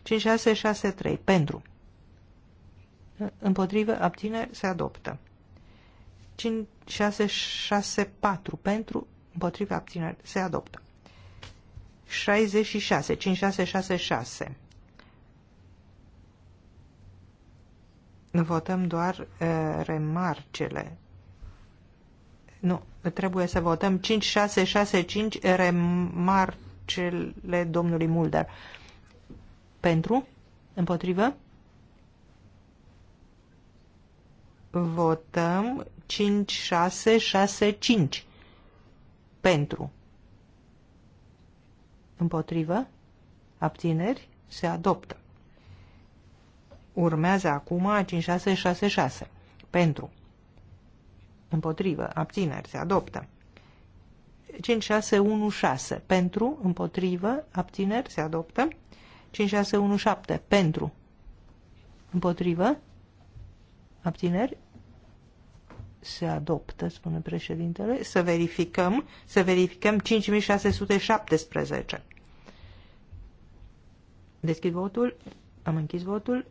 5663. Pentru. Împotrivă. Abțineri. Se adoptă. 5664. Pentru. Împotrivă. Abțineri. Se adoptă. 66, 5666. Votăm doar uh, remarcele. Nu, trebuie să votăm 5665 remarcele domnului Mulder. Pentru? Împotrivă? Votăm 5665. Pentru. Împotrivă? Abțineri? Se adoptă. Urmează acum 5666. Pentru. Împotrivă. Abțineri. Se adoptă. 5616. Pentru. Împotrivă. Abțineri. Se adoptă. 5617. Pentru. Împotrivă. Abțineri. Se adoptă, spune președintele. Să verificăm. Să verificăm 5617. Deschid votul. Am închis votul.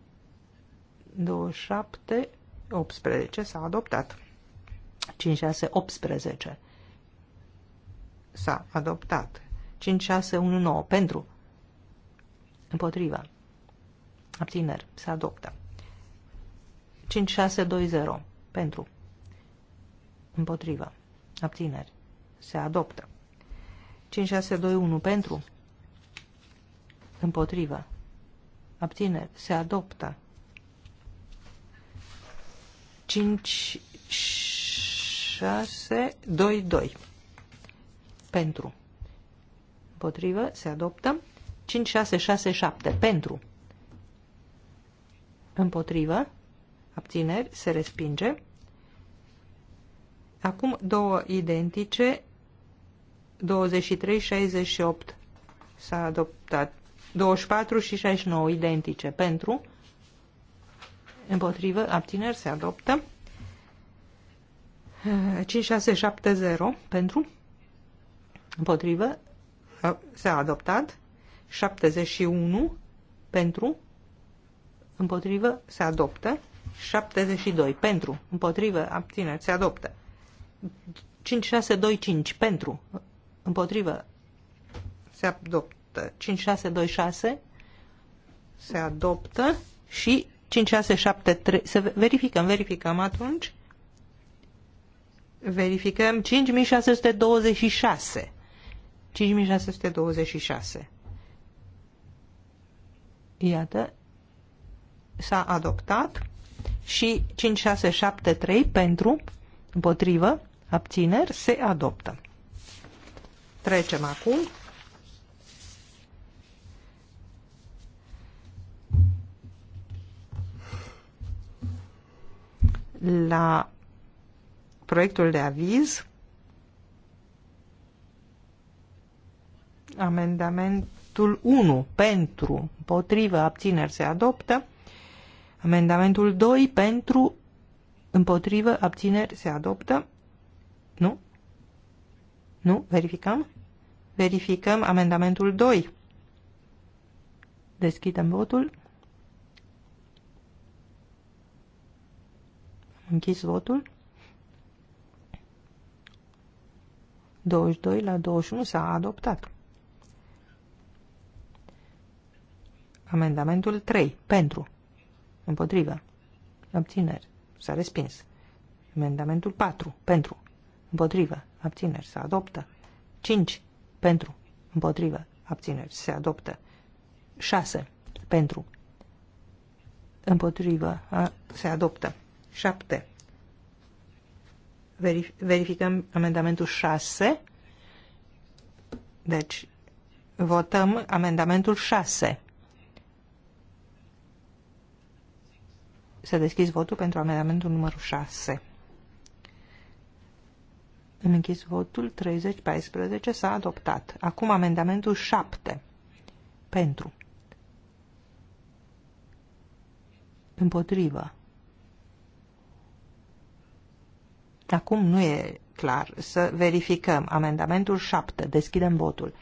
27, 18 s-a adoptat. 5, 6, 18 s-a adoptat. 5, 6, 1, 9 pentru. Împotriva. Abțineri. Se adoptă. 5, 6, 2, 0 pentru. Împotriva. Abțineri. Se adoptă. 5, 6, 2, 1 pentru. Împotrivă. Abține, Se adoptă. 5, 6, 2, 2. Pentru. Împotrivă. Se adoptă. 5, 6, 6, 7. Pentru. Împotrivă. Abțineri. Se respinge. Acum două identice. 23, 68. S-a adoptat 24 și 69 identice pentru, împotrivă, abțineri se adoptă. 5670 pentru, împotrivă, s-a adoptat. 71 pentru, împotrivă, se adoptă. 72 pentru, împotrivă, abțineri se adoptă. 5625 pentru, împotrivă, se adoptă. 5626 se adoptă și 5673 să verificăm, verificăm atunci verificăm 5626 5626 iată s-a adoptat și 5673 pentru împotrivă abțineri se adoptă trecem acum la proiectul de aviz amendamentul 1 pentru, împotrivă, abțineri se adoptă amendamentul 2 pentru, împotrivă, abțineri se adoptă nu? Nu? Verificăm? Verificăm amendamentul 2 deschidem votul Închis votul. 22 la 21 s-a adoptat. Amendamentul 3. Pentru. Împotrivă. Abțineri. S-a respins. Amendamentul 4. Pentru. Împotrivă. Abțineri. Se adoptă. 5. Pentru. Împotrivă. Abțineri. Se adoptă. 6. Pentru. Împotrivă. A, se adoptă. 7. Verificăm amendamentul 6. Deci, votăm amendamentul 6. Să deschis votul pentru amendamentul numărul 6. Îmi închis votul 30-14 s-a adoptat. Acum amendamentul 7. Pentru. Împotrivă. acum nu e clar. Să verificăm. Amendamentul 7. Deschidem votul.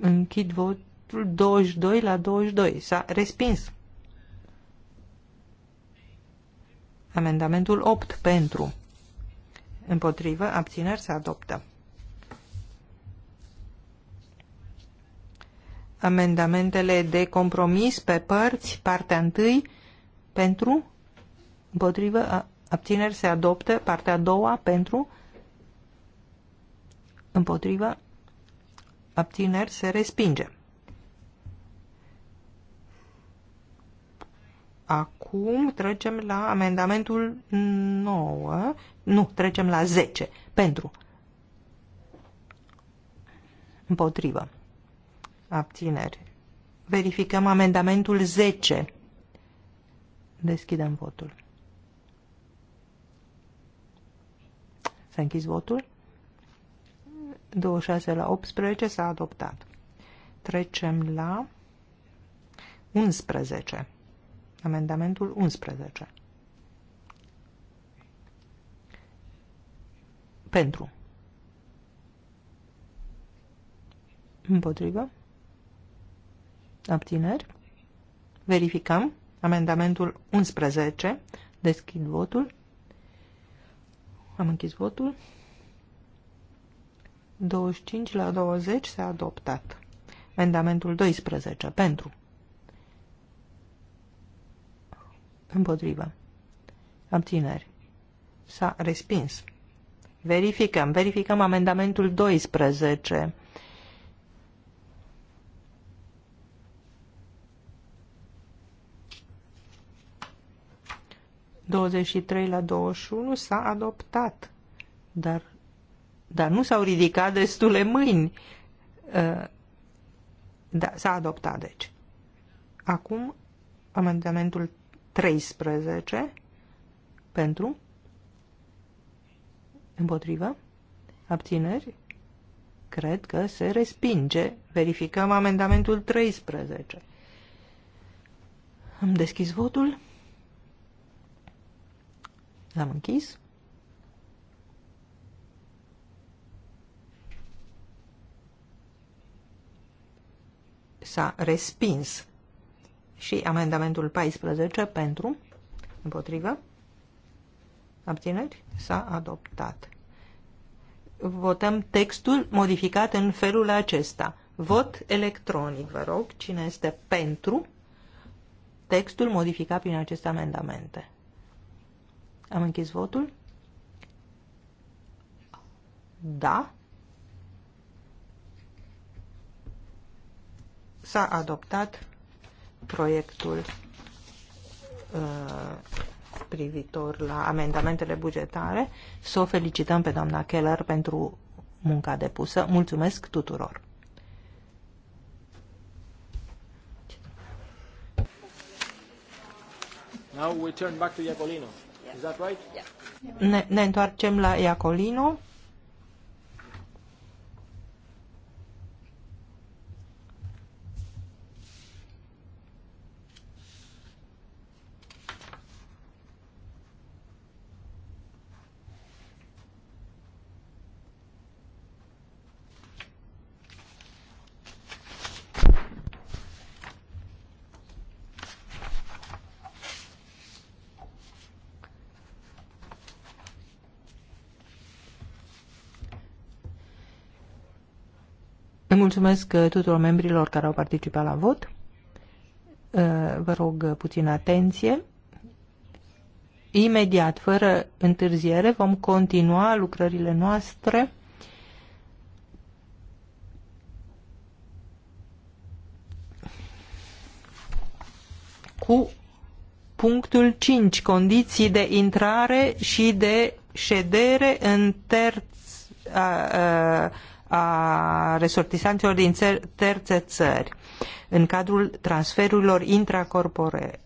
Închid votul 22 la 22. S-a respins. Amendamentul 8 pentru. Împotrivă, abțineri se adoptă. Amendamentele de compromis pe părți, partea întâi, pentru, împotrivă, abțineri se adoptă, partea a doua pentru, împotrivă, abțineri se respinge. Acum trecem la amendamentul 9, nu, trecem la 10, pentru, împotrivă, abțineri. Verificăm amendamentul 10. Deschidem votul. S-a închis votul. 26 la 18 s-a adoptat. Trecem la 11. Amendamentul 11. Pentru. Împotrivă. Abțineri. Verificăm. Amendamentul 11. Deschid votul. Am închis votul. 25 la 20 s-a adoptat. Amendamentul 12. Pentru. Împotrivă. Abțineri. S-a respins. Verificăm. Verificăm amendamentul 12. 23 la 21 s-a adoptat, dar, dar nu s-au ridicat destule mâini. Uh, da, s-a adoptat, deci. Acum, amendamentul 13 pentru împotrivă abțineri cred că se respinge. Verificăm amendamentul 13. Am deschis votul. L-am închis. S-a respins și amendamentul 14 pentru, împotrivă, abțineri, s-a adoptat. Votăm textul modificat în felul acesta. Vot electronic, vă rog, cine este pentru textul modificat prin aceste amendamente. Am închis votul? Da. S-a adoptat proiectul uh, privitor la amendamentele bugetare. Să o felicităm pe doamna Keller pentru munca depusă. Mulțumesc tuturor! Now we turn back to Iacolino. Is that Ne, ne întoarcem la Iacolino. Mulțumesc uh, tuturor membrilor care au participat la vot. Uh, vă rog uh, puțin atenție. Imediat, fără întârziere, vom continua lucrările noastre. cu punctul 5, condiții de intrare și de ședere în terț, a, a, a resortisanților din terțe țări în cadrul transferurilor intracorpore.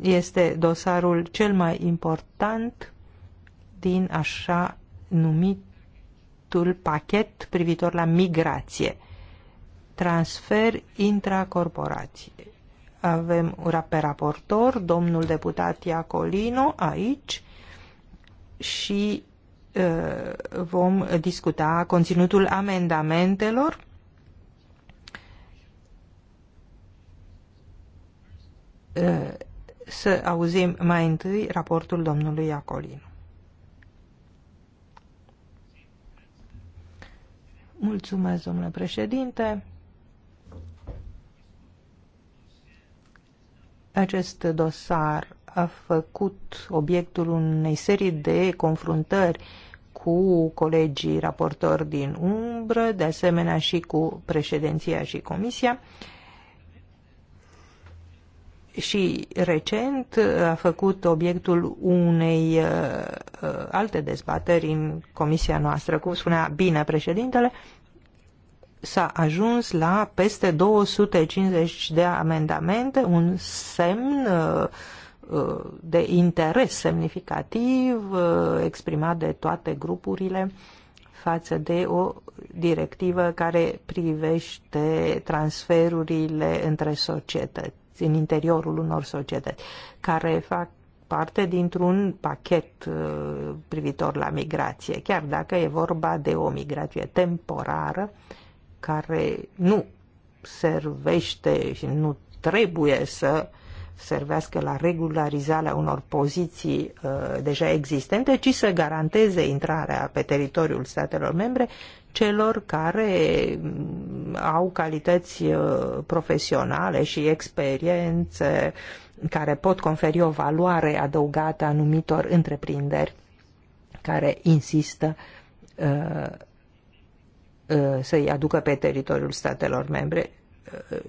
Este dosarul cel mai important din așa numitul pachet privitor la migrație. Transfer intracorporație. Avem pe raportor, domnul deputat Iacolino, aici și vom discuta conținutul amendamentelor. Să auzim mai întâi raportul domnului Iacolin. Mulțumesc, domnule președinte. Acest dosar a făcut obiectul unei serii de confruntări cu colegii raportori din umbră, de asemenea și cu președinția și comisia. Și recent a făcut obiectul unei uh, uh alte dezbateri în comisia noastră. Cum spunea bine președintele, s-a ajuns la peste 250 de amendamente, un semn uh, de interes semnificativ uh, exprimat de toate grupurile față de o directivă care privește transferurile între societăți, în interiorul unor societăți, care fac parte dintr-un pachet uh, privitor la migrație, chiar dacă e vorba de o migrație temporară care nu servește și nu trebuie să uh, servească la regularizarea unor poziții uh, deja existente, ci să garanteze intrarea pe teritoriul statelor membre celor care mm, au calități uh, profesionale și experiențe care pot conferi o valoare adăugată anumitor întreprinderi care insistă uh, uh, să-i aducă pe teritoriul statelor membre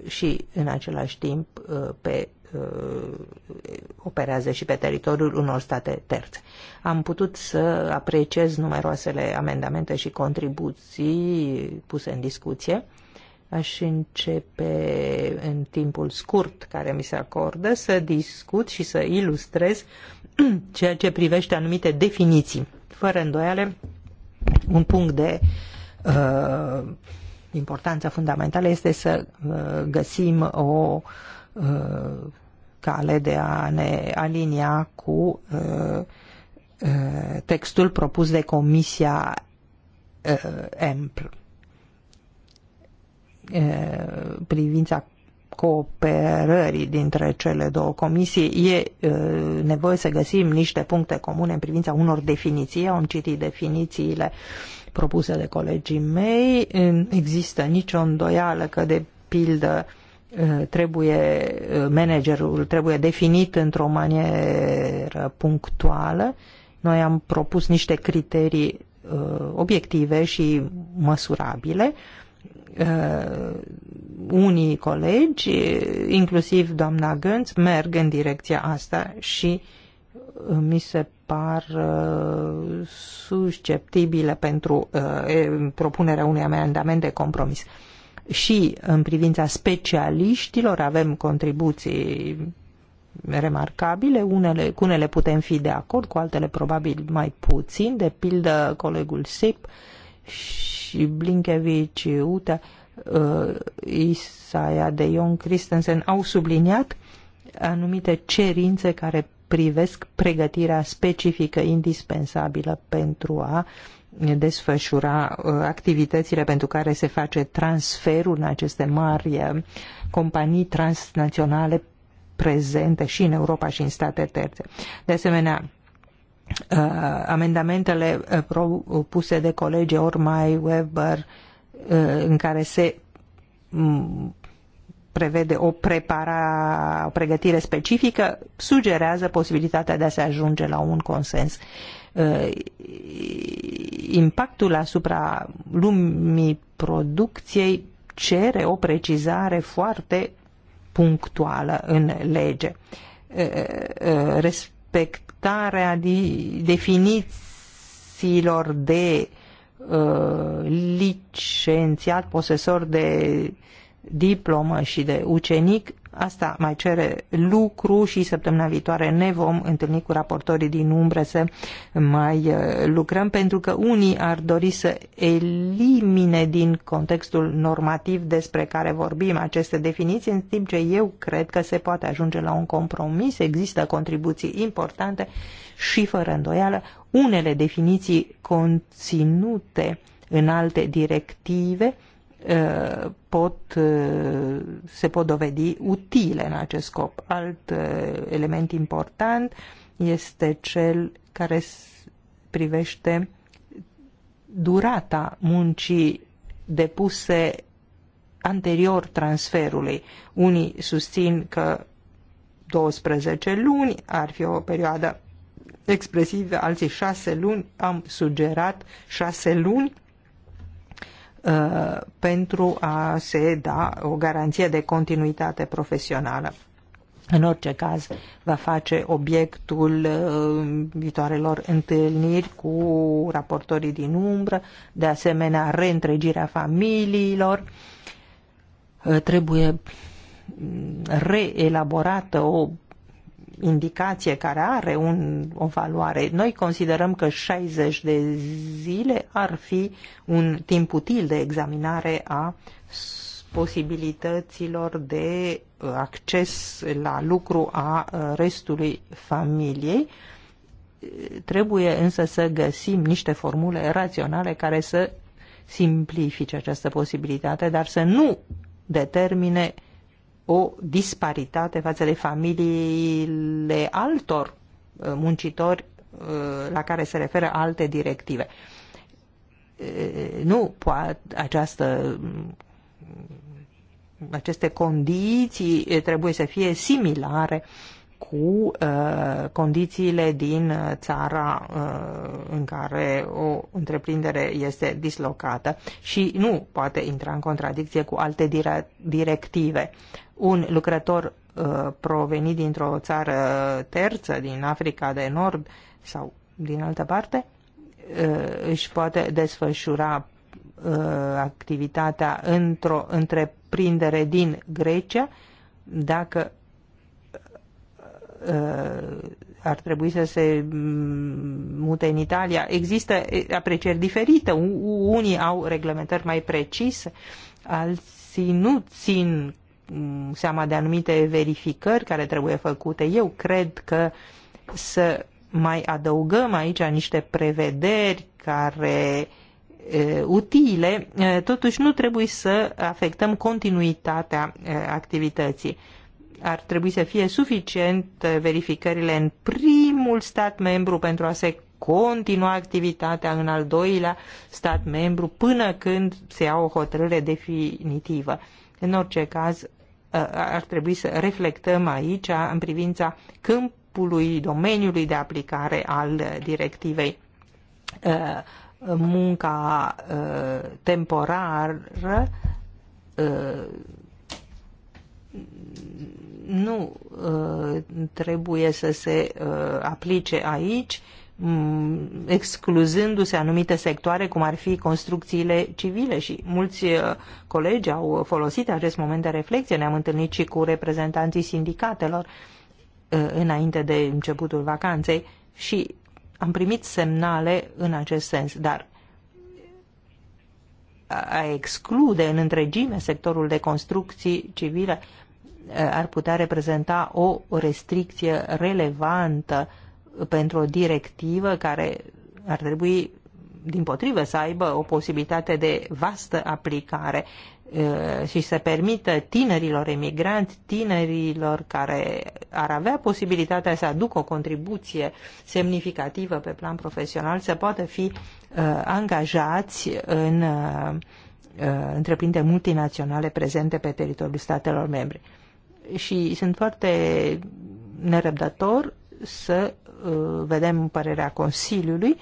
și în același timp pe Uh, operează și pe teritoriul unor state terțe. Am putut să apreciez numeroasele amendamente și contribuții puse în discuție. Aș începe în timpul scurt care mi se acordă să discut și să ilustrez ceea ce privește anumite definiții. Fără îndoială, un punct de uh, importanță fundamentală este să uh, găsim o uh, cale de a ne alinia cu uh, uh, textul propus de Comisia uh, EMPL privința cooperării dintre cele două comisii, e nevoie să găsim niște puncte comune în privința unor definiții. Am citit definițiile propuse de colegii mei. Există nicio îndoială că, de pildă, trebuie managerul trebuie definit într-o manieră punctuală. Noi am propus niște criterii uh, obiective și măsurabile. Uh, unii colegi, inclusiv doamna Gânț, merg în direcția asta și uh, mi se par susceptibile pentru propunerea unui amendament de compromis și în privința specialiștilor avem contribuții remarcabile, unele, cu unele putem fi de acord, cu altele probabil mai puțin, de pildă colegul Sip și Blinkevici, Ute uh, Isaia de Ion Christensen au subliniat anumite cerințe care privesc pregătirea specifică indispensabilă pentru a uh, desfășura uh, activitățile pentru care se face transferul în aceste mari uh, companii transnaționale prezente și în Europa și în state terțe. De asemenea, uh, amendamentele propuse de colegi Ormai, Weber, în care se prevede o, prepara, o pregătire specifică, sugerează posibilitatea de a se ajunge la un consens Uh, impactul asupra lumii producției cere o precizare foarte punctuală în lege. Uh, uh, respectarea definițiilor de licențiat, posesor de diplomă și de ucenic Asta mai cere lucru și săptămâna viitoare ne vom întâlni cu raportorii din umbre să mai uh, lucrăm, pentru că unii ar dori să elimine din contextul normativ despre care vorbim aceste definiții, în timp ce eu cred că se poate ajunge la un compromis, există contribuții importante și, fără îndoială, unele definiții conținute în alte directive Uh, pot, uh, se pot dovedi utile în acest scop. Alt uh, element important este cel care privește durata muncii depuse anterior transferului. Unii susțin că 12 luni ar fi o perioadă expresivă, alții 6 luni, am sugerat 6 luni Uh, pentru a se da o garanție de continuitate profesională. În orice caz, va face obiectul uh, viitoarelor întâlniri cu raportorii din umbră, de asemenea reîntregirea familiilor. Uh, trebuie mm, reelaborată o indicație care are un, o valoare. Noi considerăm că 60 de zile ar fi un timp util de examinare a posibilităților de uh, acces la lucru a uh, restului familiei. Trebuie însă să găsim niște formule raționale care să simplifice această posibilitate, dar să nu determine o disparitate față de familiile altor uh, muncitori uh, la care se referă alte directive. Uh, nu poate această mm, aceste condiții trebuie să fie similare cu uh, condițiile din țara uh, în care o întreprindere este dislocată și nu poate intra în contradicție cu alte dire directive un lucrător uh, provenit dintr-o țară terță, din Africa de Nord sau din altă parte, uh, își poate desfășura uh, activitatea într-o întreprindere din Grecia dacă ar trebui să se mm, mute în Italia. Există aprecieri diferite. Unii au reglementări mai precise, alții nu țin Mm, seama de anumite verificări care trebuie făcute. Eu cred că să mai adăugăm aici niște prevederi care utile, totuși nu trebuie să afectăm continuitatea activității. Ar trebui să fie suficient verificările în primul stat membru pentru a se continua activitatea în al doilea stat membru până când se ia o hotărâre definitivă. În orice caz, ar trebui să reflectăm aici în privința câmpului, domeniului de aplicare al directivei. Munca temporară nu trebuie să se aplice aici excluzându-se anumite sectoare, cum ar fi construcțiile civile și mulți uh, colegi au folosit acest moment de reflexie. Ne-am întâlnit și cu reprezentanții sindicatelor uh, înainte de începutul vacanței și am primit semnale în acest sens, dar a exclude în întregime sectorul de construcții civile uh, ar putea reprezenta o restricție relevantă uh, pentru o directivă care ar trebui din potrivă să aibă o posibilitate de vastă aplicare și să permită tinerilor emigranți, tinerilor care ar avea posibilitatea să aducă o contribuție semnificativă pe plan profesional, să poată fi angajați în întreprinderi multinaționale prezente pe teritoriul statelor membre. Și sunt foarte nerăbdător să Uh, vedem părerea Consiliului,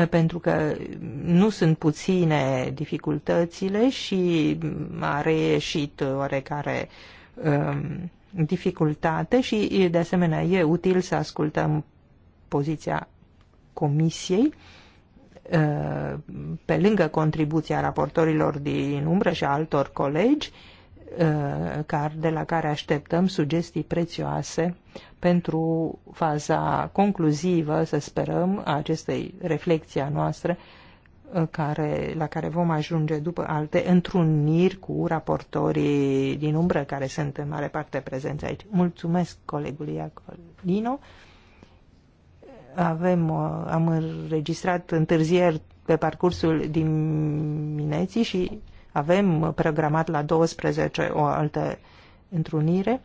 uh, pentru că nu sunt puține dificultățile și a reieșit oarecare um, dificultate și de asemenea e util să ascultăm poziția Comisiei uh, pe lângă contribuția raportorilor din umbră și a altor colegi Uh, de la care așteptăm sugestii prețioase pentru faza concluzivă, să sperăm, a acestei reflexii a noastră, uh, care, la care vom ajunge după alte întruniri cu raportorii din umbră care sunt în mare parte prezenți aici. Mulțumesc colegului Iacolino. Avem, uh, am înregistrat întârzieri pe parcursul dimineții și avem uh, programat la 12 o altă întrunire.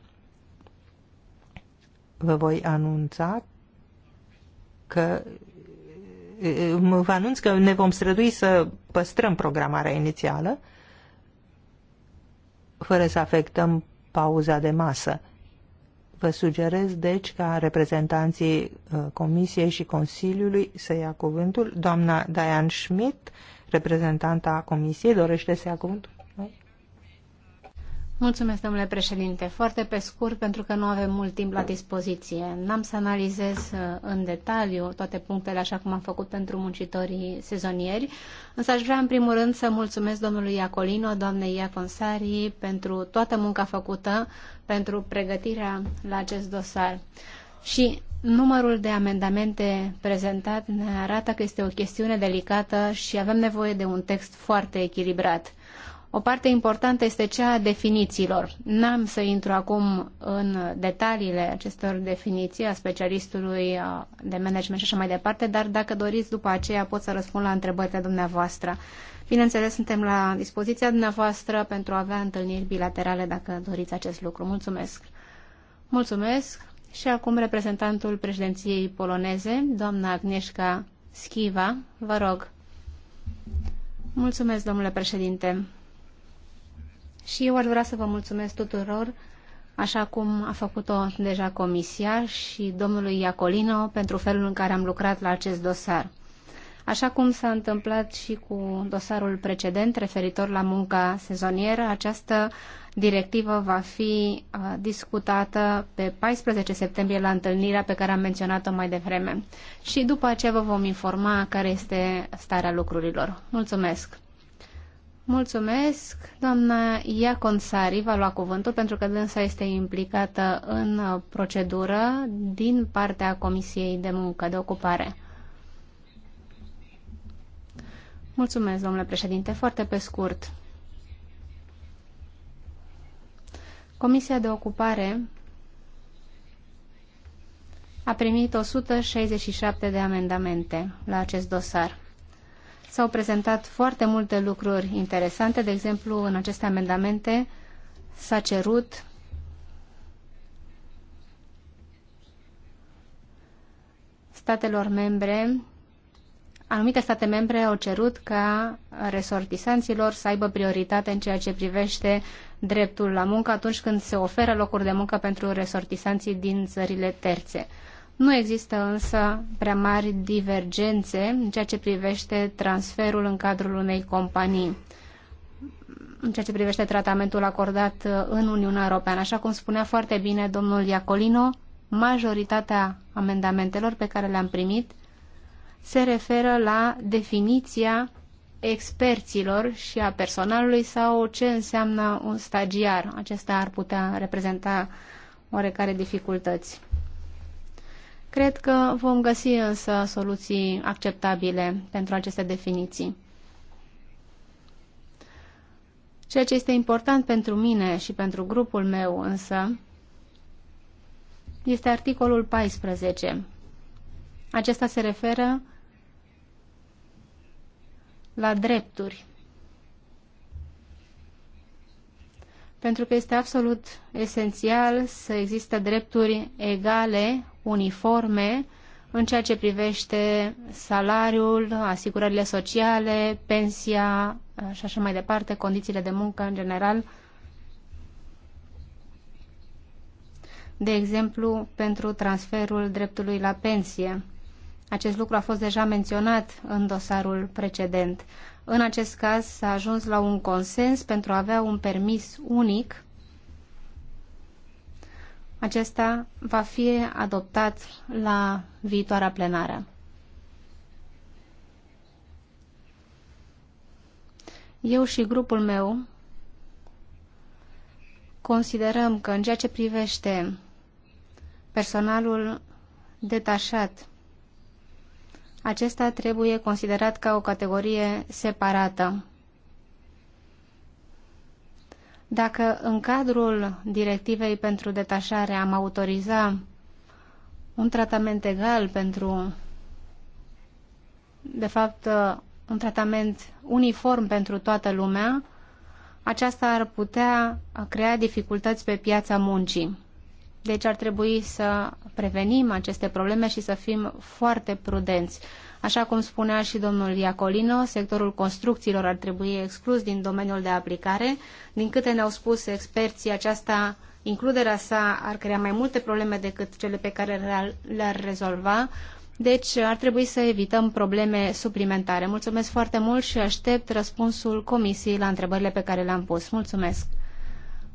Vă voi anunța că uh, uh, vă anunț că ne vom strădui să păstrăm programarea inițială fără să afectăm pauza de masă. Vă sugerez, deci, ca reprezentanții Comisiei și Consiliului să ia cuvântul. Doamna Diane Schmidt, reprezentanta Comisiei dorește să ia cuvântul. Mulțumesc, domnule președinte. Foarte pe scurt, pentru că nu avem mult timp la dispoziție. N-am să analizez uh, în detaliu toate punctele, așa cum am făcut pentru muncitorii sezonieri, însă aș vrea, în primul rând, să mulțumesc domnului Iacolino, doamnei Iaconsari, pentru toată munca făcută, pentru pregătirea la acest dosar. Și Numărul de amendamente prezentat ne arată că este o chestiune delicată și avem nevoie de un text foarte echilibrat. O parte importantă este cea a definițiilor. N-am să intru acum în detaliile acestor definiții a specialistului de management și așa mai departe, dar dacă doriți, după aceea pot să răspund la întrebările dumneavoastră. Bineînțeles, suntem la dispoziția dumneavoastră pentru a avea întâlniri bilaterale dacă doriți acest lucru. Mulțumesc! Mulțumesc! Și acum reprezentantul președinției poloneze, doamna Agnieszka Schiva, vă rog. Mulțumesc, domnule președinte. Și eu aș vrea să vă mulțumesc tuturor, așa cum a făcut-o deja comisia și domnului Iacolino pentru felul în care am lucrat la acest dosar. Așa cum s-a întâmplat și cu dosarul precedent referitor la munca sezonieră, această directivă va fi uh, discutată pe 14 septembrie la întâlnirea pe care am menționat-o mai devreme. Și după aceea vă vom informa care este starea lucrurilor. Mulțumesc! Mulțumesc. Doamna Iaconsari va lua cuvântul pentru că dânsa este implicată în uh, procedură din partea Comisiei de Muncă de Ocupare. Mulțumesc, domnule președinte. Foarte pe scurt. Comisia de Ocupare a primit 167 de amendamente la acest dosar. S-au prezentat foarte multe lucruri interesante, de exemplu, în aceste amendamente s-a cerut statelor membre anumite state membre au cerut ca resortisanților să aibă prioritate în ceea ce privește dreptul la muncă atunci când se oferă locuri de muncă pentru resortisanții din țările terțe. Nu există însă prea mari divergențe în ceea ce privește transferul în cadrul unei companii în ceea ce privește tratamentul acordat în Uniunea Europeană. Așa cum spunea foarte bine domnul Iacolino, majoritatea amendamentelor pe care le-am primit se referă la definiția experților și a personalului sau ce înseamnă un stagiar. Acesta ar putea reprezenta oarecare dificultăți. Cred că vom găsi însă soluții acceptabile pentru aceste definiții. Ceea ce este important pentru mine și pentru grupul meu însă este articolul 14. Acesta se referă la drepturi. Pentru că este absolut esențial să existe drepturi egale, uniforme, în ceea ce privește salariul, asigurările sociale, pensia și așa mai departe, condițiile de muncă în general. De exemplu, pentru transferul dreptului la pensie. Acest lucru a fost deja menționat în dosarul precedent. În acest caz s-a ajuns la un consens pentru a avea un permis unic. Acesta va fi adoptat la viitoarea plenară. Eu și grupul meu considerăm că în ceea ce privește personalul detașat acesta trebuie considerat ca o categorie separată. Dacă în cadrul directivei pentru detașare am autoriza un tratament egal pentru, de fapt, un tratament uniform pentru toată lumea, aceasta ar putea crea dificultăți pe piața muncii. Deci ar trebui să prevenim aceste probleme și să fim foarte prudenți. Așa cum spunea și domnul Iacolino, sectorul construcțiilor ar trebui exclus din domeniul de aplicare. Din câte ne-au spus experții, aceasta, includerea sa ar crea mai multe probleme decât cele pe care le-ar rezolva. Deci ar trebui să evităm probleme suplimentare. Mulțumesc foarte mult și aștept răspunsul comisiei la întrebările pe care le-am pus. Mulțumesc!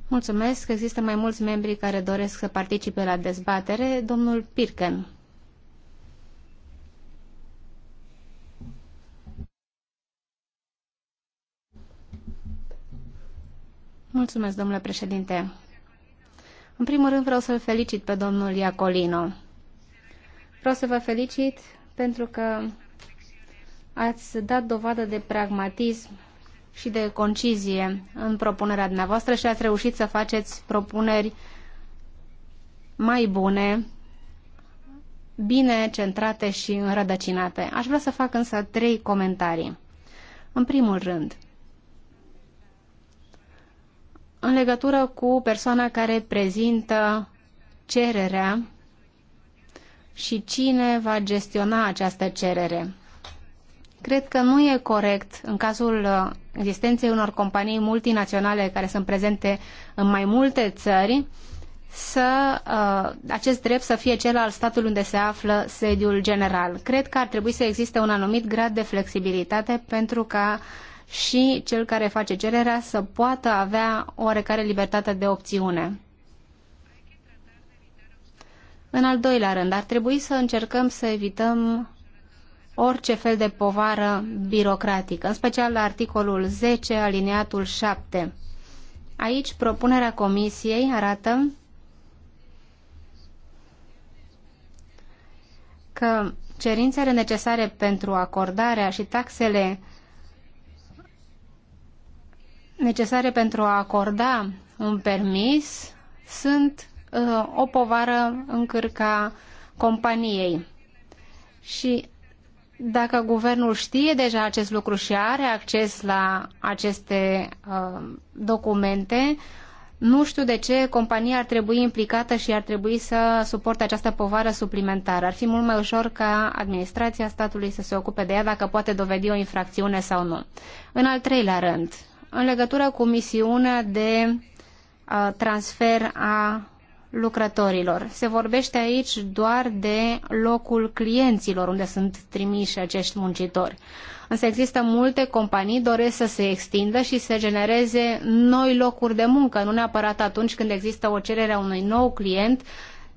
Mulțumesc. Există mai mulți membri care doresc să participe la dezbatere. Domnul Pirken. Mulțumesc, domnule președinte. În primul rând vreau să-l felicit pe domnul Iacolino. Vreau să vă felicit pentru că ați dat dovadă de pragmatism și de concizie în propunerea dumneavoastră și ați reușit să faceți propuneri mai bune, bine centrate și înrădăcinate. Aș vrea să fac însă trei comentarii. În primul rând, în legătură cu persoana care prezintă cererea și cine va gestiona această cerere. Cred că nu e corect în cazul existenței unor companii multinaționale care sunt prezente în mai multe țări, să uh, acest drept să fie cel al statului unde se află sediul general. Cred că ar trebui să existe un anumit grad de flexibilitate pentru ca și cel care face cererea să poată avea oarecare libertate de opțiune. În al doilea rând, ar trebui să încercăm să evităm orice fel de povară birocratică, în special la articolul 10, aliniatul 7. Aici propunerea comisiei arată că cerințele necesare pentru acordarea și taxele necesare pentru a acorda un permis sunt uh, o povară în cârca companiei. Și dacă guvernul știe deja acest lucru și are acces la aceste uh, documente, nu știu de ce compania ar trebui implicată și ar trebui să suporte această povară suplimentară. Ar fi mult mai ușor ca administrația statului să se ocupe de ea dacă poate dovedi o infracțiune sau nu. În al treilea rând, în legătură cu misiunea de uh, transfer a lucrătorilor. Se vorbește aici doar de locul clienților unde sunt trimiși acești muncitori. Însă există multe companii doresc să se extindă și să genereze noi locuri de muncă, nu neapărat atunci când există o cerere a unui nou client,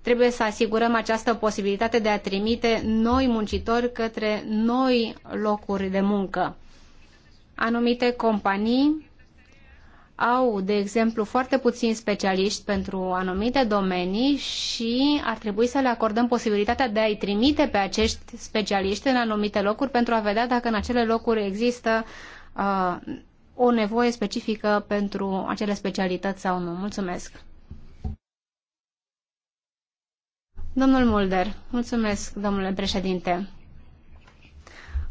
trebuie să asigurăm această posibilitate de a trimite noi muncitori către noi locuri de muncă. Anumite companii au, de exemplu, foarte puțini specialiști pentru anumite domenii și ar trebui să le acordăm posibilitatea de a-i trimite pe acești specialiști în anumite locuri pentru a vedea dacă în acele locuri există uh, o nevoie specifică pentru acele specialități sau nu. Mulțumesc! Domnul Mulder, mulțumesc, domnule președinte.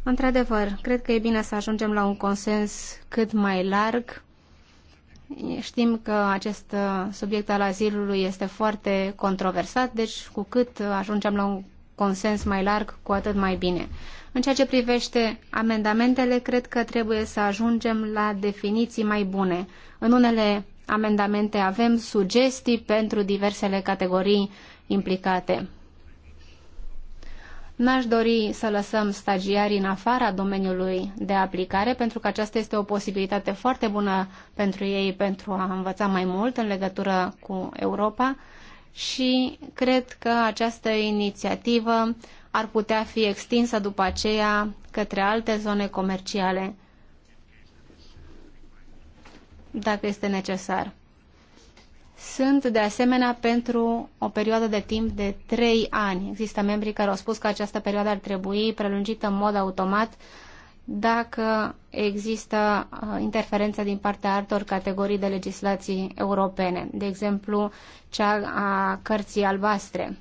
Într-adevăr, cred că e bine să ajungem la un consens cât mai larg Știm că acest subiect al azilului este foarte controversat, deci cu cât ajungem la un consens mai larg, cu atât mai bine. În ceea ce privește amendamentele, cred că trebuie să ajungem la definiții mai bune. În unele amendamente avem sugestii pentru diversele categorii implicate. N-aș dori să lăsăm stagiarii în afara domeniului de aplicare, pentru că aceasta este o posibilitate foarte bună pentru ei pentru a învăța mai mult în legătură cu Europa și cred că această inițiativă ar putea fi extinsă după aceea către alte zone comerciale, dacă este necesar sunt de asemenea pentru o perioadă de timp de 3 ani. Există membrii care au spus că această perioadă ar trebui prelungită în mod automat dacă există uh, interferență din partea altor categorii de legislații europene, de exemplu cea a cărții albastre.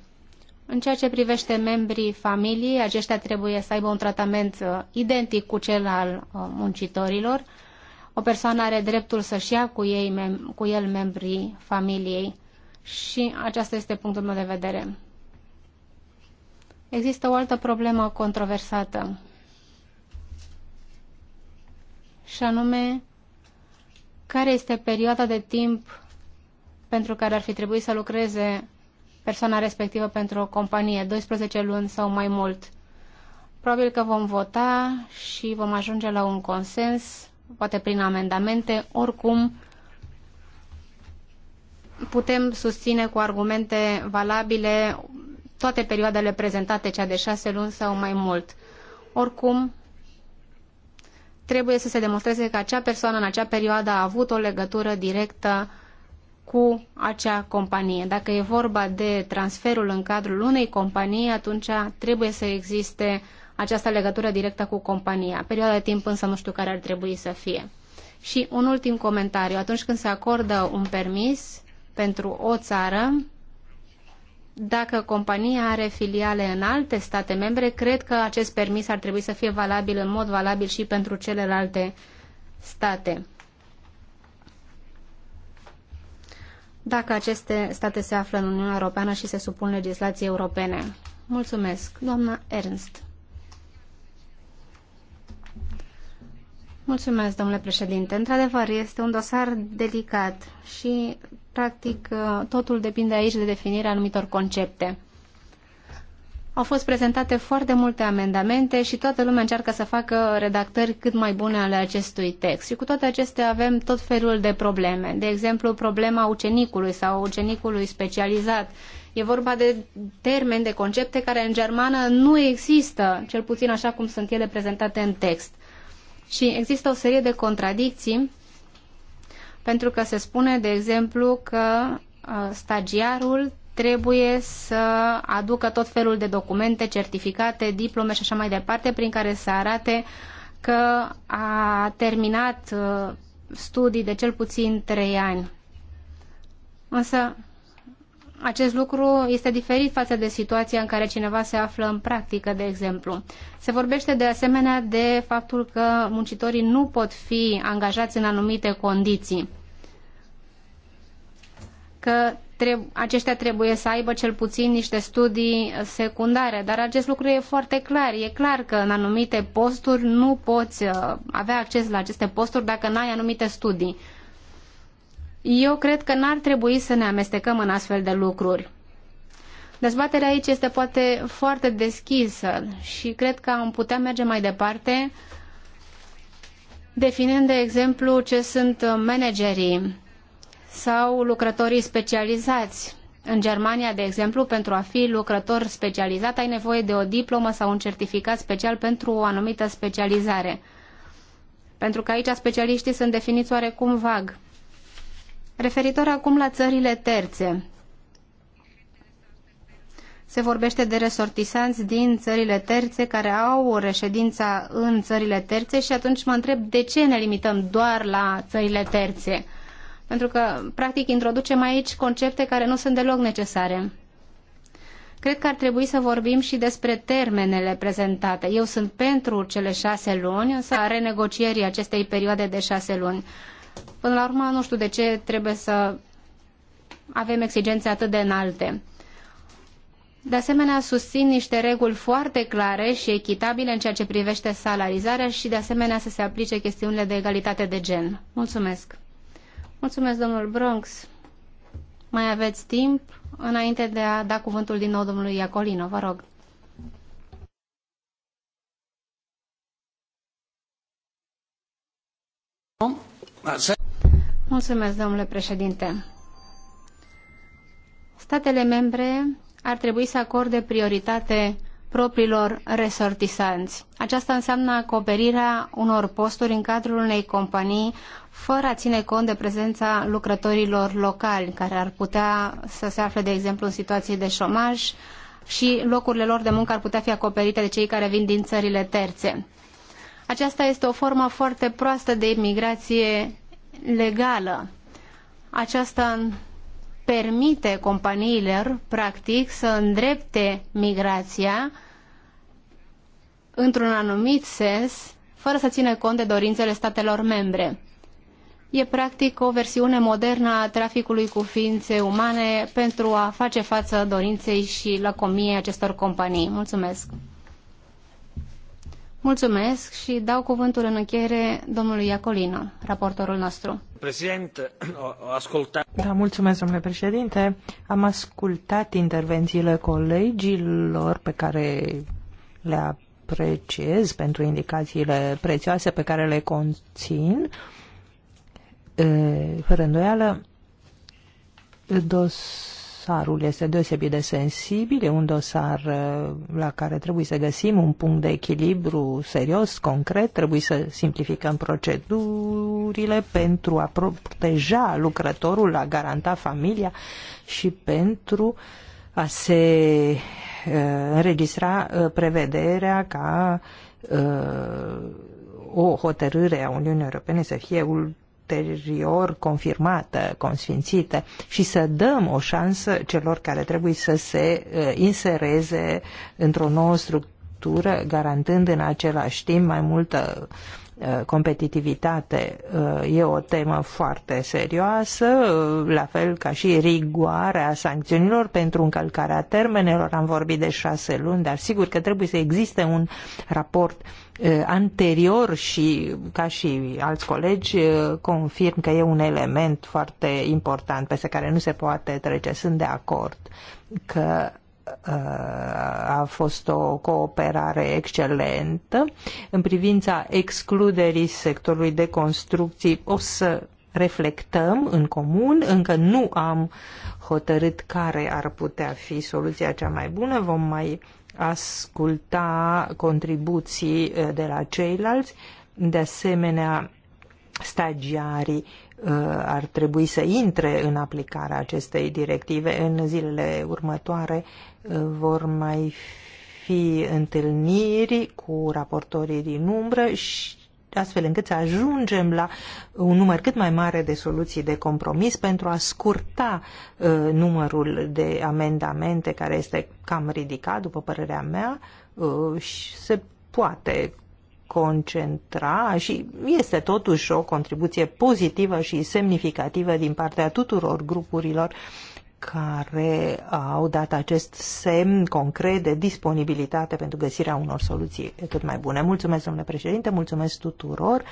În ceea ce privește membrii familiei, aceștia trebuie să aibă un tratament uh, identic cu cel al uh, muncitorilor, o persoană are dreptul să-și ia cu, ei, mem- cu el membrii familiei și acesta este punctul meu de vedere. Există o altă problemă controversată și anume care este perioada de timp pentru care ar fi trebuit să lucreze persoana respectivă pentru o companie, 12 luni sau mai mult. Probabil că vom vota și vom ajunge la un consens poate prin amendamente, oricum putem susține cu argumente valabile toate perioadele prezentate, cea de șase luni sau mai mult. Oricum, trebuie să se demonstreze că acea persoană în acea perioadă a avut o legătură directă cu acea companie. Dacă e vorba de transferul în cadrul unei companii, atunci trebuie să existe această legătură directă cu compania. Perioada de timp însă nu știu care ar trebui să fie. Și un ultim comentariu. Atunci când se acordă un permis pentru o țară, dacă compania are filiale în alte state membre, cred că acest permis ar trebui să fie valabil în mod valabil și pentru celelalte state. Dacă aceste state se află în Uniunea Europeană și se supun legislației europene. Mulțumesc, doamna Ernst. Mulțumesc, domnule președinte. Într-adevăr, este un dosar delicat și, practic, totul depinde aici de definirea anumitor concepte. Au fost prezentate foarte multe amendamente și toată lumea încearcă să facă redactări cât mai bune ale acestui text. Și cu toate acestea avem tot felul de probleme. De exemplu, problema ucenicului sau ucenicului specializat. E vorba de termeni, de concepte care în germană nu există, cel puțin așa cum sunt ele prezentate în text. Și există o serie de contradicții pentru că se spune, de exemplu, că uh, stagiarul trebuie să aducă tot felul de documente, certificate, diplome și așa mai departe, prin care să arate că a terminat uh, studii de cel puțin trei ani. Însă acest lucru este diferit față de situația în care cineva se află în practică, de exemplu. Se vorbește de asemenea de faptul că muncitorii nu pot fi angajați în anumite condiții. Că treb- aceștia trebuie să aibă cel puțin niște studii secundare, dar acest lucru e foarte clar. E clar că în anumite posturi nu poți uh, avea acces la aceste posturi dacă n-ai anumite studii. Eu cred că n-ar trebui să ne amestecăm în astfel de lucruri. Dezbaterea aici este poate foarte deschisă și cred că am putea merge mai departe definind, de exemplu, ce sunt managerii sau lucrătorii specializați. În Germania, de exemplu, pentru a fi lucrător specializat ai nevoie de o diplomă sau un certificat special pentru o anumită specializare. Pentru că aici specialiștii sunt definiți oarecum vag. Referitor acum la țările terțe, se vorbește de resortisanți din țările terțe care au o reședință în țările terțe și atunci mă întreb de ce ne limităm doar la țările terțe. Pentru că, practic, introducem aici concepte care nu sunt deloc necesare. Cred că ar trebui să vorbim și despre termenele prezentate. Eu sunt pentru cele șase luni, însă renegocierii acestei perioade de șase luni. Până la urmă, nu știu de ce trebuie să avem exigențe atât de înalte. De asemenea, susțin niște reguli foarte clare și echitabile în ceea ce privește salarizarea și, de asemenea, să se aplice chestiunile de egalitate de gen. Mulțumesc! Mulțumesc, domnul Bronx! Mai aveți timp înainte de a da cuvântul din nou domnului Iacolino, vă rog domnule președinte. Statele membre ar trebui să acorde prioritate propriilor resortisanți. Aceasta înseamnă acoperirea unor posturi în cadrul unei companii fără a ține cont de prezența lucrătorilor locali care ar putea să se afle, de exemplu, în situații de șomaj și locurile lor de muncă ar putea fi acoperite de cei care vin din țările terțe. Aceasta este o formă foarte proastă de imigrație legală. Aceasta permite companiilor, practic, să îndrepte migrația într-un anumit sens, fără să țină cont de dorințele statelor membre. E practic o versiune modernă a traficului cu ființe umane pentru a face față dorinței și lăcomiei acestor companii. Mulțumesc! Mulțumesc și dau cuvântul în încheiere domnului Iacolino, raportorul nostru. Președinte, ascultat. Da, mulțumesc, domnule președinte. Am ascultat intervențiile colegilor pe care le apreciez pentru indicațiile prețioase pe care le conțin. E, fără îndoială, dos dosarul este deosebit de sensibil, e un dosar uh, la care trebuie să găsim un punct de echilibru serios, concret, trebuie să simplificăm procedurile pentru a proteja lucrătorul, a garanta familia și pentru a se uh, înregistra uh, prevederea ca o hotărâre a Uniunii Europene să fie ulterior confirmată, consfințită și să dăm o șansă celor care trebuie să se uh, insereze într-o nouă structură, garantând în același timp mai multă uh, competitivitate uh, e o temă foarte serioasă, la fel ca și rigoarea sancțiunilor pentru încălcarea termenelor. Am vorbit de șase luni, dar sigur că trebuie să existe un raport anterior și ca și alți colegi confirm că e un element foarte important peste care nu se poate trece. Sunt de acord că a fost o cooperare excelentă. În privința excluderii sectorului de construcții o să reflectăm în comun, încă nu am hotărât care ar putea fi soluția cea mai bună, vom mai asculta contribuții eh, de la ceilalți. De asemenea, stagiarii eh, ar trebui să intre în aplicarea acestei directive. În zilele următoare eh, vor mai fi întâlniri cu raportorii din umbră și astfel încât să ajungem la un număr cât mai mare de soluții de compromis pentru a scurta uh, numărul de amendamente care este cam ridicat, după părerea mea, uh, și se poate concentra și este totuși o contribuție pozitivă și semnificativă din partea tuturor grupurilor uh, care au dat acest semn concret de disponibilitate pentru găsirea unor soluții cât mai bune. Mulțumesc, domnule președinte, mulțumesc tuturor.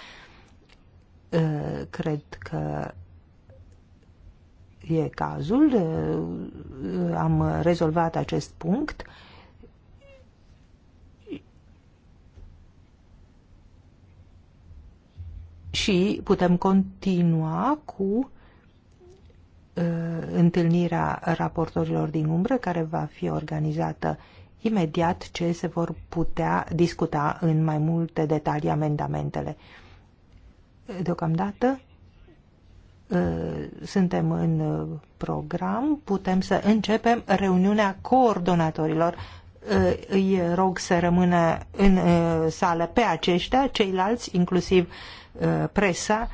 Uh, cred că e cazul. Uh, am rezolvat acest punct. Și putem continua cu Uh, întâlnirea raportorilor din umbră, care va fi organizată imediat ce se vor putea discuta în mai multe detalii amendamentele. Deocamdată uh, suntem în program, putem să începem reuniunea coordonatorilor. Uh, îi rog să rămână în sală pe aceștia, ceilalți, inclusiv presa,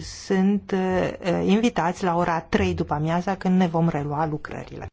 sunt eh, invitați la ora 3 după amiaza când ne vom relua lucrările.